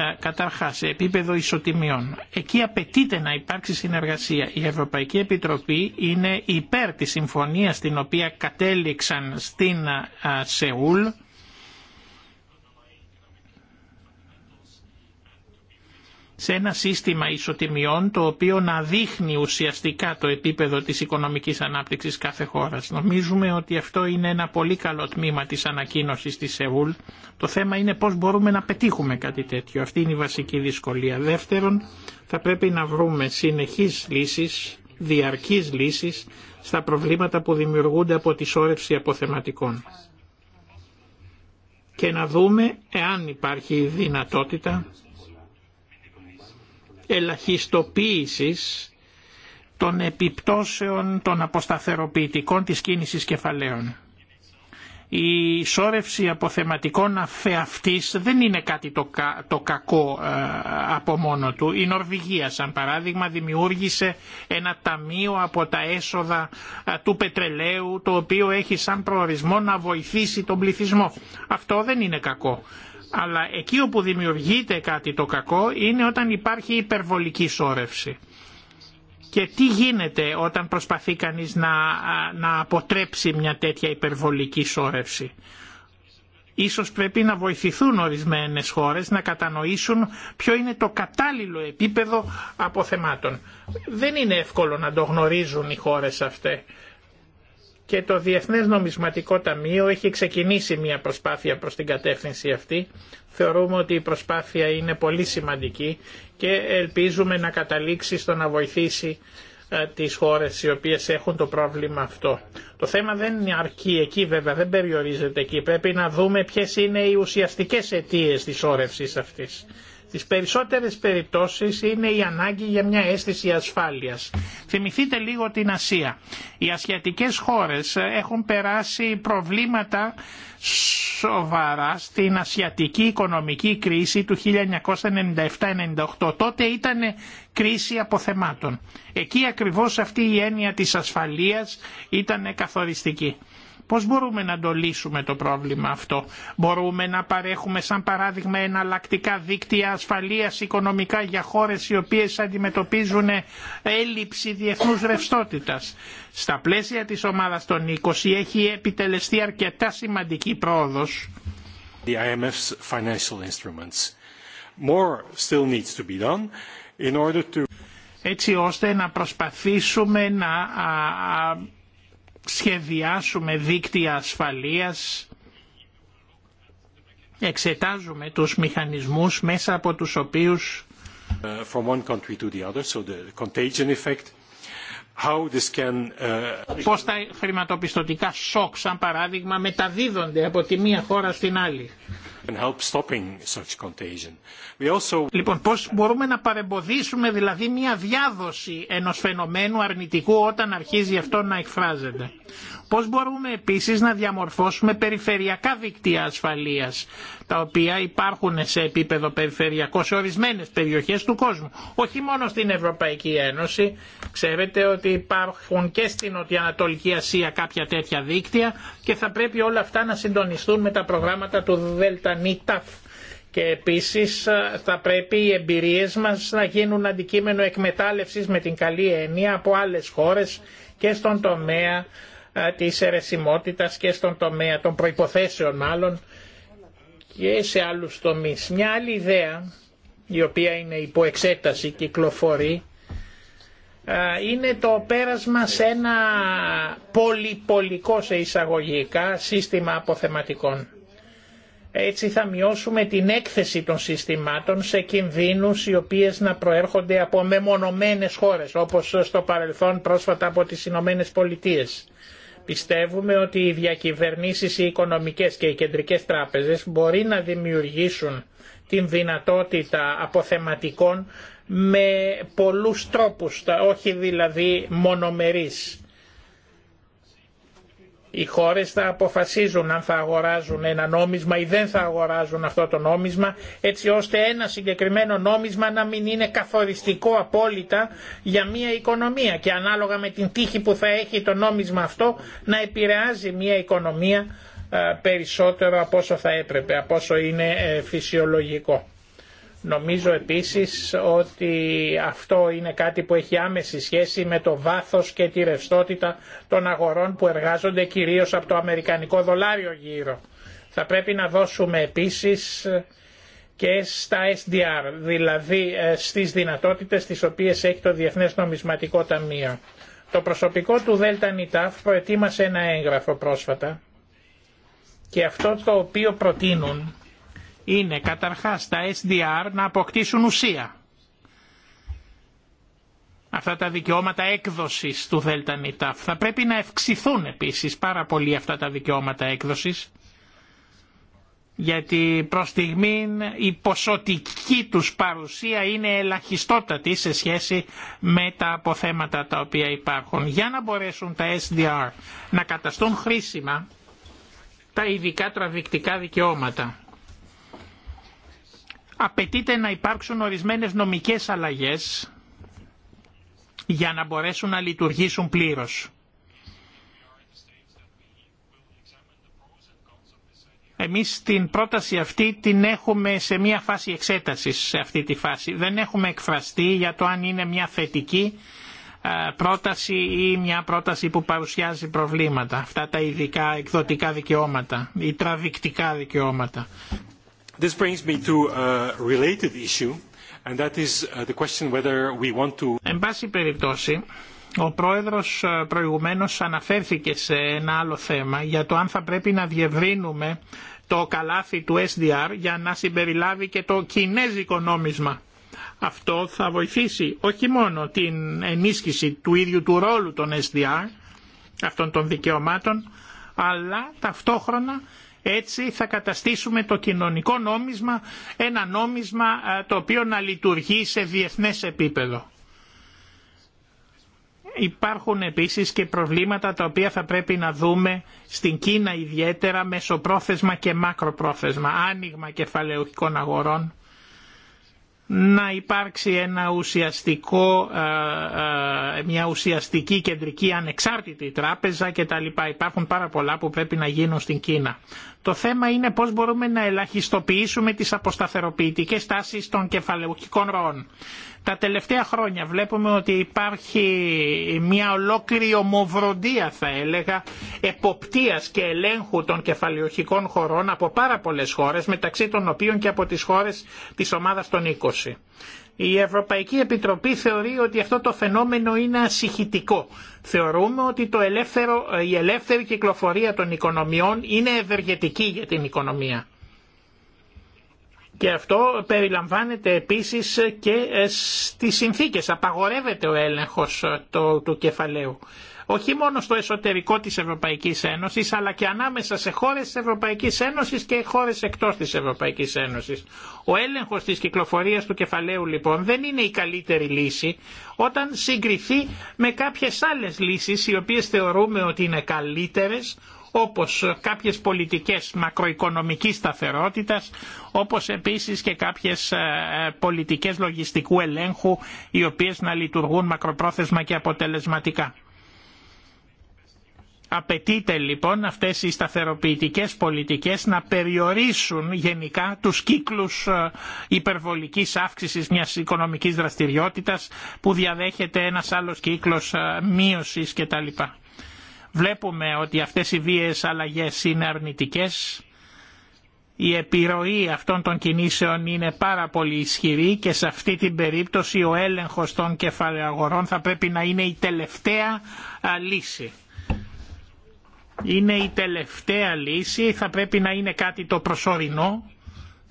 Ε, καταρχάς σε επίπεδο ισοτιμιών. Εκεί απαιτείται να υπάρξει συνεργασία. Η Ευρωπαϊκή Επιτροπή είναι υπέρ της συμφωνίας την οποία κατέληξαν στην ε, Σεούλ σε ένα σύστημα ισοτιμιών το οποίο να δείχνει ουσιαστικά το επίπεδο της οικονομικής ανάπτυξης κάθε χώρας. Νομίζουμε ότι αυτό είναι ένα πολύ καλό τμήμα της ανακοίνωσης της ΕΟΥΛ. Το θέμα είναι πώς μπορούμε να πετύχουμε κάτι τέτοιο. Αυτή είναι η βασική δυσκολία. Δεύτερον, θα πρέπει να βρούμε συνεχείς λύσεις, διαρκείς λύσεις στα προβλήματα που δημιουργούνται από τη σώρευση αποθεματικών και να δούμε εάν υπάρχει δυνατότητα ελαχιστοποίησης των επιπτώσεων των αποσταθεροποιητικών της κίνησης κεφαλαίων. Η σώρευση αποθεματικών αφεαυτής δεν είναι κάτι το, κακό ε, από μόνο του. Η Νορβηγία σαν παράδειγμα δημιούργησε ένα ταμείο από τα έσοδα ε, του πετρελαίου το οποίο έχει σαν προορισμό να βοηθήσει τον πληθυσμό. Αυτό δεν είναι κακό αλλά εκεί όπου δημιουργείται κάτι το κακό είναι όταν υπάρχει υπερβολική σώρευση. Και τι γίνεται όταν προσπαθεί κανείς να, να αποτρέψει μια τέτοια υπερβολική σώρευση. Ίσως πρέπει να βοηθηθούν ορισμένες χώρες να κατανοήσουν ποιο είναι το κατάλληλο επίπεδο αποθεμάτων. Δεν είναι εύκολο να το γνωρίζουν οι χώρες αυτές και το Διεθνές Νομισματικό Ταμείο έχει ξεκινήσει μια προσπάθεια προς την κατεύθυνση αυτή. Θεωρούμε ότι η προσπάθεια είναι πολύ σημαντική και ελπίζουμε να καταλήξει στο να βοηθήσει ε, τις χώρες οι οποίες έχουν το πρόβλημα αυτό. Το θέμα δεν είναι αρκεί εκεί βέβαια, δεν περιορίζεται εκεί. Πρέπει να δούμε ποιες είναι οι ουσιαστικές αιτίες της όρευση αυτής. Τις περισσότερες περιπτώσεις είναι η ανάγκη για μια αίσθηση ασφάλειας. Θυμηθείτε λίγο την Ασία. Οι ασιατικές χώρες έχουν περάσει προβλήματα σοβαρά στην ασιατική οικονομική κρίση του 1997-98. Τότε ήταν κρίση αποθεμάτων. Εκεί ακριβώς αυτή η έννοια της ασφαλείας ήταν καθοριστική. Πώς μπορούμε να το λύσουμε το πρόβλημα αυτό. Μπορούμε να παρέχουμε σαν παράδειγμα εναλλακτικά δίκτυα ασφαλείας οικονομικά για χώρες οι οποίες αντιμετωπίζουν έλλειψη διεθνούς ρευστότητας. Στα πλαίσια της ομάδας των 20 έχει επιτελεστεί αρκετά σημαντική πρόοδος. The financial instruments. More still needs to be done in order to... έτσι ώστε να προσπαθήσουμε να σχεδιάσουμε δίκτυα ασφαλείας, εξετάζουμε τους μηχανισμούς μέσα από τους οποίους From Πώς τα χρηματοπιστωτικά σοκ, σαν παράδειγμα, μεταδίδονται από τη μία χώρα στην άλλη. Λοιπόν, πώς μπορούμε να παρεμποδίσουμε δηλαδή μια διάδοση ενός φαινομένου αρνητικού όταν αρχίζει αυτό να εκφράζεται. Πώς μπορούμε επίσης να διαμορφώσουμε περιφερειακά δίκτυα ασφαλείας, τα οποία υπάρχουν σε επίπεδο περιφερειακό σε ορισμένες περιοχές του κόσμου. Όχι μόνο στην Ευρωπαϊκή Ένωση, ξέρετε ότι υπάρχουν και στην Νοτιοανατολική Ασία κάποια τέτοια δίκτυα και θα πρέπει όλα αυτά να συντονιστούν με τα προγράμματα του ΔΕΛΤΑ και επίσης ε, θα πρέπει οι εμπειρίες μας να γίνουν αντικείμενο εκμετάλλευσης με την καλή έννοια από άλλες χώρες και στον τομέα ε, της αιρεσιμότητας και στον τομέα των προϋποθέσεων μάλλον και σε άλλους τομείς. Μια άλλη ιδέα η οποία είναι υπό εξέταση, κυκλοφορεί ε, είναι το πέρασμα σε ένα πολυπολικό σε εισαγωγικά σύστημα αποθεματικών. Έτσι θα μειώσουμε την έκθεση των συστημάτων σε κινδύνους οι οποίες να προέρχονται από μεμονωμένες χώρες, όπως στο παρελθόν πρόσφατα από τις Ηνωμένε Πολιτείες. Πιστεύουμε ότι οι διακυβερνήσεις, οι οικονομικές και οι κεντρικές τράπεζες μπορεί να δημιουργήσουν την δυνατότητα αποθεματικών με πολλούς τρόπους, όχι δηλαδή μονομερείς οι χώρες θα αποφασίζουν αν θα αγοράζουν ένα νόμισμα ή δεν θα αγοράζουν αυτό το νόμισμα έτσι ώστε ένα συγκεκριμένο νόμισμα να μην είναι καθοριστικό απόλυτα για μια οικονομία και ανάλογα με την τύχη που θα έχει το νόμισμα αυτό να επηρεάζει μια οικονομία ε, περισσότερο από όσο θα έπρεπε, από όσο είναι ε, φυσιολογικό. Νομίζω επίσης ότι αυτό είναι κάτι που έχει άμεση σχέση με το βάθος και τη ρευστότητα των αγορών που εργάζονται κυρίως από το αμερικανικό δολάριο γύρω. Θα πρέπει να δώσουμε επίσης και στα SDR, δηλαδή ε, στις δυνατότητες τις οποίες έχει το Διεθνές Νομισματικό Ταμείο. Το προσωπικό του Δέλτα Νιτάφ προετοίμασε ένα έγγραφο πρόσφατα και αυτό το οποίο προτείνουν είναι καταρχάς τα SDR να αποκτήσουν ουσία. Αυτά τα δικαιώματα έκδοσης του ΔΝΤ θα πρέπει να ευξηθούν επίσης πάρα πολύ αυτά τα δικαιώματα έκδοσης γιατί προς στιγμή η ποσοτική τους παρουσία είναι ελαχιστότατη σε σχέση με τα αποθέματα τα οποία υπάρχουν. Για να μπορέσουν τα SDR να καταστούν χρήσιμα τα ειδικά τραβηκτικά δικαιώματα απαιτείται να υπάρξουν ορισμένες νομικές αλλαγές για να μπορέσουν να λειτουργήσουν πλήρως. Εμείς την πρόταση αυτή την έχουμε σε μια φάση εξέτασης σε αυτή τη φάση. Δεν έχουμε εκφραστεί για το αν είναι μια θετική ε, πρόταση ή μια πρόταση που παρουσιάζει προβλήματα. Αυτά τα ειδικά εκδοτικά δικαιώματα ή τραβηκτικά δικαιώματα. This brings me Εν πάση περιπτώσει, ο πρόεδρος ε, προηγουμένως αναφέρθηκε σε ένα άλλο θέμα για το αν θα πρέπει να διευρύνουμε το καλάθι του SDR για να συμπεριλάβει και το κινέζικο νόμισμα. Αυτό θα βοηθήσει όχι μόνο την ενίσχυση του ίδιου του ρόλου των SDR, αυτών των δικαιωμάτων, αλλά ταυτόχρονα έτσι θα καταστήσουμε το κοινωνικό νόμισμα ένα νόμισμα το οποίο να λειτουργεί σε διεθνές επίπεδο. Υπάρχουν επίσης και προβλήματα τα οποία θα πρέπει να δούμε στην Κίνα ιδιαίτερα μεσοπρόθεσμα και μακροπρόθεσμα, άνοιγμα κεφαλαιοχικών αγορών να υπάρξει ένα ουσιαστικό, ε, ε, μια ουσιαστική κεντρική ανεξάρτητη τράπεζα λοιπά. Υπάρχουν πάρα πολλά που πρέπει να γίνουν στην Κίνα. Το θέμα είναι πώς μπορούμε να ελαχιστοποιήσουμε τις αποσταθεροποιητικές τάσεις των κεφαλαιοκικών ροών. Τα τελευταία χρόνια βλέπουμε ότι υπάρχει μια ολόκληρη ομοβροντία θα έλεγα εποπτείας και ελέγχου των κεφαλαιοχικών χωρών από πάρα πολλές χώρες μεταξύ των οποίων και από τις χώρες της ομάδας των 20. Η Ευρωπαϊκή Επιτροπή θεωρεί ότι αυτό το φαινόμενο είναι ασυχητικό. Θεωρούμε ότι το ελεύθερο, η ελεύθερη κυκλοφορία των οικονομιών είναι ευεργετική για την οικονομία. Και αυτό περιλαμβάνεται επίσης και ε, στις συνθήκες. Απαγορεύεται ο έλεγχος ε, το, του κεφαλαίου. Όχι μόνο στο εσωτερικό της Ευρωπαϊκής Ένωσης, αλλά και ανάμεσα σε χώρες της Ευρωπαϊκής Ένωσης και χώρες εκτός της Ευρωπαϊκής Ένωσης. Ο έλεγχος της κυκλοφορίας του κεφαλαίου λοιπόν δεν είναι η καλύτερη λύση όταν συγκριθεί με κάποιες άλλες λύσεις οι οποίες θεωρούμε ότι είναι καλύτερες, όπως κάποιες πολιτικές μακροοικονομικής σταθερότητας, όπως επίσης και κάποιες ε, πολιτικές λογιστικού ελέγχου, οι οποίες να λειτουργούν μακροπρόθεσμα και αποτελεσματικά. Απαιτείται λοιπόν αυτές οι σταθεροποιητικές πολιτικές να περιορίσουν γενικά τους κύκλους ε, υπερβολικής αύξησης μιας οικονομικής δραστηριότητας που διαδέχεται ένας άλλος κύκλος ε, μείωσης κτλ. Βλέπουμε ότι αυτές οι βίες αλλαγές είναι αρνητικές. Η επιρροή αυτών των κινήσεων είναι πάρα πολύ ισχυρή και σε αυτή την περίπτωση ο έλεγχος των κεφαλαιαγορών θα πρέπει να είναι η τελευταία λύση. Είναι η τελευταία λύση, θα πρέπει να είναι κάτι το προσωρινό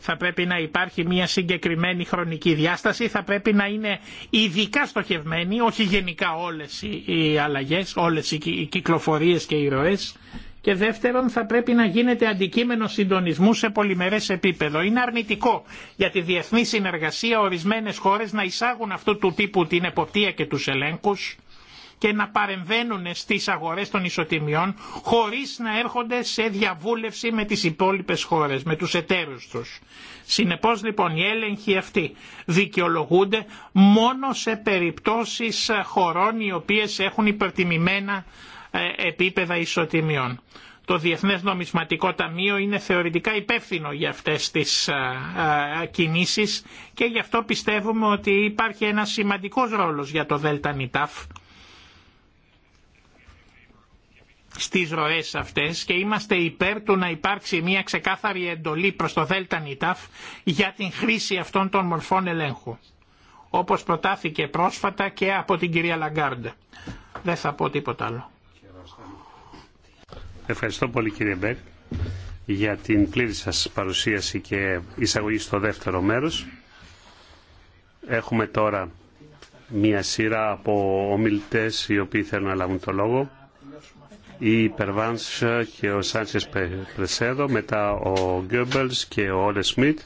θα πρέπει να υπάρχει μια συγκεκριμένη χρονική διάσταση, θα πρέπει να είναι ειδικά στοχευμένη, όχι γενικά όλες οι αλλαγές, όλες οι κυκλοφορίες και οι ροές. Και δεύτερον θα πρέπει να γίνεται αντικείμενο συντονισμού σε πολυμερές επίπεδο. Είναι αρνητικό για τη διεθνή συνεργασία ορισμένες χώρες να εισάγουν αυτού του τύπου την εποπτεία και τους ελέγχους και να παρεμβαίνουν στις αγορές των ισοτιμιών χωρίς να έρχονται σε διαβούλευση με τις υπόλοιπες χώρες, με τους εταίρους τους. Συνεπώς λοιπόν οι έλεγχοι αυτοί δικαιολογούνται μόνο σε περιπτώσεις χωρών οι οποίες έχουν υπερτιμημένα ε, επίπεδα ισοτιμιών. Το Διεθνές Νομισματικό Ταμείο είναι θεωρητικά υπεύθυνο για αυτές τις ε, ε, κινήσεις και γι' αυτό πιστεύουμε ότι υπάρχει ένα σημαντικός ρόλος για το ΔΝΤ στις ροές αυτές και είμαστε υπέρ του να υπάρξει μια ξεκάθαρη εντολή προς το Δέλτα Νιτάφ για την χρήση αυτών των μορφών ελέγχου. Όπως προτάθηκε πρόσφατα και από την κυρία Λαγκάρντ Δεν θα πω τίποτα άλλο. Ευχαριστώ πολύ κύριε Μπέρ για την πλήρη σας παρουσίαση και εισαγωγή στο δεύτερο μέρος. Έχουμε τώρα μία σειρά από ομιλητές οι οποίοι θέλουν να λάβουν το λόγο η Περβάνς και ο Σάνσες Πρεσέδο, μετά ο Γκέμπελς και ο Όλε Σμιτ,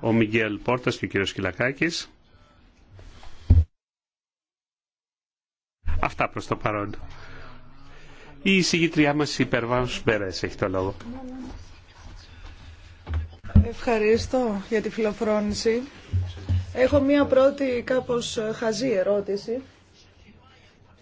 ο Μιγγέλ Πόρτας και ο κύριος Κυλακάκης. Αυτά προς το παρόν. Η εισηγήτριά μας η Περβάνς Μπέρες έχει το λόγο. Ευχαριστώ για τη φιλοφρόνηση. Έχω μία πρώτη κάπως χαζή ερώτηση.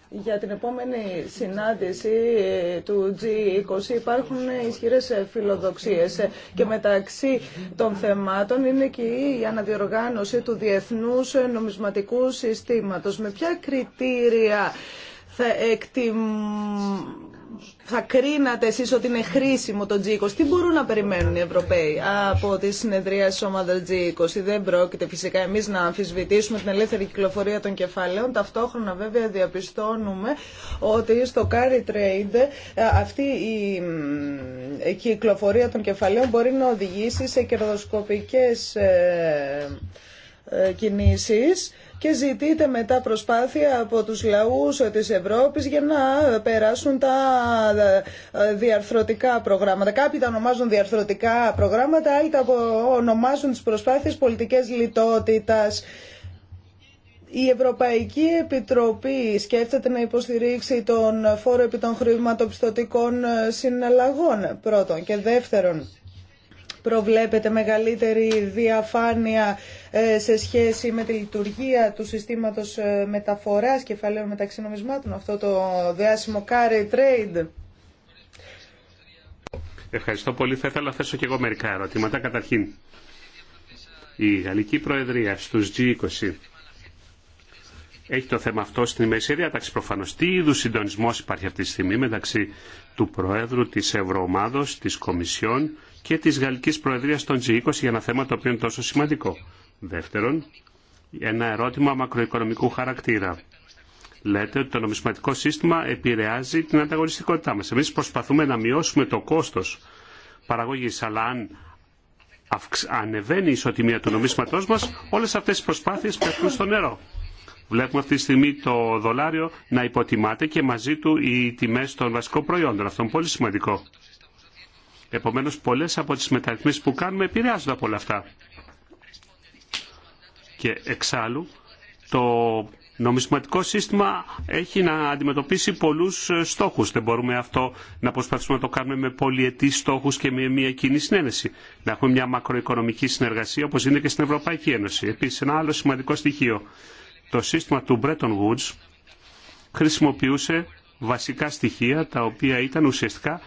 Για την επόμενη συνάντηση ε, του G20 υπάρχουν ισχυρές ε, φιλοδοξίες ε, και μεταξύ των θεμάτων είναι και η αναδιοργάνωση του διεθνούς νομισματικού συστήματος. Με ποια κριτήρια θα εκτιμ θα κρίνατε εσείς ότι είναι χρήσιμο το G20. Τι μπορούν να περιμένουν οι Ευρωπαίοι από τη συνεδρία της ομάδας G20. Δεν πρόκειται φυσικά εμείς να αμφισβητήσουμε την ελεύθερη κυκλοφορία των κεφαλαίων. Ταυτόχρονα βέβαια διαπιστώνουμε ότι στο carry trade ε, αυτή η κυκλοφορία των κεφαλαίων μπορεί να οδηγήσει σε κερδοσκοπικές ε, ε, κινήσεις και ζητείτε μετά προσπάθεια από τους λαούς της Ευρώπης για να περάσουν τα ε, διαρθρωτικά προγράμματα. Κάποιοι τα ονομάζουν διαρθρωτικά προγράμματα, άλλοι τα ονομάζουν τις προσπάθειες πολιτικές λιτότητας. Η Ευρωπαϊκή Επιτροπή σκέφτεται να υποστηρίξει τον φόρο επί των χρηματοπιστωτικών συναλλαγών πρώτον και δεύτερον προβλέπεται μεγαλύτερη διαφάνεια ε, σε σχέση με τη λειτουργία του συστήματος ε, μεταφοράς κεφαλαίων μεταξύ νομισμάτων, αυτό το διάσημο carry trade. Ευχαριστώ πολύ. Θα ήθελα να θέσω και εγώ μερικά ερωτήματα. Καταρχήν, η Γαλλική Προεδρία στους G20 έχει το θέμα αυτό στην ημερησία διάταξη προφανώ. Τι είδου συντονισμό υπάρχει αυτή τη στιγμή μεταξύ του Προέδρου τη Ευρωομάδο, τη Κομισιόν και της Γαλλικής Προεδρίας των G20 για ένα θέμα το οποίο είναι τόσο σημαντικό. Δεύτερον, ένα ερώτημα μακροοικονομικού χαρακτήρα. Λέτε ότι το νομισματικό σύστημα επηρεάζει την ανταγωνιστικότητά μας. Εμείς προσπαθούμε να μειώσουμε το κόστος παραγωγής, αλλά αν ανεβαίνει η ισοτιμία του νομίσματός μας, όλες αυτές οι προσπάθειες πέφτουν στο νερό. Βλέπουμε αυτή τη στιγμή το δολάριο να υποτιμάται και μαζί του οι τιμές των βασικών προϊόντων. Αυτό είναι πολύ σημαντικό. Επομένως πολλές από τις μεταρρυθμίσεις που κάνουμε επηρεάζονται από όλα αυτά. Και εξάλλου το νομισματικό σύστημα έχει να αντιμετωπίσει πολλούς ε, στόχους. Δεν μπορούμε αυτό να προσπαθήσουμε να το κάνουμε με πολυετή στόχους και με μια κοινή συνένεση. Να έχουμε μια μακροοικονομική συνεργασία όπως είναι και στην Ευρωπαϊκή Ένωση. Επίσης ένα άλλο σημαντικό στοιχείο. Το σύστημα του Bretton Woods χρησιμοποιούσε βασικά στοιχεία τα οποία ήταν ουσιαστικά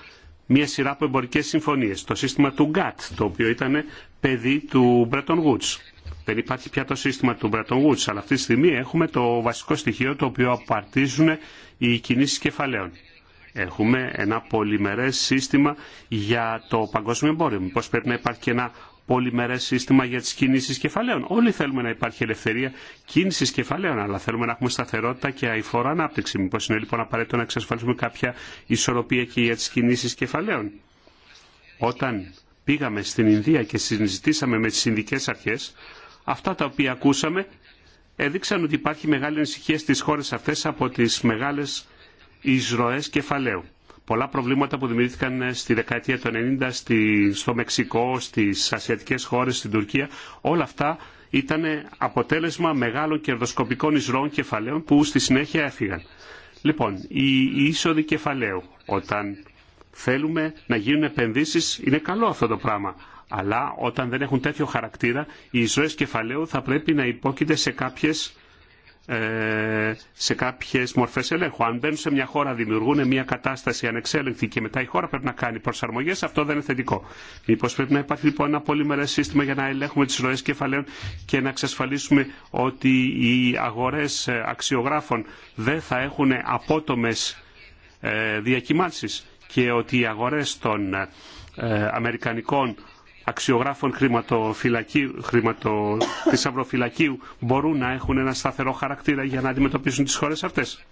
μια σειρά από εμπορικές συμφωνίες. Το σύστημα του GATT, το οποίο ήταν παιδί του Bretton Woods. Δεν υπάρχει πια το σύστημα του Bretton Woods, αλλά αυτή τη στιγμή έχουμε το βασικό στοιχείο το οποίο απαρτίζουν οι κινήσεις κεφαλαίων. Έχουμε ένα πολυμερές σύστημα για το παγκόσμιο εμπόριο. Μήπως πρέπει να υπάρχει και ένα πολυμερέ σύστημα για τι κινήσει κεφαλαίων. Όλοι θέλουμε να υπάρχει ελευθερία κίνηση κεφαλαίων, αλλά θέλουμε να έχουμε σταθερότητα και αηφόρο ανάπτυξη. Μήπω είναι λοιπόν απαραίτητο να εξασφαλίσουμε κάποια ισορροπία και για τι κινήσει κεφαλαίων. Όταν πήγαμε στην Ινδία και συζητήσαμε με τι Ινδικέ Αρχέ, αυτά τα οποία ακούσαμε έδειξαν ότι υπάρχει μεγάλη ανησυχία στι χώρε αυτέ από τι μεγάλε εισρωέ κεφαλαίου πολλά προβλήματα που δημιουργήθηκαν ε, στη δεκαετία του 90 στο Μεξικό, στις ασιατικές χώρες, στην Τουρκία, όλα αυτά ήταν αποτέλεσμα μεγάλων κερδοσκοπικών εισρώων κεφαλαίων που στη συνέχεια έφυγαν. Λοιπόν, η είσοδοι κεφαλαίου, όταν θέλουμε να γίνουν επενδύσεις, είναι καλό αυτό το πράγμα. Αλλά όταν δεν έχουν τέτοιο χαρακτήρα, οι εισρώες κεφαλαίου θα πρέπει να υπόκειται σε κάποιες ε, σε κάποιε μορφέ ελέγχου. Αν μπαίνουν σε μια χώρα, δημιουργούν μια κατάσταση ανεξέλεγκτη και μετά η χώρα πρέπει να κάνει προσαρμογέ, αυτό δεν είναι θετικό. Μήπω πρέπει να υπάρχει λοιπόν ένα πολυμερέ σύστημα για να ελέγχουμε τι ροέ κεφαλαίων και να εξασφαλίσουμε ότι οι αγορέ ε, αξιογράφων δεν θα έχουν απότομε διακυμάνσει και ότι οι αγορέ των ε, αμερικανικών αξιογράφων χρηματο, μπορούν να έχουν ένα σταθερό χαρακτήρα για να αντιμετωπίσουν τις χώρες αυτές.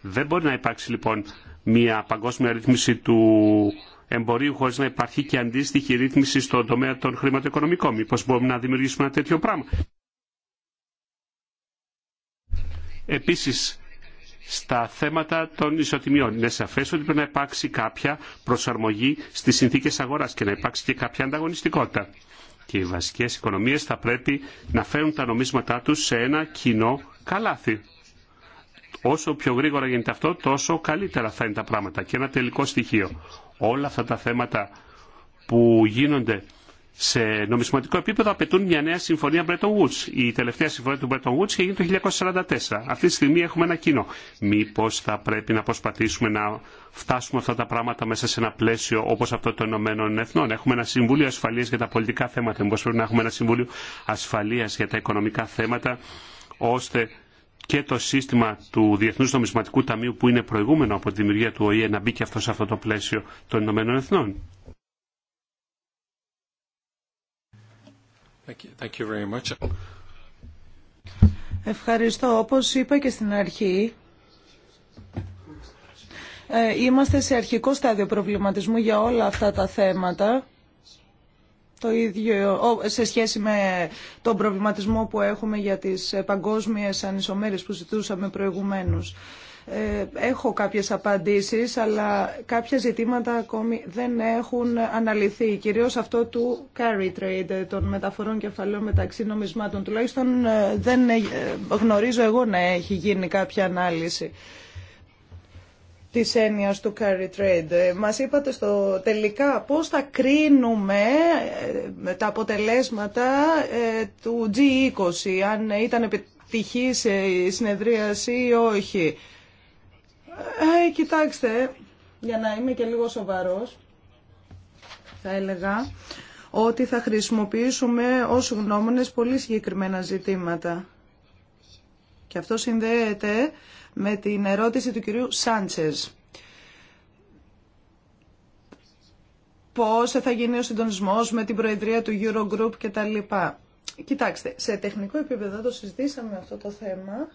Δεν μπορεί να υπάρξει λοιπόν μια παγκόσμια ρύθμιση του εμπορίου χωρίς να υπάρχει και αντίστοιχη ρύθμιση στον τομέα των χρηματοοικονομικών. Μήπως μπορούμε να δημιουργήσουμε ένα τέτοιο πράγμα. Επίσης στα θέματα των ισοτιμιών. Είναι σαφέ ότι πρέπει να υπάρξει κάποια προσαρμογή στι συνθήκε αγορά και να υπάρξει και κάποια ανταγωνιστικότητα. Και οι βασικέ οικονομίε θα πρέπει να φέρουν τα νομίσματά του σε ένα κοινό καλάθι. Όσο πιο γρήγορα γίνεται αυτό, τόσο καλύτερα θα είναι τα πράγματα. Και ένα τελικό στοιχείο. Όλα αυτά τα θέματα που γίνονται σε νομισματικό επίπεδο απαιτούν μια νέα συμφωνία Bretton Woods. Η τελευταία συμφωνία του Bretton Woods έγινε το 1944. Αυτή τη στιγμή έχουμε ένα κοινό. Μήπω θα πρέπει να προσπαθήσουμε να φτάσουμε αυτά τα πράγματα μέσα σε ένα πλαίσιο όπω αυτό των Ηνωμένων Εθνών. Έχουμε ένα Συμβούλιο Ασφαλεία για τα πολιτικά θέματα. Μήπω πρέπει να έχουμε ένα Συμβούλιο Ασφαλεία για τα οικονομικά θέματα, ώστε και το σύστημα του διεθνού Νομισματικού Ταμείου που είναι προηγούμενο από τη δημιουργία του ΟΗΕ να μπει και αυτό σε αυτό το πλαίσιο των Ηνωμένων Εθνών. Ευχαριστώ. Όπως είπα και στην αρχή, ε, είμαστε σε αρχικό στάδιο προβληματισμού για όλα αυτά τα θέματα. Το ίδιο σε σχέση με τον προβληματισμό που έχουμε για τις παγκόσμιες ανισομέρειες που ζητούσαμε προηγουμένως. Ε, έχω κάποιες απαντήσεις, αλλά κάποια ζητήματα ακόμη δεν έχουν αναλυθεί, κυρίως αυτό του carry trade ε, των μεταφορών κεφαλαίων μεταξύ νομισμάτων. Τουλάχιστον ε, δεν γνωρίζω εγώ να έχει γίνει κάποια ανάλυση της έννοιας του carry trade. Μας είπατε στο τελικά πώς θα κρίνουμε τα αποτελέσματα του G20, αν ήταν επιτυχής η συνεδρίαση ή όχι. Ε, ε, κοιτάξτε, για να είμαι και λίγο σοβαρός, θα έλεγα ότι θα χρησιμοποιήσουμε ως γνώμονες πολύ συγκεκριμένα ζητήματα. Και αυτό συνδέεται με την ερώτηση του κυρίου Σάντσες. Πώς θα γίνει ο συντονισμός με την προεδρία του Eurogroup κτλ. Κοιτάξτε, σε τεχνικό επίπεδο το συζητήσαμε αυτό το θέμα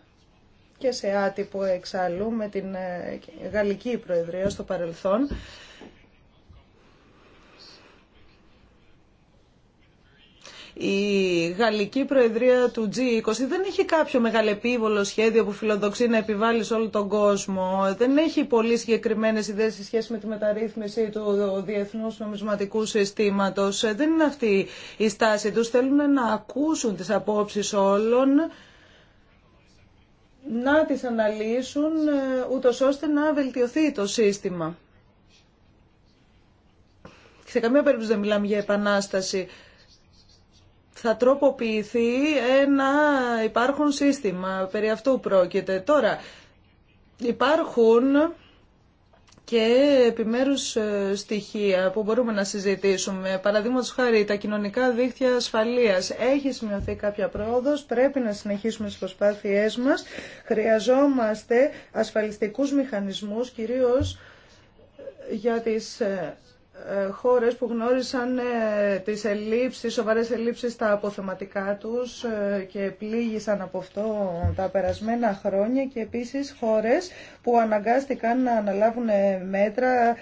και σε άτυπο εξάλλου με την ε, Γαλλική Προεδρία στο παρελθόν. Η Γαλλική Προεδρία του G20 δεν έχει κάποιο μεγαλεπίβολο σχέδιο που φιλοδοξεί να επιβάλλει σε όλο τον κόσμο. Δεν έχει πολύ συγκεκριμένε ιδέε σε σχέση με τη μεταρρύθμιση του Διεθνού Νομισματικού Συστήματο. Ε, δεν είναι αυτή η στάση του. Θέλουν να ακούσουν τι απόψει όλων να τις αναλύσουν ε, ούτως ώστε να βελτιωθεί το σύστημα. Σε καμία περίπτωση δεν μιλάμε για επανάσταση. Θα τροποποιηθεί ένα υπάρχον σύστημα. Περί αυτού πρόκειται. Τώρα, υπάρχουν και επιμέρους ε, στοιχεία που μπορούμε να συζητήσουμε. Παραδείγματο χάρη τα κοινωνικά δίχτυα ασφαλείας. Έχει σημειωθεί κάποια πρόοδος, πρέπει να συνεχίσουμε τις προσπάθειές μας. Χρειαζόμαστε ασφαλιστικούς μηχανισμούς, κυρίως για τις ε, χώρες που γνώρισαν ε, τις ελλείψεις, σοβαρές ελλείψεις στα αποθεματικά τους ε, και πλήγησαν από αυτό τα περασμένα χρόνια και επίσης χώρες που αναγκάστηκαν να αναλάβουν ε, μέτρα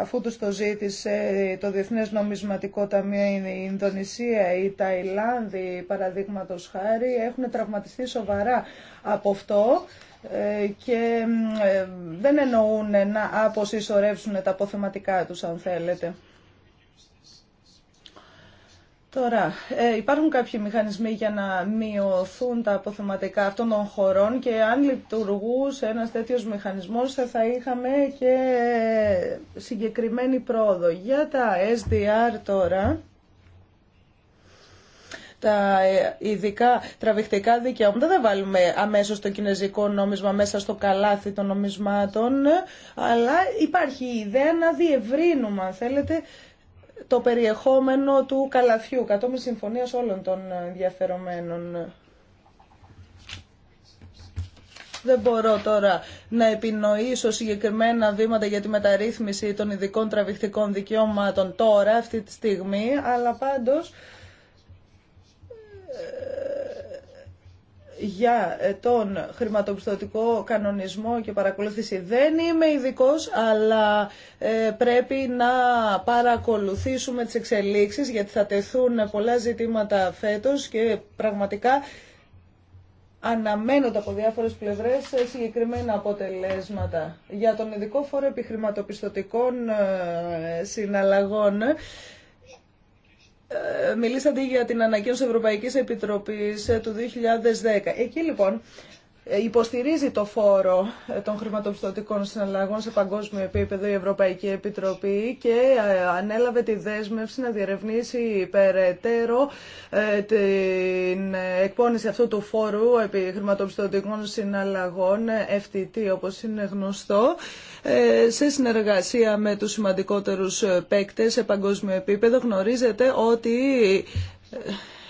αφού τους το ζήτησε το Διεθνές Νομισματικό Ταμείο, η Ινδονησία, η Ταϊλάνδη, παραδείγματος χάρη, έχουν τραυματιστεί σοβαρά από αυτό. Ε, και ε, δεν εννοούν να αποσυσσωρεύσουν τα αποθεματικά τους αν θέλετε. Τώρα, ε, υπάρχουν κάποιοι μηχανισμοί για να μειωθούν τα αποθεματικά αυτών των χωρών και αν λειτουργούσε ένας τέτοιος μηχανισμός θα είχαμε και συγκεκριμένη πρόοδο. Για τα SDR τώρα, τα ειδικά τραβηχτικά δικαιώματα. Δεν βάλουμε αμέσως το κινέζικο νόμισμα μέσα στο καλάθι των νομισμάτων, αλλά υπάρχει η ιδέα να διευρύνουμε, αν θέλετε, το περιεχόμενο του καλαθιού, κατόπιν συμφωνίας όλων των ενδιαφερομένων. Δεν μπορώ τώρα να επινοήσω συγκεκριμένα βήματα για τη μεταρρύθμιση των ειδικών τραβηχτικών δικαιώματων τώρα, αυτή τη στιγμή, αλλά πάντως για ε, τον χρηματοπιστωτικό κανονισμό και παρακολούθηση δεν είμαι ειδικό, αλλά ε, πρέπει να παρακολουθήσουμε τις εξελίξεις γιατί θα τεθούν πολλά ζητήματα φέτος και πραγματικά αναμένονται από διάφορες πλευρές ε, συγκεκριμένα αποτελέσματα. Για τον ειδικό φόρο επιχρηματοπιστωτικών συναλλαγών ε, μιλήσατε για την ανακοίνωση Ευρωπαϊκής Επιτροπής ε, του 2010. Εκεί λοιπόν ε, υποστηρίζει το φόρο ε, των χρηματοπιστωτικών συναλλαγών σε παγκόσμιο επίπεδο η Ευρωπαϊκή Επιτροπή και ε, ανέλαβε τη δέσμευση να διερευνήσει περαιτέρω την εκπόνηση αυτού του φόρου επί χρηματοπιστωτικών συναλλαγών, FTT όπως είναι γνωστό, σε συνεργασία με τους σημαντικότερους παίκτες σε παγκόσμιο επίπεδο. Γνωρίζετε ότι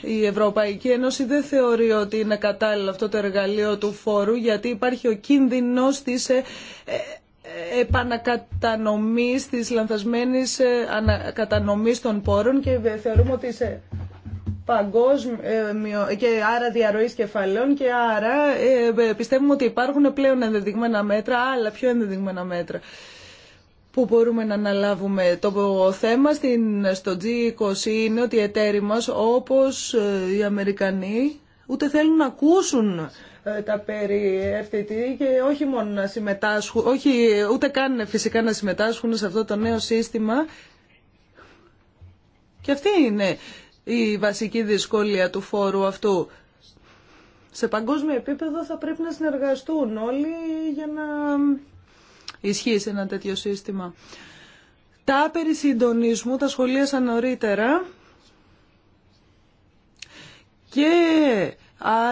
η Ευρωπαϊκή Ένωση δεν θεωρεί ότι είναι κατάλληλο αυτό το εργαλείο του φόρου γιατί υπάρχει ο κίνδυνος της ε, ε, επανακατανομής, της λανθασμένης ε, ανακατανομής των πόρων και θεωρούμε ότι σε παγκόσμιο και άρα διαρροής κεφαλαίων και άρα πιστεύουμε ότι υπάρχουν πλέον ενδεδειγμένα μέτρα, άλλα πιο ενδεδειγμένα μέτρα που μπορούμε να αναλάβουμε. Το θέμα στην, στο G20 είναι ότι οι εταίροι μας, όπως ε, οι Αμερικανοί, ούτε θέλουν να ακούσουν ε, τα περί FTT και όχι μόνο να συμμετάσχουν, όχι, ούτε καν φυσικά να συμμετάσχουν σε αυτό το νέο σύστημα. Και αυτή είναι η βασική δυσκολία του φόρου αυτού. Σε παγκόσμιο επίπεδο θα πρέπει να συνεργαστούν όλοι για να ισχύει σε ένα τέτοιο σύστημα. Τα περί συντονισμού τα σχολίασαν νωρίτερα και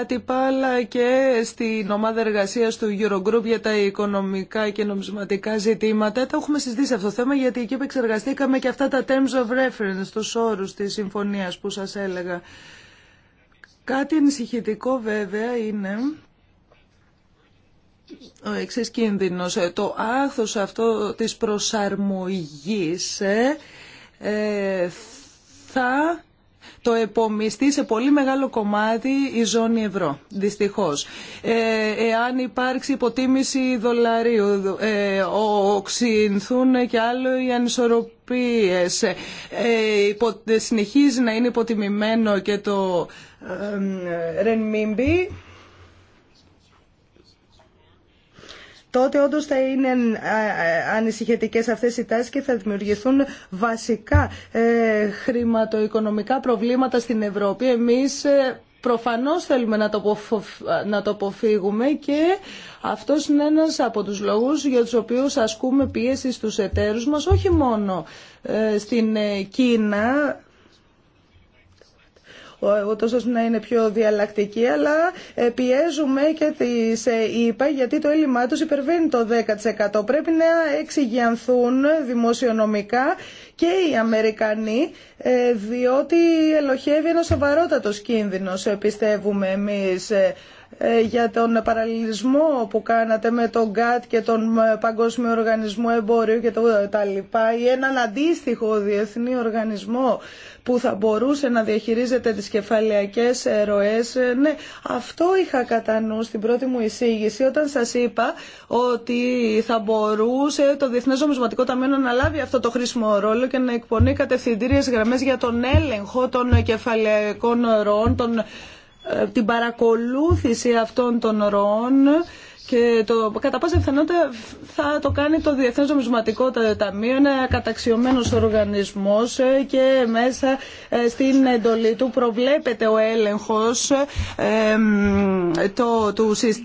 άτυπα αλλά και στην ομάδα εργασία του Eurogroup για τα οικονομικά και νομισματικά ζητήματα. Τα έχουμε συζητήσει αυτό το θέμα γιατί εκεί επεξεργαστήκαμε και αυτά τα terms of reference, του όρου τη συμφωνίας που σας έλεγα. Κάτι ενσυχητικό βέβαια είναι ο εξής κίνδυνος. Ε, το άθος αυτό της προσαρμογής ε, ε, θα το επομιστεί σε πολύ μεγάλο κομμάτι η ζώνη ευρώ, δυστυχώς. Ε, εάν υπάρξει υποτίμηση δολαρίου, ε, οξυνθούν και άλλο οι ανισορροπίες. Ε, συνεχίζει να είναι υποτιμημένο και το ε, τότε όντω θα είναι ε, ε, ανησυχητικέ αυτέ οι τάσει και θα δημιουργηθούν βασικά ε, χρηματοοικονομικά προβλήματα στην Ευρώπη. Εμεί προφανώς θέλουμε να το, να το αποφύγουμε και αυτός είναι ένας από τους λόγους για τους οποίους ασκούμε πίεση στους εταίρους μας, όχι μόνο στην Κίνα, ούτω να είναι πιο διαλλακτική, αλλά ε, πιέζουμε και τις ΕΙΠΑ γιατί το έλλειμμά του υπερβαίνει το 10%. Πρέπει να εξηγιανθούν δημοσιονομικά και οι Αμερικανοί, ε, διότι ελοχεύει ένα σοβαρότατο κίνδυνος, ε, πιστεύουμε εμείς για τον παραλληλισμό που κάνατε με τον ΚΑΤ και τον Παγκόσμιο Οργανισμό Εμπόριου και το, τα ή έναν αντίστοιχο διεθνή οργανισμό που θα μπορούσε να διαχειρίζεται τις κεφαλαιακές ροές. Ναι, αυτό είχα κατά νου στην πρώτη μου εισήγηση όταν σας είπα ότι θα μπορούσε το Διεθνές Νομισματικό Ταμείο να λάβει αυτό το χρήσιμο ρόλο και να εκπονεί κατευθυντήριες γραμμές για τον έλεγχο των κεφαλαιακών ροών, τον, ε, την παρακολούθηση αυτών των ροών και το, κατά πάσα πιθανότητα θα το κάνει το Διεθνές Νομισματικό Ταμείο, ένα καταξιωμένος οργανισμός ε, και μέσα ε, στην εντολή του προβλέπεται ο έλεγχος ε, το,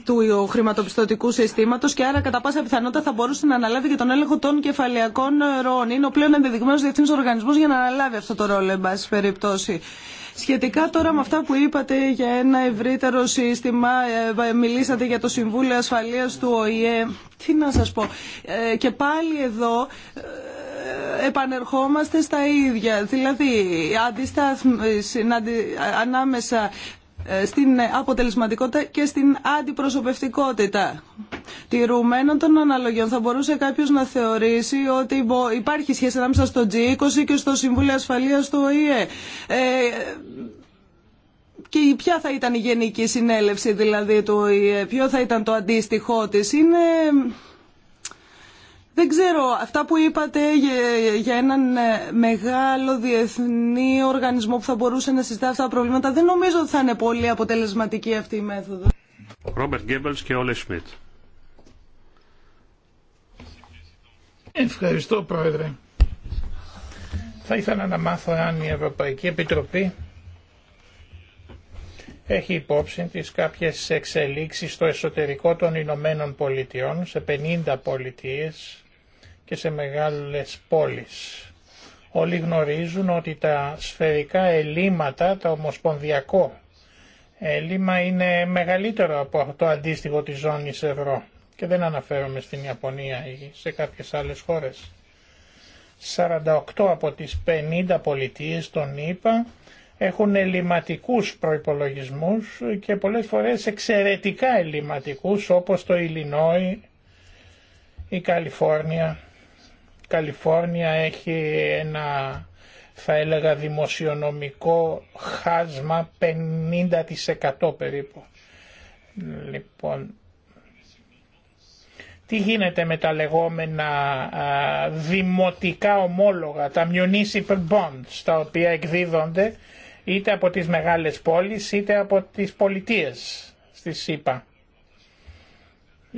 του, χρηματοπιστωτικού συστήματος και άρα κατά πάσα πιθανότητα θα μπορούσε να αναλάβει και τον έλεγχο των κεφαλαιακών ροών. Είναι ο πλέον ενδεδειγμένος διεθνής οργανισμός για να αναλάβει αυτό το ρόλο, εν πάση περιπτώσει. Σχετικά τώρα με αυτά που είπατε για ένα ευρύτερο σύστημα, ε, ε, μιλήσατε για το Συμβούλιο Ασφαλείας του ΟΗΕ. Τι να σας πω. Ε, και πάλι εδώ επανερχόμαστε στα ίδια. Δηλαδή, ανάμεσα στην αποτελεσματικότητα και στην αντιπροσωπευτικότητα. Τηρουμένων των αναλογιών θα μπορούσε κάποιο να θεωρήσει ότι υπάρχει σχέση ανάμεσα στο G20 και στο Συμβούλιο Ασφαλείας του ΟΗΕ. Ε, και ποια θα ήταν η γενική συνέλευση δηλαδή του ΟΗΕ, ποιο θα ήταν το αντίστοιχό της. Είναι δεν ξέρω, αυτά που είπατε για έναν ε, μεγάλο διεθνή οργανισμό που θα μπορούσε να συζητά αυτά τα προβλήματα, δεν νομίζω ότι θα είναι πολύ αποτελεσματική αυτή η μέθοδο. Ρόμπερτ Γκέμπελς και Όλε Σμιτ. Ευχαριστώ Πρόεδρε. Θα ήθελα να μάθω αν η Ευρωπαϊκή Επιτροπή έχει υπόψη της κάποιες εξελίξεις στο εσωτερικό των Ηνωμένων Πολιτειών σε 50 πολιτείες και σε μεγάλες πόλεις. Όλοι γνωρίζουν ότι τα σφαιρικά ελλείμματα, το ομοσπονδιακό έλλειμμα είναι μεγαλύτερο από το αντίστοιχο της ζώνης ευρώ και δεν αναφέρομαι στην Ιαπωνία ή σε κάποιες άλλες χώρες. 48 από τις 50 πολιτείες των ΗΠΑ έχουν ελληματικούς προϋπολογισμούς και πολλές φορές εξαιρετικά ελληματικούς όπως το Ιλινόι, η Καλιφόρνια Καλιφόρνια έχει ένα θα έλεγα δημοσιονομικό χάσμα 50% περίπου. Λοιπόν, τι γίνεται με τα λεγόμενα δημοτικά ομόλογα, τα municipal bonds, τα οποία εκδίδονται είτε από τις μεγάλες πόλεις είτε από τις πολιτείες στη ΣΥΠΑ.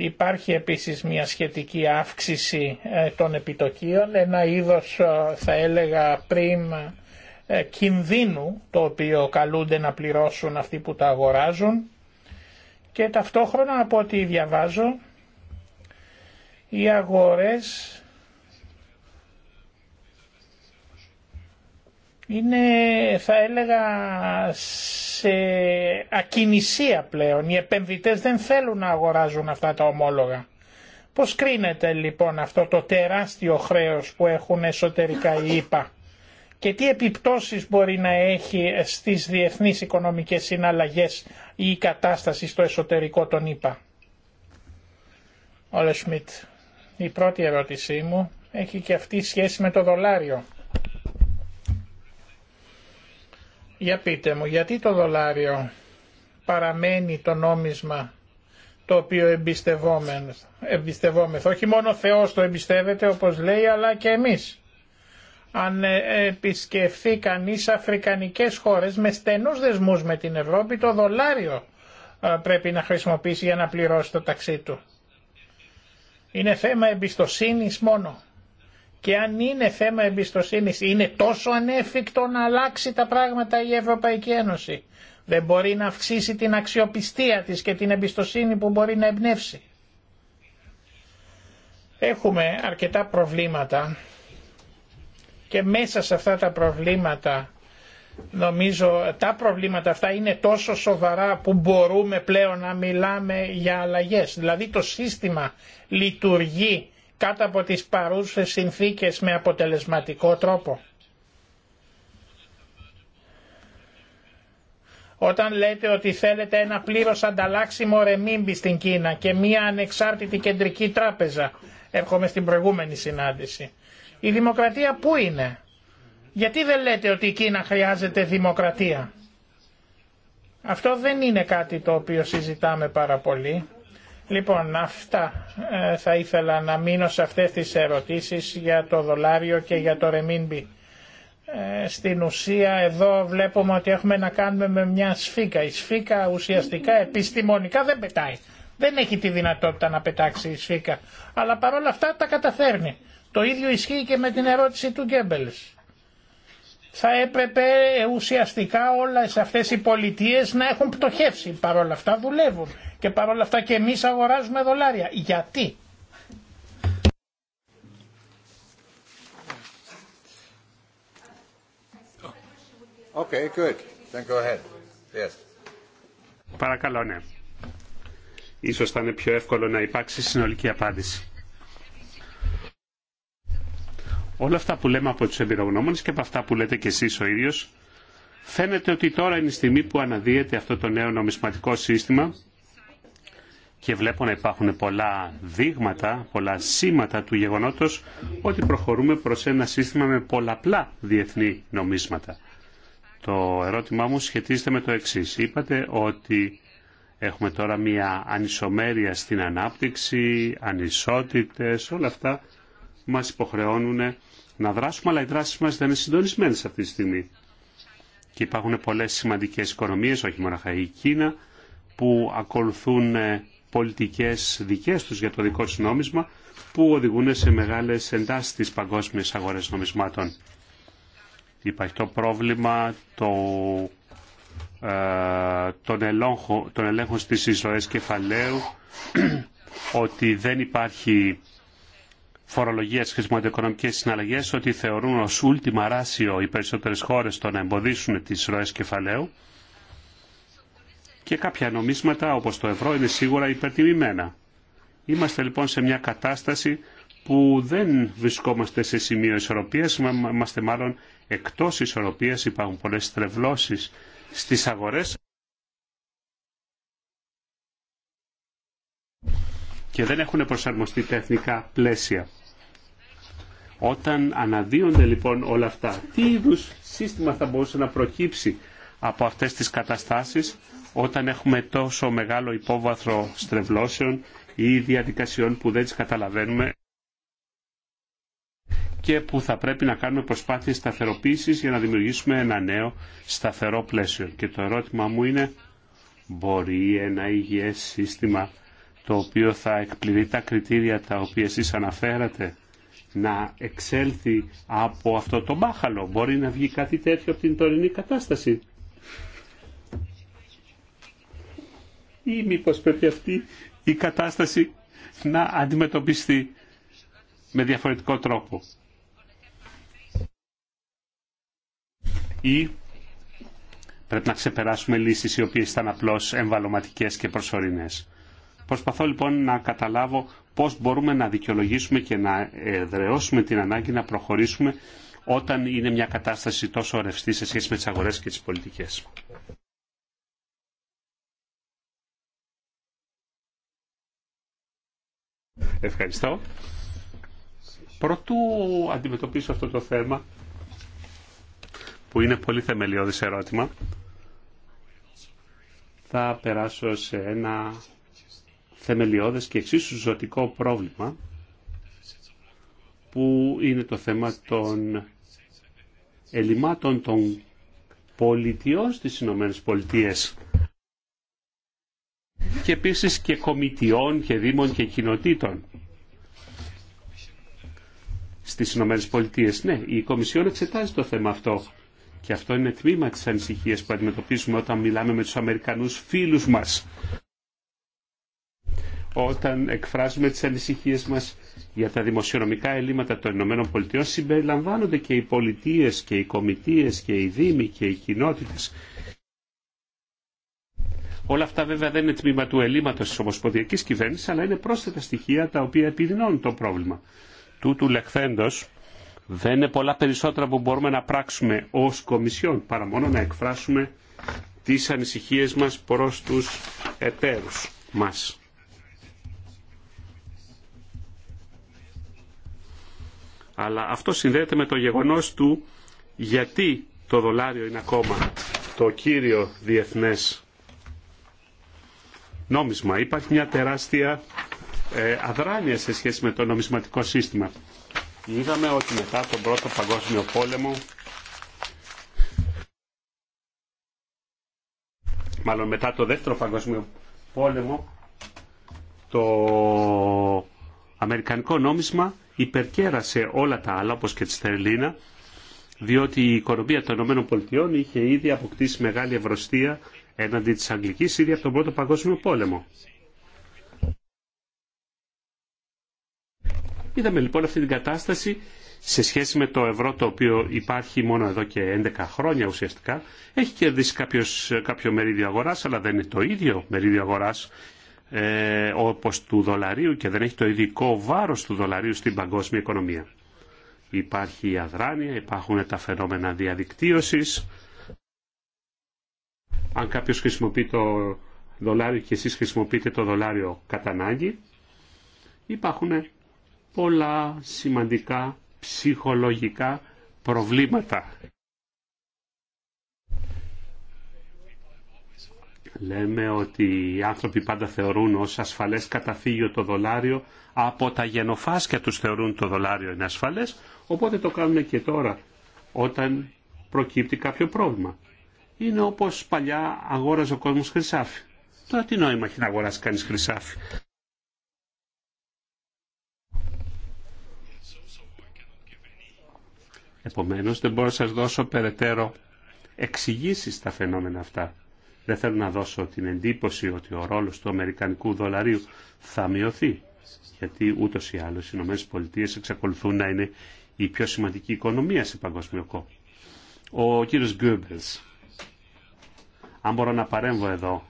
Υπάρχει επίσης μια σχετική αύξηση ε, των επιτοκίων, ένα είδος ε, θα έλεγα πριν ε, κινδύνου το οποίο καλούνται να πληρώσουν αυτοί που τα αγοράζουν και ταυτόχρονα από ό,τι διαβάζω οι αγορές είναι θα έλεγα σε ακινησία πλέον. Οι επενδυτές δεν θέλουν να αγοράζουν αυτά τα ομόλογα. Πώς κρίνεται λοιπόν αυτό το τεράστιο χρέος που έχουν εσωτερικά οι ΙΠΑ και τι επιπτώσεις μπορεί να έχει στις διεθνείς οικονομικές συναλλαγές ή η κατάσταση στο εσωτερικό των ΙΠΑ. Όλε Σμιτ, η πρώτη ερώτησή μου έχει και αυτή σχέση με το δολάριο. Για πείτε μου, γιατί το δολάριο παραμένει το νόμισμα το οποίο εμπιστευόμεθα. Όχι μόνο Θεός το εμπιστεύεται όπως λέει, αλλά και εμείς. Αν ε, επισκεφθεί κανείς αφρικανικές χώρες με στενούς δεσμούς με την Ευρώπη, το δολάριο ε, πρέπει να χρησιμοποιήσει για να πληρώσει το ταξί του. Είναι θέμα εμπιστοσύνης μόνο και αν είναι θέμα εμπιστοσύνης είναι τόσο ανέφικτο να αλλάξει τα πράγματα η Ευρωπαϊκή Ένωση. Δεν μπορεί να αυξήσει την αξιοπιστία της και την εμπιστοσύνη που μπορεί να εμπνεύσει. Έχουμε αρκετά προβλήματα και μέσα σε αυτά τα προβλήματα νομίζω τα προβλήματα αυτά είναι τόσο σοβαρά που μπορούμε πλέον να μιλάμε για αλλαγές. Δηλαδή το σύστημα λειτουργεί κάτω από τις παρούσες συνθήκες με αποτελεσματικό τρόπο. Όταν λέτε ότι θέλετε ένα πλήρως ανταλλάξιμο ρεμίμπι στην Κίνα και μία ανεξάρτητη κεντρική τράπεζα, έρχομαι στην προηγούμενη συνάντηση. Η δημοκρατία πού είναι. Γιατί δεν λέτε ότι η Κίνα χρειάζεται δημοκρατία. Αυτό δεν είναι κάτι το οποίο συζητάμε πάρα πολύ. Λοιπόν, αυτά ε, θα ήθελα να μείνω σε αυτές τις ερωτήσεις για το δολάριο και για το ρεμίνμπι. Ε, στην ουσία εδώ βλέπουμε ότι έχουμε να κάνουμε με μια σφίκα. Η σφίκα ουσιαστικά επιστημονικά δεν πετάει. Δεν έχει τη δυνατότητα να πετάξει η σφίκα. Αλλά παρόλα αυτά τα καταφέρνει. Το ίδιο ισχύει και με την ερώτηση του Γκέμπελς θα έπρεπε ουσιαστικά όλε αυτέ οι πολιτείε να έχουν πτωχεύσει. Παρ' όλα αυτά δουλεύουν και παρ' όλα αυτά και εμεί αγοράζουμε δολάρια. Γιατί. Okay, good. Then go ahead. Yes. Παρακαλώ, ναι. Ίσως θα είναι πιο εύκολο να υπάρξει συνολική απάντηση. όλα αυτά που λέμε από τους εμπειρογνώμονες και από αυτά που λέτε κι εσείς ο ίδιος, φαίνεται ότι τώρα είναι η στιγμή που αναδύεται αυτό το νέο νομισματικό σύστημα και βλέπω να υπάρχουν πολλά δείγματα, πολλά σήματα του γεγονότος ότι προχωρούμε προς ένα σύστημα με πολλαπλά διεθνή νομίσματα. Το ερώτημά μου σχετίζεται με το εξή. Είπατε ότι έχουμε τώρα μια ανισομέρεια στην ανάπτυξη, ανισότητες, όλα αυτά μας υποχρεώνουν να δράσουμε, αλλά οι δράσει μα δεν είναι συντονισμένε αυτή τη στιγμή. Και υπάρχουν πολλέ σημαντικέ οικονομίε, όχι μόνο η Κίνα, που ακολουθούν ε, πολιτικέ δικέ του για το δικό του νόμισμα, που οδηγούν σε μεγάλε εντάσει στι παγκόσμιε αγορέ νομισμάτων. Υπάρχει το πρόβλημα το, ε, τον, τον στις κεφαλαίου *clears throat* ότι δεν υπάρχει φορολογία στι χρηματοοικονομικέ συναλλαγέ ότι θεωρούν ω ultima ratio οι περισσότερε χώρε το να εμποδίσουν τι ροέ κεφαλαίου και κάποια νομίσματα όπω το ευρώ είναι σίγουρα υπερτιμημένα. Είμαστε λοιπόν σε μια κατάσταση που δεν βρισκόμαστε σε σημείο ισορροπία, είμαστε μάλλον εκτό ισορροπία. υπάρχουν πολλέ στρεβλώσει στι αγορέ. και δεν έχουν προσαρμοστεί τεχνικά πλαίσια. Όταν αναδύονται λοιπόν όλα αυτά, τι είδου σύστημα θα μπορούσε να προκύψει από αυτές τις καταστάσεις όταν έχουμε τόσο μεγάλο υπόβαθρο στρεβλώσεων ή διαδικασιών που δεν τις καταλαβαίνουμε και που θα πρέπει να κάνουμε προσπάθειες σταθεροποίησης για να δημιουργήσουμε ένα νέο σταθερό πλαίσιο. Και το ερώτημα μου είναι, μπορεί ένα υγιές σύστημα το οποίο θα εκπληρεί τα κριτήρια τα οποία εσείς αναφέρατε να εξέλθει από αυτό το μπάχαλο. Μπορεί να βγει κάτι τέτοιο από την τωρινή κατάσταση. Ή μήπως πρέπει αυτή η κατάσταση να αντιμετωπιστεί με διαφορετικό τρόπο. Ή πρέπει να ξεπεράσουμε λύσεις οι οποίες ήταν απλώς εμβαλωματικές και προσωρινές. Προσπαθώ λοιπόν να καταλάβω πώς μπορούμε να δικαιολογήσουμε και να εδραιώσουμε την ανάγκη να προχωρήσουμε όταν είναι μια κατάσταση τόσο ρευστή σε σχέση με τις αγορές και τις πολιτικές. Ευχαριστώ. Πρωτού αντιμετωπίσω αυτό το θέμα, που είναι πολύ θεμελιώδης ερώτημα, θα περάσω σε ένα θεμελιώδες και εξίσου ζωτικό πρόβλημα που είναι το θέμα των ελλημάτων των πολιτιών στις Ηνωμένε Πολιτείε και επίσης και κομιτιών και δήμων και κοινοτήτων στις Ηνωμένε Πολιτείε. Ναι, η Κομισιόν εξετάζει το θέμα αυτό και αυτό είναι τμήμα της ανησυχίας που αντιμετωπίζουμε όταν μιλάμε με τους Αμερικανούς φίλους μας όταν εκφράζουμε τις ανησυχίες μας για τα δημοσιονομικά ελλείμματα των Ηνωμένων Πολιτειών συμπεριλαμβάνονται και οι πολιτείες και οι κομιτείες και οι δήμοι και οι κοινότητες. Όλα αυτά βέβαια δεν είναι τμήμα του ελλείμματος της Ομοσπονδιακής Κυβέρνησης αλλά είναι πρόσθετα στοιχεία τα οποία επιδεινώνουν το πρόβλημα. Τούτου λεχθέντος δεν είναι πολλά περισσότερα που μπορούμε να πράξουμε ως Κομισιόν παρά μόνο να εκφράσουμε τις ανησυχίες μας προς τους εταίρους μας. Αλλά αυτό συνδέεται με το γεγονός του γιατί το δολάριο είναι ακόμα το κύριο διεθνές νόμισμα. Υπάρχει μια τεράστια ε, αδράνεια σε σχέση με το νομισματικό σύστημα. Είδαμε ότι μετά τον Πρώτο Παγκόσμιο Πόλεμο μάλλον μετά το Δεύτερο Παγκόσμιο Πόλεμο το αμερικανικό νόμισμα υπερκέρασε όλα τα άλλα όπως και τη Στερλίνα διότι η οικονομία των ΗΠΑ είχε ήδη αποκτήσει μεγάλη ευρωστία έναντι της Αγγλικής ήδη από τον Πρώτο Παγκόσμιο Πόλεμο. Είδαμε λοιπόν αυτή την κατάσταση σε σχέση με το ευρώ το οποίο υπάρχει μόνο εδώ και 11 χρόνια ουσιαστικά. Έχει κερδίσει κάποιο μερίδιο αγοράς αλλά δεν είναι το ίδιο μερίδιο αγοράς ε, όπως του δολαρίου και δεν έχει το ειδικό βάρος του δολαρίου στην παγκόσμια οικονομία. Υπάρχει η αδράνεια, υπάρχουν τα φαινόμενα διαδικτύωσης. Αν κάποιος χρησιμοποιεί το δολάριο και εσείς χρησιμοποιείτε το δολάριο κατά ανάγκη, υπάρχουν πολλά σημαντικά ψυχολογικά προβλήματα Λέμε ότι οι άνθρωποι πάντα θεωρούν ως ασφαλές καταφύγιο το δολάριο, από τα γενοφάσκια τους θεωρούν το δολάριο είναι ασφαλές, οπότε το κάνουν και τώρα όταν προκύπτει κάποιο πρόβλημα. Είναι όπως παλιά αγόραζε ο κόσμος χρυσάφι. Τώρα τι νόημα έχει να αγοράσει κανείς χρυσάφι. Επομένως δεν μπορώ να σας δώσω περαιτέρω εξηγήσει στα φαινόμενα αυτά. Δεν θέλω να δώσω την εντύπωση ότι ο ρόλος του αμερικανικού δολαρίου θα μειωθεί, γιατί ούτως ή άλλως οι ΗΠΑ εξακολουθούν να είναι η πιο σημαντική οικονομία σε παγκόσμιο κόπο. Ο κύριος Γκούμπελς, αν μπορώ να παρέμβω εδώ,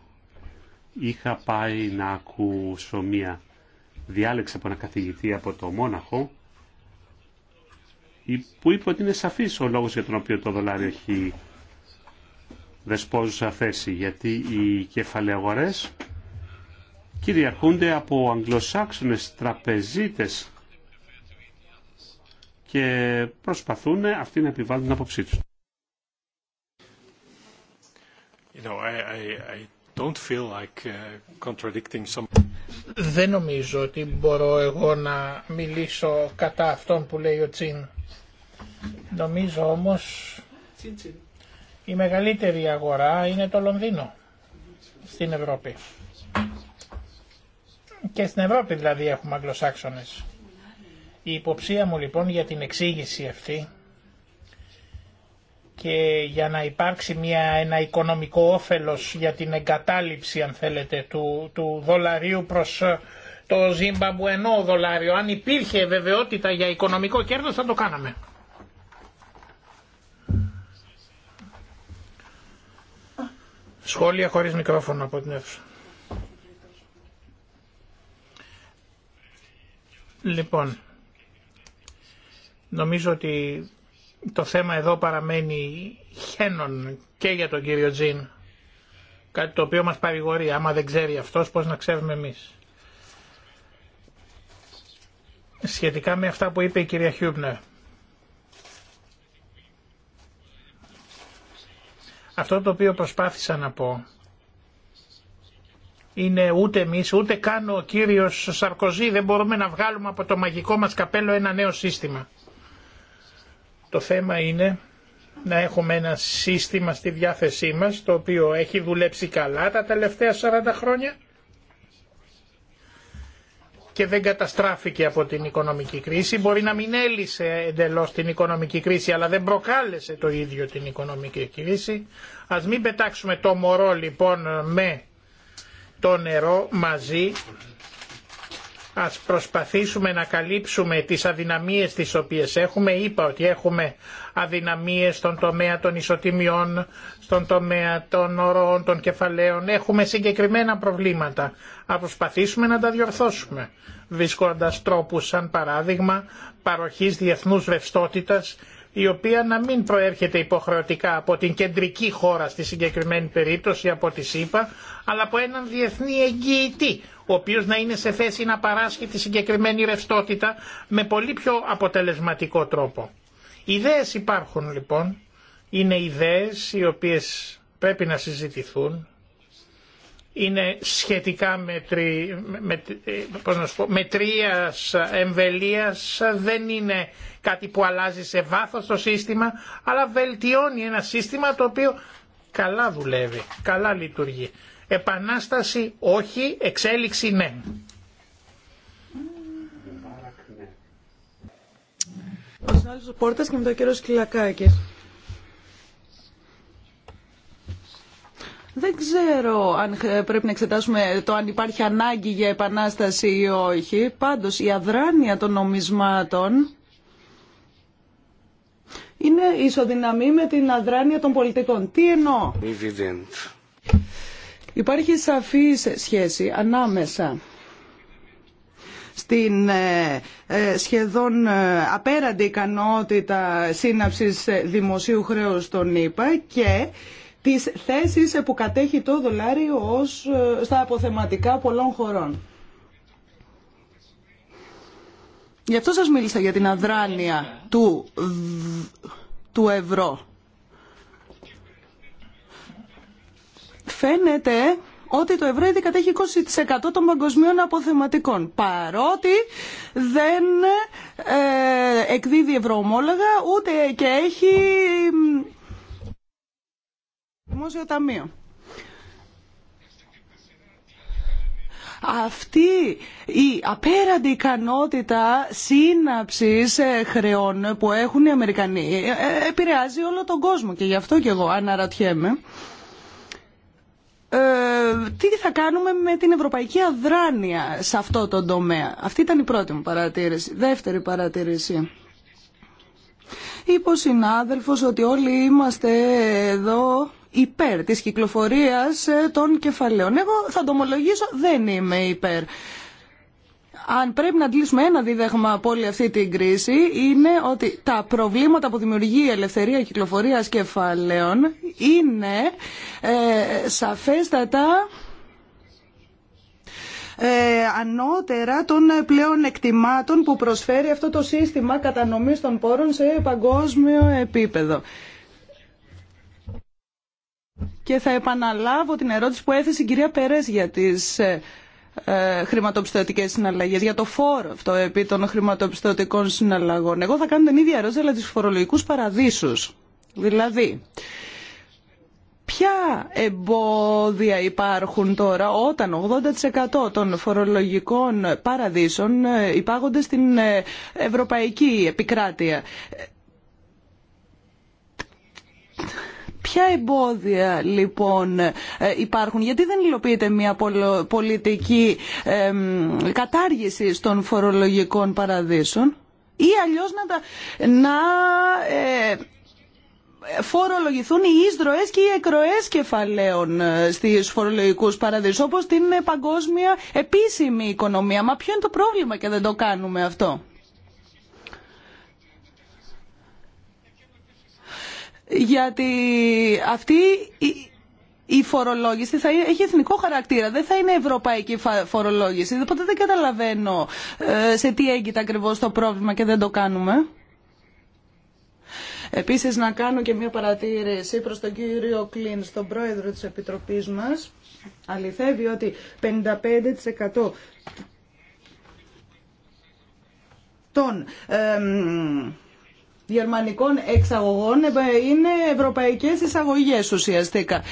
είχα πάει να ακούσω μία διάλεξη από ένα καθηγητή από το Μόναχο, που είπε ότι είναι σαφής ο λόγος για τον οποίο το δολάριο έχει δεσπόζουσα θέση γιατί οι κεφαλαιαγορές κυριαρχούνται από αγγλοσάξονες τραπεζίτες και προσπαθούν αυτοί να επιβάλλουν την άποψή τους. Uh, Δεν νομίζω ότι μπορώ εγώ να μιλήσω κατά αυτόν που λέει ο Τσιν. Νομίζω όμως η μεγαλύτερη αγορά είναι το Λονδίνο στην Ευρώπη. Και στην Ευρώπη δηλαδή έχουμε Αγγλοσάξονες. Η υποψία μου λοιπόν για την εξήγηση αυτή και για να υπάρξει μια, ένα οικονομικό όφελος για την εγκατάλειψη αν θέλετε του, του δολαρίου προς ε, το Ζιμπαμπουενό δολάριο. Αν υπήρχε βεβαιότητα για οικονομικό κέρδος θα το κάναμε. Σχόλια χωρίς μικρόφωνο από την αίθουσα. Λοιπόν, νομίζω ότι το θέμα εδώ παραμένει χένον και για τον κύριο Τζιν. Κάτι το οποίο μας παρηγορεί. Άμα δεν ξέρει αυτός, πώς να ξέρουμε εμείς. Σχετικά με αυτά που είπε η κυρία Χιούμπνερ. Αυτό το οποίο προσπάθησα να πω είναι ούτε εμεί ούτε καν ο κύριο Σαρκοζή δεν μπορούμε να βγάλουμε από το μαγικό μα καπέλο ένα νέο σύστημα. Το θέμα είναι να έχουμε ένα σύστημα στη διάθεσή μας το οποίο έχει δουλέψει καλά τα τελευταία 40 χρόνια και δεν καταστράφηκε από την οικονομική κρίση. Μπορεί να μην έλυσε εντελώ την οικονομική κρίση αλλά δεν προκάλεσε το ίδιο την οικονομική κρίση. Α μην πετάξουμε το μωρό λοιπόν με το νερό μαζί Ας προσπαθήσουμε να καλύψουμε τις αδυναμίες τις οποίες έχουμε. Είπα ότι έχουμε αδυναμίες στον τομέα των ισοτιμιών, στον τομέα των ορών, των κεφαλαίων. Έχουμε συγκεκριμένα προβλήματα. Ας προσπαθήσουμε να τα διορθώσουμε, βρίσκοντας τρόπους σαν παράδειγμα παροχής διεθνούς ρευστότητας η οποία να μην προέρχεται υποχρεωτικά από την κεντρική χώρα στη συγκεκριμένη περίπτωση, από τη ΣΥΠΑ, αλλά από έναν διεθνή εγγυητή, ο οποίος να είναι σε θέση να παράσχει τη συγκεκριμένη ρευστότητα με πολύ πιο αποτελεσματικό τρόπο. Ιδέες υπάρχουν λοιπόν, είναι ιδέες οι οποίες πρέπει να συζητηθούν, είναι σχετικά μετρι, με, ε, εμβελίας, δεν είναι κάτι που αλλάζει σε βάθος το σύστημα, αλλά βελτιώνει ένα σύστημα το οποίο καλά δουλεύει, καλά λειτουργεί. Επανάσταση όχι, εξέλιξη ναι. Ο συνάδελφος Πόρτας και Δεν ξέρω αν ε, πρέπει να εξετάσουμε το αν υπάρχει ανάγκη για επανάσταση ή όχι. Πάντως η αδράνεια των νομισμάτων είναι ισοδυναμή με την αδράνεια των πολιτικών. Τι εννοώ. Evident. Υπάρχει σαφής σχέση ανάμεσα στην ε, ε, σχεδόν απέραντη ικανότητα σύναψης δημοσίου χρέους στον ΗΠΑ και τις θέσεις που κατέχει το δολάριο ως, ε, στα αποθεματικά πολλών χωρών. Γι' αυτό σας μίλησα για την αδράνεια του, του ευρώ. Φαίνεται ότι το ευρώ ήδη κατέχει 20% των παγκοσμίων αποθεματικών. Παρότι δεν ε, εκδίδει ευρωομόλογα, ούτε και έχει Δημόσιο Ταμείο. αυτή η απέραντη ικανότητα σύναψης ε, χρεών που έχουν οι Αμερικανοί ε, ε, επηρεάζει όλο τον κόσμο και γι' αυτό και εγώ αναρωτιέμαι τι θα κάνουμε με την ευρωπαϊκή αδράνεια σε αυτό το τομέα. Αυτή ήταν η πρώτη μου παρατήρηση. Δεύτερη παρατήρηση. Είπε ο συνάδελφος ότι όλοι είμαστε εδώ υπέρ της κυκλοφορίας ε, των κεφαλαίων. Εγώ θα το ομολογήσω δεν είμαι υπέρ. Αν πρέπει να αντλήσουμε ένα δίδαγμα από όλη αυτή την κρίση είναι ότι τα προβλήματα που δημιουργεί η ελευθερία κυκλοφορίας κεφαλαίων είναι ε, σαφέστατα ε, ανώτερα των πλέον εκτιμάτων που προσφέρει αυτό το σύστημα κατανομής των πόρων σε παγκόσμιο επίπεδο. Και θα επαναλάβω την ερώτηση που έθεσε η κυρία Περές για τις ε, ε, χρηματοπιστωτικές συναλλαγές, για το φόρο αυτό επί των χρηματοπιστωτικών συναλλαγών. Εγώ θα κάνω την ίδια ερώτηση, αλλά τις φορολογικούς παραδείσους. Δηλαδή, ποια εμπόδια υπάρχουν τώρα όταν 80% των φορολογικών παραδείσων ε, υπάγονται στην ε, ευρωπαϊκή επικράτεια. Ποια εμπόδια λοιπόν ε, υπάρχουν, γιατί δεν υλοποιείται μια πολιτική κατάργηση των φορολογικών παραδείσων ή αλλιώς να, τα, να ε, φορολογηθούν οι εισδροές και οι εκροές κεφαλαίων ε, στις φορολογικούς παραδείσους όπως την παγκόσμια επίσημη οικονομία. Μα ποιο είναι το πρόβλημα και δεν το κάνουμε αυτό. γιατί αυτή η φορολόγηση θα έχει εθνικό χαρακτήρα, δεν θα είναι ευρωπαϊκή φορολόγηση. Οπότε δεν καταλαβαίνω ε, σε τι έγκυται ακριβώς το πρόβλημα και δεν το κάνουμε. Επίσης να κάνω και μια παρατήρηση προς τον κύριο Κλίν, τον πρόεδρο της Επιτροπής μας. Αληθεύει ότι 55% των γερμανικών εξαγωγών ε, είναι ευρωπαϊκές εισαγωγές ουσιαστικά.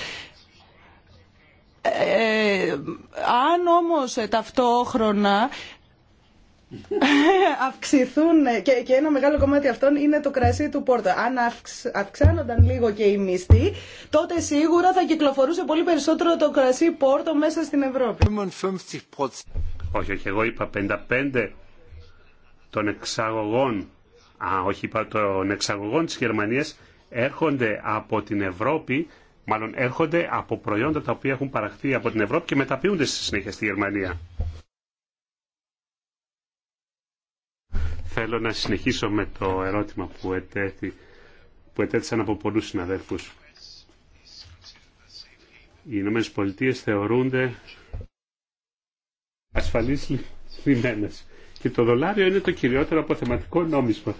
Ε, ε, αν όμως ταυτόχρονα *laughs* αυξηθούν και, και ένα μεγάλο κομμάτι αυτών είναι το κρασί του πόρτα. Αν αυξ, αυξάνονταν λίγο και οι μισθοί, τότε σίγουρα θα κυκλοφορούσε πολύ περισσότερο το κρασί πόρτο μέσα στην Ευρώπη. Όχι, όχι, εγώ είπα 55% των εξαγωγών α, όχι είπα των εξαγωγών της Γερμανίας έρχονται από την Ευρώπη, μάλλον έρχονται από προϊόντα τα οποία έχουν παραχθεί από την Ευρώπη και μεταποιούνται στη συνέχεια στη Γερμανία. Θέλω να συνεχίσω με το ερώτημα που, ετέθη, που ετέθησαν από πολλούς συναδέλφους. Οι Ηνωμένες Πολιτείες θεωρούνται ασφαλείς λιμένες και το δολάριο είναι το κυριότερο αποθεματικό νόμισμα.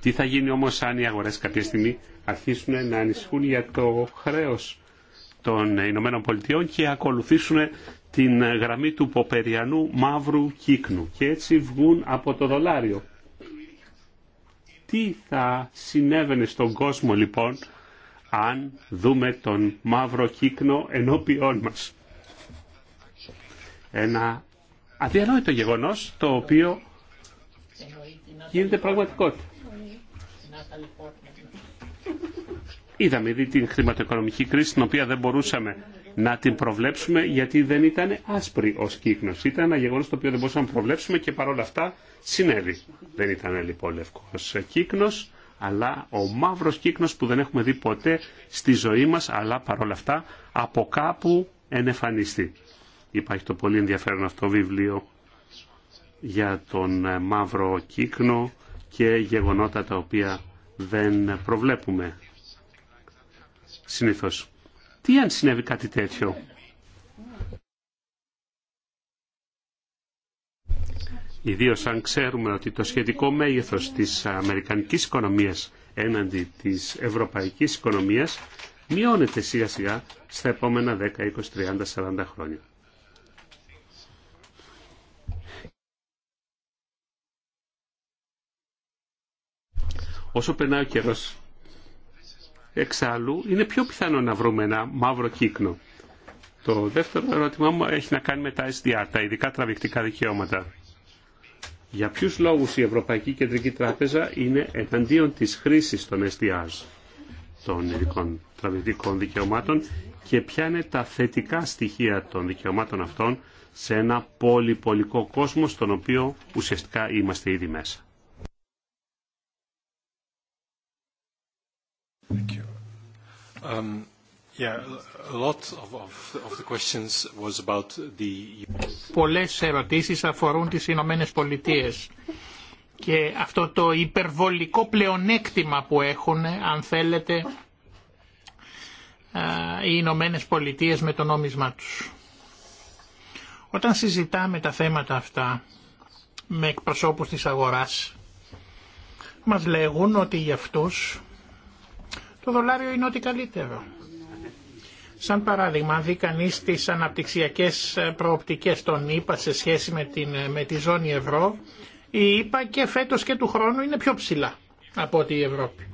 Τι θα γίνει όμως αν οι αγορές κάποια στιγμή αρχίσουν να ανησυχούν για το χρέος των Ηνωμένων Πολιτειών και ακολουθήσουν την γραμμή του ποπεριανού μαύρου κύκνου και έτσι βγουν από το δολάριο. Τι θα συνέβαινε στον κόσμο λοιπόν αν δούμε τον μαύρο κύκνο ενώπιόν μας. Ένα αδιανόητο γεγονός το οποίο γίνεται πραγματικότητα. Είδαμε ήδη την χρηματοοικονομική κρίση την οποία δεν μπορούσαμε να την προβλέψουμε γιατί δεν ήταν άσπρη ω κύκνο. Ήταν ένα γεγονό το οποίο δεν μπορούσαμε να προβλέψουμε και παρόλα αυτά συνέβη. Δεν ήταν λοιπόν λευκό κύκνο αλλά ο μαύρος κύκνος που δεν έχουμε δει ποτέ στη ζωή μας, αλλά παρόλα αυτά από κάπου ενεφανιστεί. Υπάρχει το πολύ ενδιαφέρον αυτό βιβλίο για τον ε, μαύρο κύκνο και γεγονότα τα οποία δεν προβλέπουμε συνήθως. Τι αν συνέβη κάτι τέτοιο Ιδίως αν ξέρουμε ότι το σχετικό μέγεθος της αμερικανικής οικονομίας έναντι της ευρωπαϊκής οικονομίας μειώνεται σιγά σιγά στα επόμενα 10, 20, 30, 40 χρόνια. Όσο περνάει ο καιρός, εξάλλου είναι πιο πιθανό να βρούμε ένα μαύρο κύκνο. Το δεύτερο ερώτημά μου έχει να κάνει με τα SDR, τα ειδικά τραβηκτικά δικαιώματα για ποιους λόγους η Ευρωπαϊκή Κεντρική Τράπεζα είναι εναντίον της χρήσης των SDRs, των ειδικών τραπεζικών δικαιωμάτων και ποια είναι τα θετικά στοιχεία των δικαιωμάτων αυτών σε ένα πολυπολικό κόσμο στον οποίο ουσιαστικά είμαστε ήδη μέσα. Um, Πολλές ερωτήσεις αφορούν τις Ηνωμένε Πολιτείες και αυτό το υπερβολικό πλεονέκτημα που έχουν, αν θέλετε, οι Ηνωμένε Πολιτείες με το νόμισμά τους. Όταν συζητάμε τα θέματα αυτά με εκπροσώπους της αγοράς, μας λέγουν ότι για αυτούς το δολάριο είναι ό,τι καλύτερο. Σαν παράδειγμα, αν δει κανεί τι αναπτυξιακέ ε, προοπτικέ των ΗΠΑ σε σχέση με, την, ε, με τη ζώνη ευρώ, η ΙΠΑ και φέτο και του χρόνου είναι πιο ψηλά από ότι η Ευρώπη.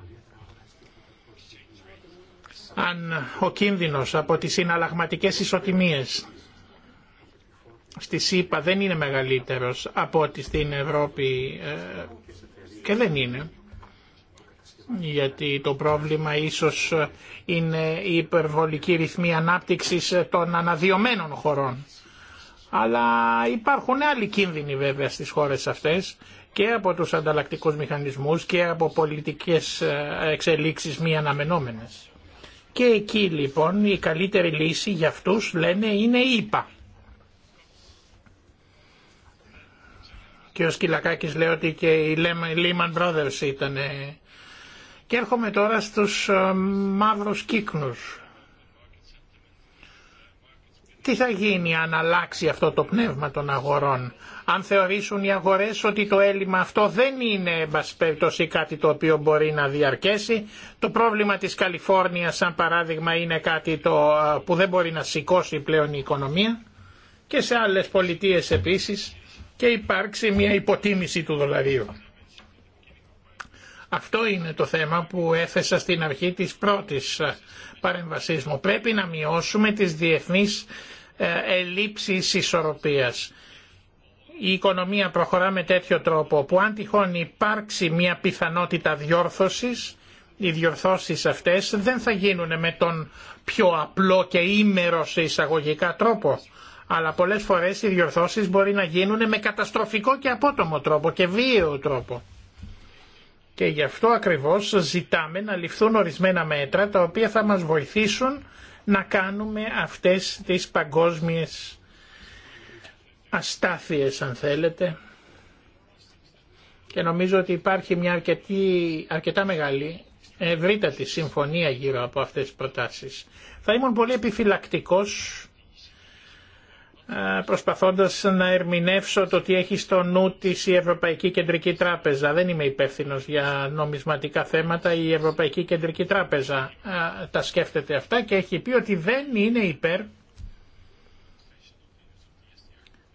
Αν ο κίνδυνος από τις συναλλαγματικέ ισοτιμίες στη ΣΥΠΑ δεν είναι μεγαλύτερος από ότι στην Ευρώπη ε, και δεν είναι, γιατί το πρόβλημα ίσως είναι η υπερβολική ρυθμή ανάπτυξης των αναδειωμένων χωρών. Αλλά υπάρχουν άλλοι κίνδυνοι βέβαια στις χώρες αυτές και από τους ανταλλακτικούς μηχανισμούς και από πολιτικές ε, εξελίξεις μη αναμενόμενες. Και εκεί λοιπόν η καλύτερη λύση για αυτούς λένε είναι η ΙΠΑ. Και ο Σκυλακάκης λέει ότι και οι Lehman Brothers ήταν και έρχομαι τώρα στους ε, μαύρους κύκνους. Τι θα γίνει αν αλλάξει αυτό το πνεύμα των αγορών, αν θεωρήσουν οι αγορές ότι το έλλειμμα αυτό δεν είναι κάτι το οποίο μπορεί να διαρκέσει. Το πρόβλημα της Καλιφόρνιας σαν παράδειγμα είναι κάτι το, ε, που δεν μπορεί να σηκώσει πλέον η οικονομία και σε άλλες πολιτείες επίσης και υπάρξει μια υποτίμηση του δολαρίου. Αυτό είναι το θέμα που έθεσα στην αρχή της πρώτης ε, παρέμβασής μου. Πρέπει να μειώσουμε τις διεθνείς ε, ελλείψεις ισορροπίας. Η οικονομία προχωρά με τέτοιο τρόπο που αν τυχόν υπάρξει μια πιθανότητα διόρθωσης, οι διορθώσεις αυτές δεν θα γίνουν με τον πιο απλό και ήμερο σε εισαγωγικά τρόπο. Αλλά πολλές φορές οι διορθώσεις μπορεί να γίνουν με καταστροφικό και απότομο τρόπο και βίαιο τρόπο. Και γι' αυτό ακριβώς ζητάμε να ληφθούν ορισμένα μέτρα τα οποία θα μας βοηθήσουν να κάνουμε αυτές τις παγκόσμιες αστάθειες αν θέλετε και νομίζω ότι υπάρχει μια αρκετά μεγάλη ευρύτατη συμφωνία γύρω από αυτές τις προτάσεις. Θα ήμουν πολύ επιφυλακτικός ε, προσπαθώντας να ερμηνεύσω το τι έχει στο νου της η Ευρωπαϊκή Κεντρική Τράπεζα. Δεν είμαι υπεύθυνο για νομισματικά θέματα. Η Ευρωπαϊκή Κεντρική Τράπεζα ε, τα σκέφτεται αυτά και έχει πει ότι δεν είναι υπέρ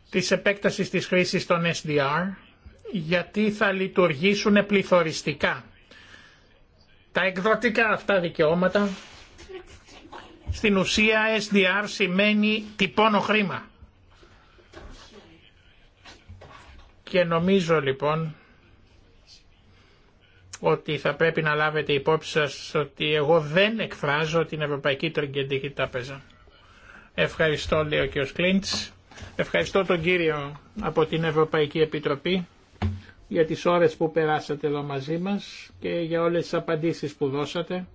της επέκτασης της χρήσης των SDR γιατί θα λειτουργήσουν πληθωριστικά. Τα εκδοτικά αυτά δικαιώματα στην ουσία SDR σημαίνει τυπώνω χρήμα. Και νομίζω λοιπόν ότι θα πρέπει να λάβετε υπόψη σας ότι εγώ δεν εκφράζω την Ευρωπαϊκή Τρογγεντική Τάπεζα. Ευχαριστώ λέει ο κ. Κλίντς. Ευχαριστώ τον κύριο από την Ευρωπαϊκή Επιτροπή για τις ώρες που περάσατε εδώ μαζί μας και για όλες τις απαντήσεις που δώσατε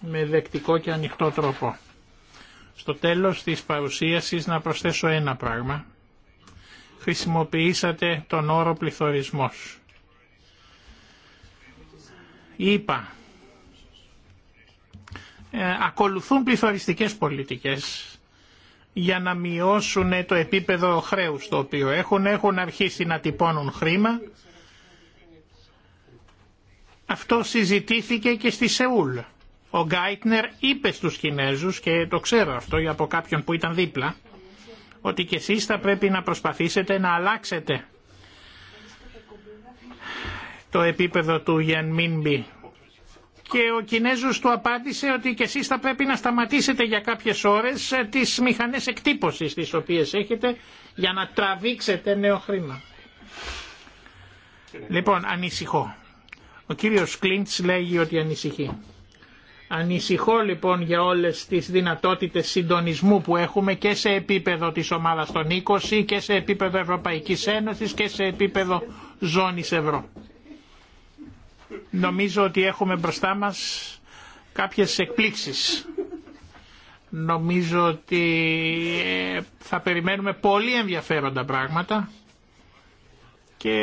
με δεκτικό και ανοιχτό τρόπο. Στο τέλος της παρουσίασης να προσθέσω ένα πράγμα χρησιμοποιήσατε τον όρο πληθωρισμός. Είπα, ε, ακολουθούν πληθωριστικές πολιτικές για να μειώσουν ε, το επίπεδο χρέους το οποίο έχουν. Έχουν αρχίσει να τυπώνουν χρήμα. Αυτό συζητήθηκε και στη Σεούλ. Ο Γκάιτνερ είπε στους Κινέζους και το ξέρω αυτό από κάποιον που ήταν δίπλα ότι και εσείς θα πρέπει να προσπαθήσετε να αλλάξετε το επίπεδο του Γιάν Μίνμπι. Και ο Κινέζος του απάντησε ότι και εσείς θα πρέπει να σταματήσετε για κάποιες ώρες ε, τις μηχανές εκτύπωσης τις οποίες έχετε για να τραβήξετε νέο χρήμα. Λοιπόν, ανησυχώ. Ο κύριος Κλίντς λέγει ότι ανησυχεί. Ανησυχώ λοιπόν για όλες τις δυνατότητες συντονισμού που έχουμε και σε επίπεδο της ομάδας των 20 και σε επίπεδο Ευρωπαϊκής Ένωσης και σε επίπεδο ζώνης ευρώ. Νομίζω ότι έχουμε μπροστά μας κάποιες εκπλήξεις. Νομίζω ότι ε, θα περιμένουμε πολύ ενδιαφέροντα πράγματα και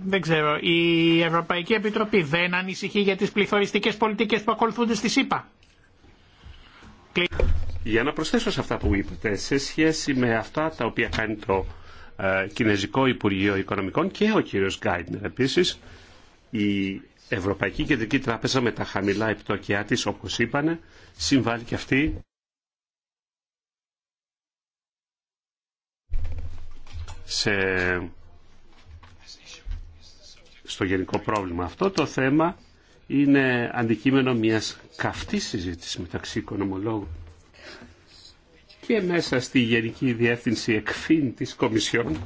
δεν ξέρω, η Ευρωπαϊκή Επιτροπή δεν ανησυχεί για τις πληθωριστικές πολιτικές που ακολουθούνται στη ΣΥΠΑ. Για να προσθέσω σε αυτά που είπατε, σε σχέση με αυτά τα οποία κάνει το ε, Κινέζικο Υπουργείο Οικονομικών και ο κύριος Γκάιντνερ επίσης, η Ευρωπαϊκή Κεντρική Τράπεζα με τα χαμηλά επιτόκια της, όπως είπανε, συμβάλλει και αυτή σε στο γενικό πρόβλημα. Αυτό το θέμα είναι αντικείμενο μιας καυτής συζήτησης μεταξύ οικονομολόγων και μέσα στη Γενική Διεύθυνση Εκφήν της Κομισιόν.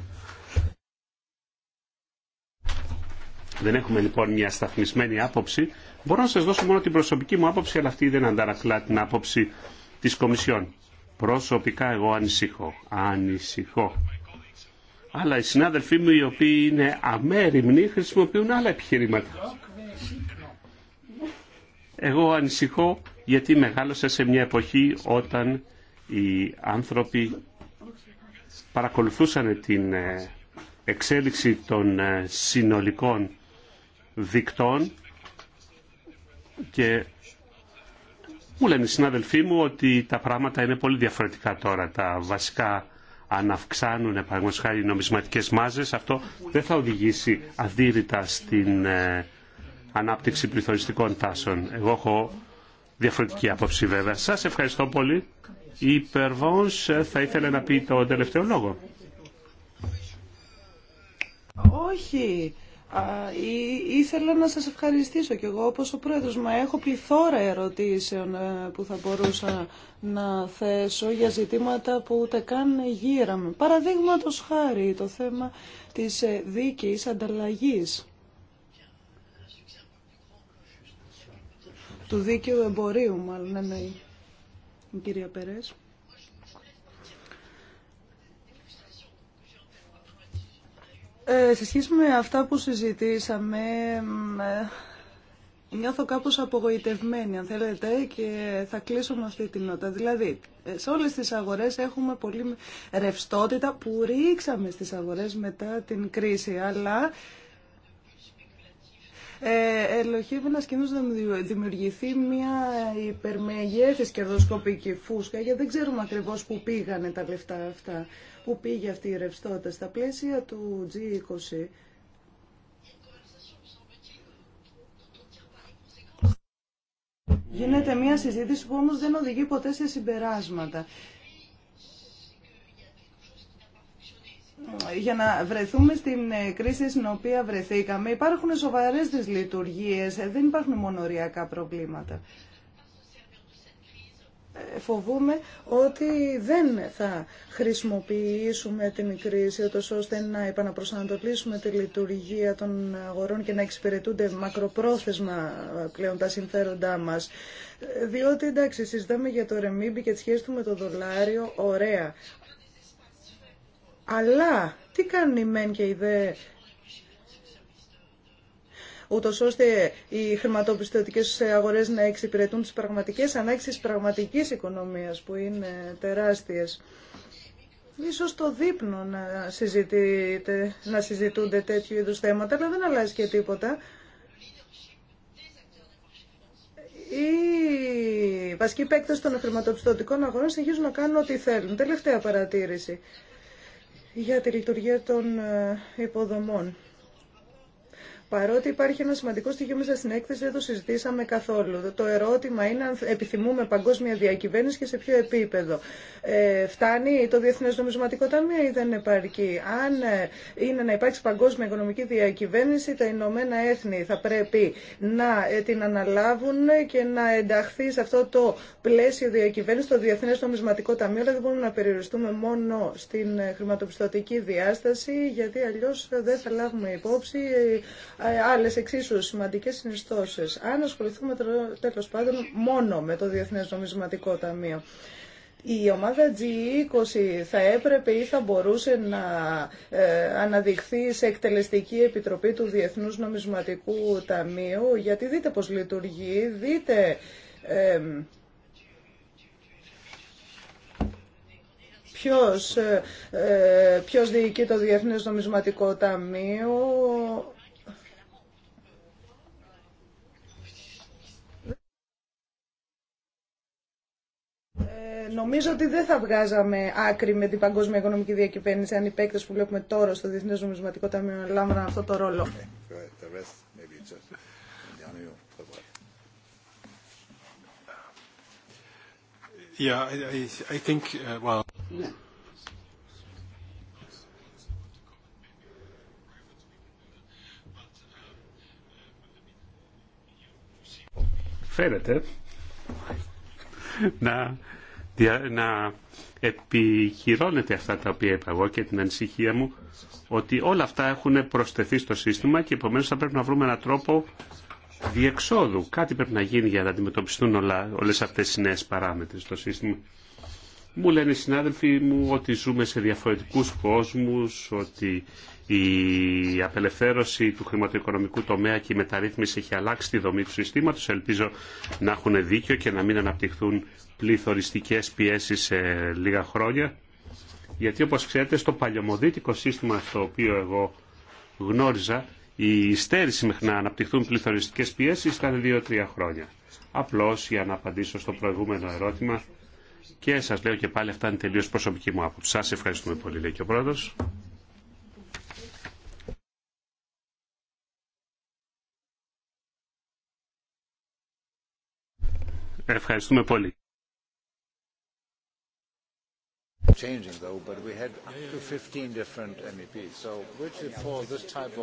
Δεν έχουμε λοιπόν μια σταθμισμένη άποψη. Μπορώ να σας δώσω μόνο την προσωπική μου άποψη, αλλά αυτή δεν ανταρακλά την άποψη της Κομισιόν. Προσωπικά εγώ ανησυχώ. Ανησυχώ αλλά οι συνάδελφοί μου οι οποίοι είναι αμέριμνοι χρησιμοποιούν άλλα επιχειρήματα. Εγώ ανησυχώ γιατί μεγάλωσα σε μια εποχή όταν οι άνθρωποι παρακολουθούσαν την ε, εξέλιξη των ε, συνολικών δικτών και μου λένε οι συνάδελφοί μου ότι τα πράγματα είναι πολύ διαφορετικά τώρα. Τα βασικά αν αυξάνουν παραδείγματος χάρη οι νομισματικές μάζες, αυτό δεν θα οδηγήσει αδύρυτα στην ε, ανάπτυξη πληθωριστικών τάσεων. Εγώ έχω διαφορετική άποψη βέβαια. Σας ευχαριστώ πολύ. Η Περβόνς ε, θα ήθελε να πει το τελευταίο λόγο. Όχι ήθελα να σας ευχαριστήσω κι εγώ όπως ο πρόεδρος μα έχω πληθώρα ερωτήσεων ε, που θα μπορούσα να θέσω για ζητήματα που ούτε καν γύραμε. Παραδείγματο χάρη το θέμα της ε, δίκαιης ανταλλαγής του δίκαιου εμπορίου μάλλον εννοεί η κυρία Περές. Ε, σε σχέση με αυτά που συζητήσαμε, ε, νιώθω κάπως απογοητευμένη, αν θέλετε, και θα κλείσω με αυτή την νότα. Δηλαδή, ε, σε όλες τις αγορές έχουμε πολύ ρευστότητα που ρίξαμε στις αγορές μετά την κρίση, αλλά ε, ελοχεύει ένα κίνδυνο να δημιουργηθεί μια υπερμεγέθη κερδοσκοπική φούσκα, γιατί δεν ξέρουμε ακριβώ πού πήγανε τα λεφτά αυτά, πού πήγε αυτή η ρευστότητα. Στα πλαίσια του G20, Γίνεται μια συζήτηση που όμως δεν οδηγεί ποτέ σε συμπεράσματα. για να βρεθούμε στην ε, κρίση στην οποία βρεθήκαμε. Υπάρχουν σοβαρές δυσλειτουργίες, ε, δεν υπάρχουν μονοριακά προβλήματα. Ε, φοβούμε ότι δεν θα χρησιμοποιήσουμε την κρίση ώστε να επαναπροσανατολίσουμε τη λειτουργία των αγορών και να εξυπηρετούνται μακροπρόθεσμα πλέον τα συμφέροντά μας. Διότι εντάξει, συζητάμε για το ρεμίμπι και τη σχέση του με το δολάριο, ωραία. Αλλά τι κάνουν οι μεν και οι δε ούτω ώστε οι χρηματοπιστωτικέ αγορέ να εξυπηρετούν τι πραγματικέ ανάγκε τη πραγματική οικονομία που είναι τεράστιε. σω το δείπνο να, συζητείτε, να συζητούνται τέτοιου είδου θέματα, αλλά δεν αλλάζει και τίποτα. Η βασική παίκτε των χρηματοπιστωτικών αγορών συνεχίζουν να κάνουν ό,τι θέλουν. Τελευταία παρατήρηση για τη λειτουργία των ε, υποδομών. Παρότι υπάρχει ένα σημαντικό στοιχείο μέσα στην έκθεση, δεν το συζητήσαμε καθόλου. Το ερώτημα είναι αν επιθυμούμε παγκόσμια διακυβέρνηση και σε ποιο επίπεδο. Ε, φτάνει το Διεθνέ Νομισματικό Ταμείο ή δεν επαρκεί. Αν ε, είναι να υπάρξει παγκόσμια οικονομική διακυβέρνηση, τα Ηνωμένα Έθνη θα πρέπει να ε, την αναλάβουν και να ενταχθεί σε αυτό το πλαίσιο διακυβέρνηση, το Διεθνέ Νομισματικό Ταμείο. Δηλαδή, δεν μπορούμε να περιοριστούμε μόνο στην ε, χρηματοπιστωτική διάσταση, γιατί αλλιώ δεν θα λάβουμε υπόψη ε, άλλες εξίσου σημαντικές συνιστώσεις. Αν ασχοληθούμε τέλος πάντων μόνο με το Διεθνές Νομισματικό Ταμείο. Η ομάδα G20 θα έπρεπε ή θα μπορούσε να ε, αναδειχθεί σε εκτελεστική επιτροπή του Διεθνούς Νομισματικού Ταμείου, γιατί δείτε πώς λειτουργεί, δείτε ε, ποιος, ε, ποιος διοικεί το Διεθνές Νομισματικό Ταμείο, νομίζω ότι δεν θα βγάζαμε άκρη με την παγκόσμια οικονομική διακυβέρνηση αν οι παίκτες που βλέπουμε τώρα στο Διεθνές Νομισματικό Ταμείο λάμβαναν αυτό το ρόλο. Φαίνεται να να επιχειρώνεται αυτά τα οποία είπα εγώ και την ανησυχία μου ότι όλα αυτά έχουν προσθεθεί στο σύστημα και επομένως θα πρέπει να βρούμε έναν τρόπο διεξόδου. Κάτι πρέπει να γίνει για να αντιμετωπιστούν όλα, όλες αυτές οι νέες παράμετρε στο σύστημα. Μου λένε οι συνάδελφοί μου ότι ζούμε σε διαφορετικούς κόσμους, ότι η απελευθέρωση του χρηματοοικονομικού τομέα και η μεταρρύθμιση έχει αλλάξει τη δομή του συστήματος. Ελπίζω να έχουν δίκιο και να μην αναπτυχθούν πληθωριστικές πιέσεις σε λίγα χρόνια. Γιατί όπως ξέρετε στο παλαιομοδίτικο σύστημα στο οποίο εγώ γνώριζα η στέρηση μέχρι να αναπτυχθούν πληθωριστικές πιέσεις ήταν 2-3 χρόνια. Απλώς για να απαντήσω στο προηγούμενο ερώτημα και σας λέω και πάλι αυτά είναι τελείω προσωπική μου άποψη. Σας ευχαριστούμε πολύ λέει και ο πρόεδρος. Ευχαριστούμε πολύ. Changing though, but we had up to 15 different MEPs. So which for this type of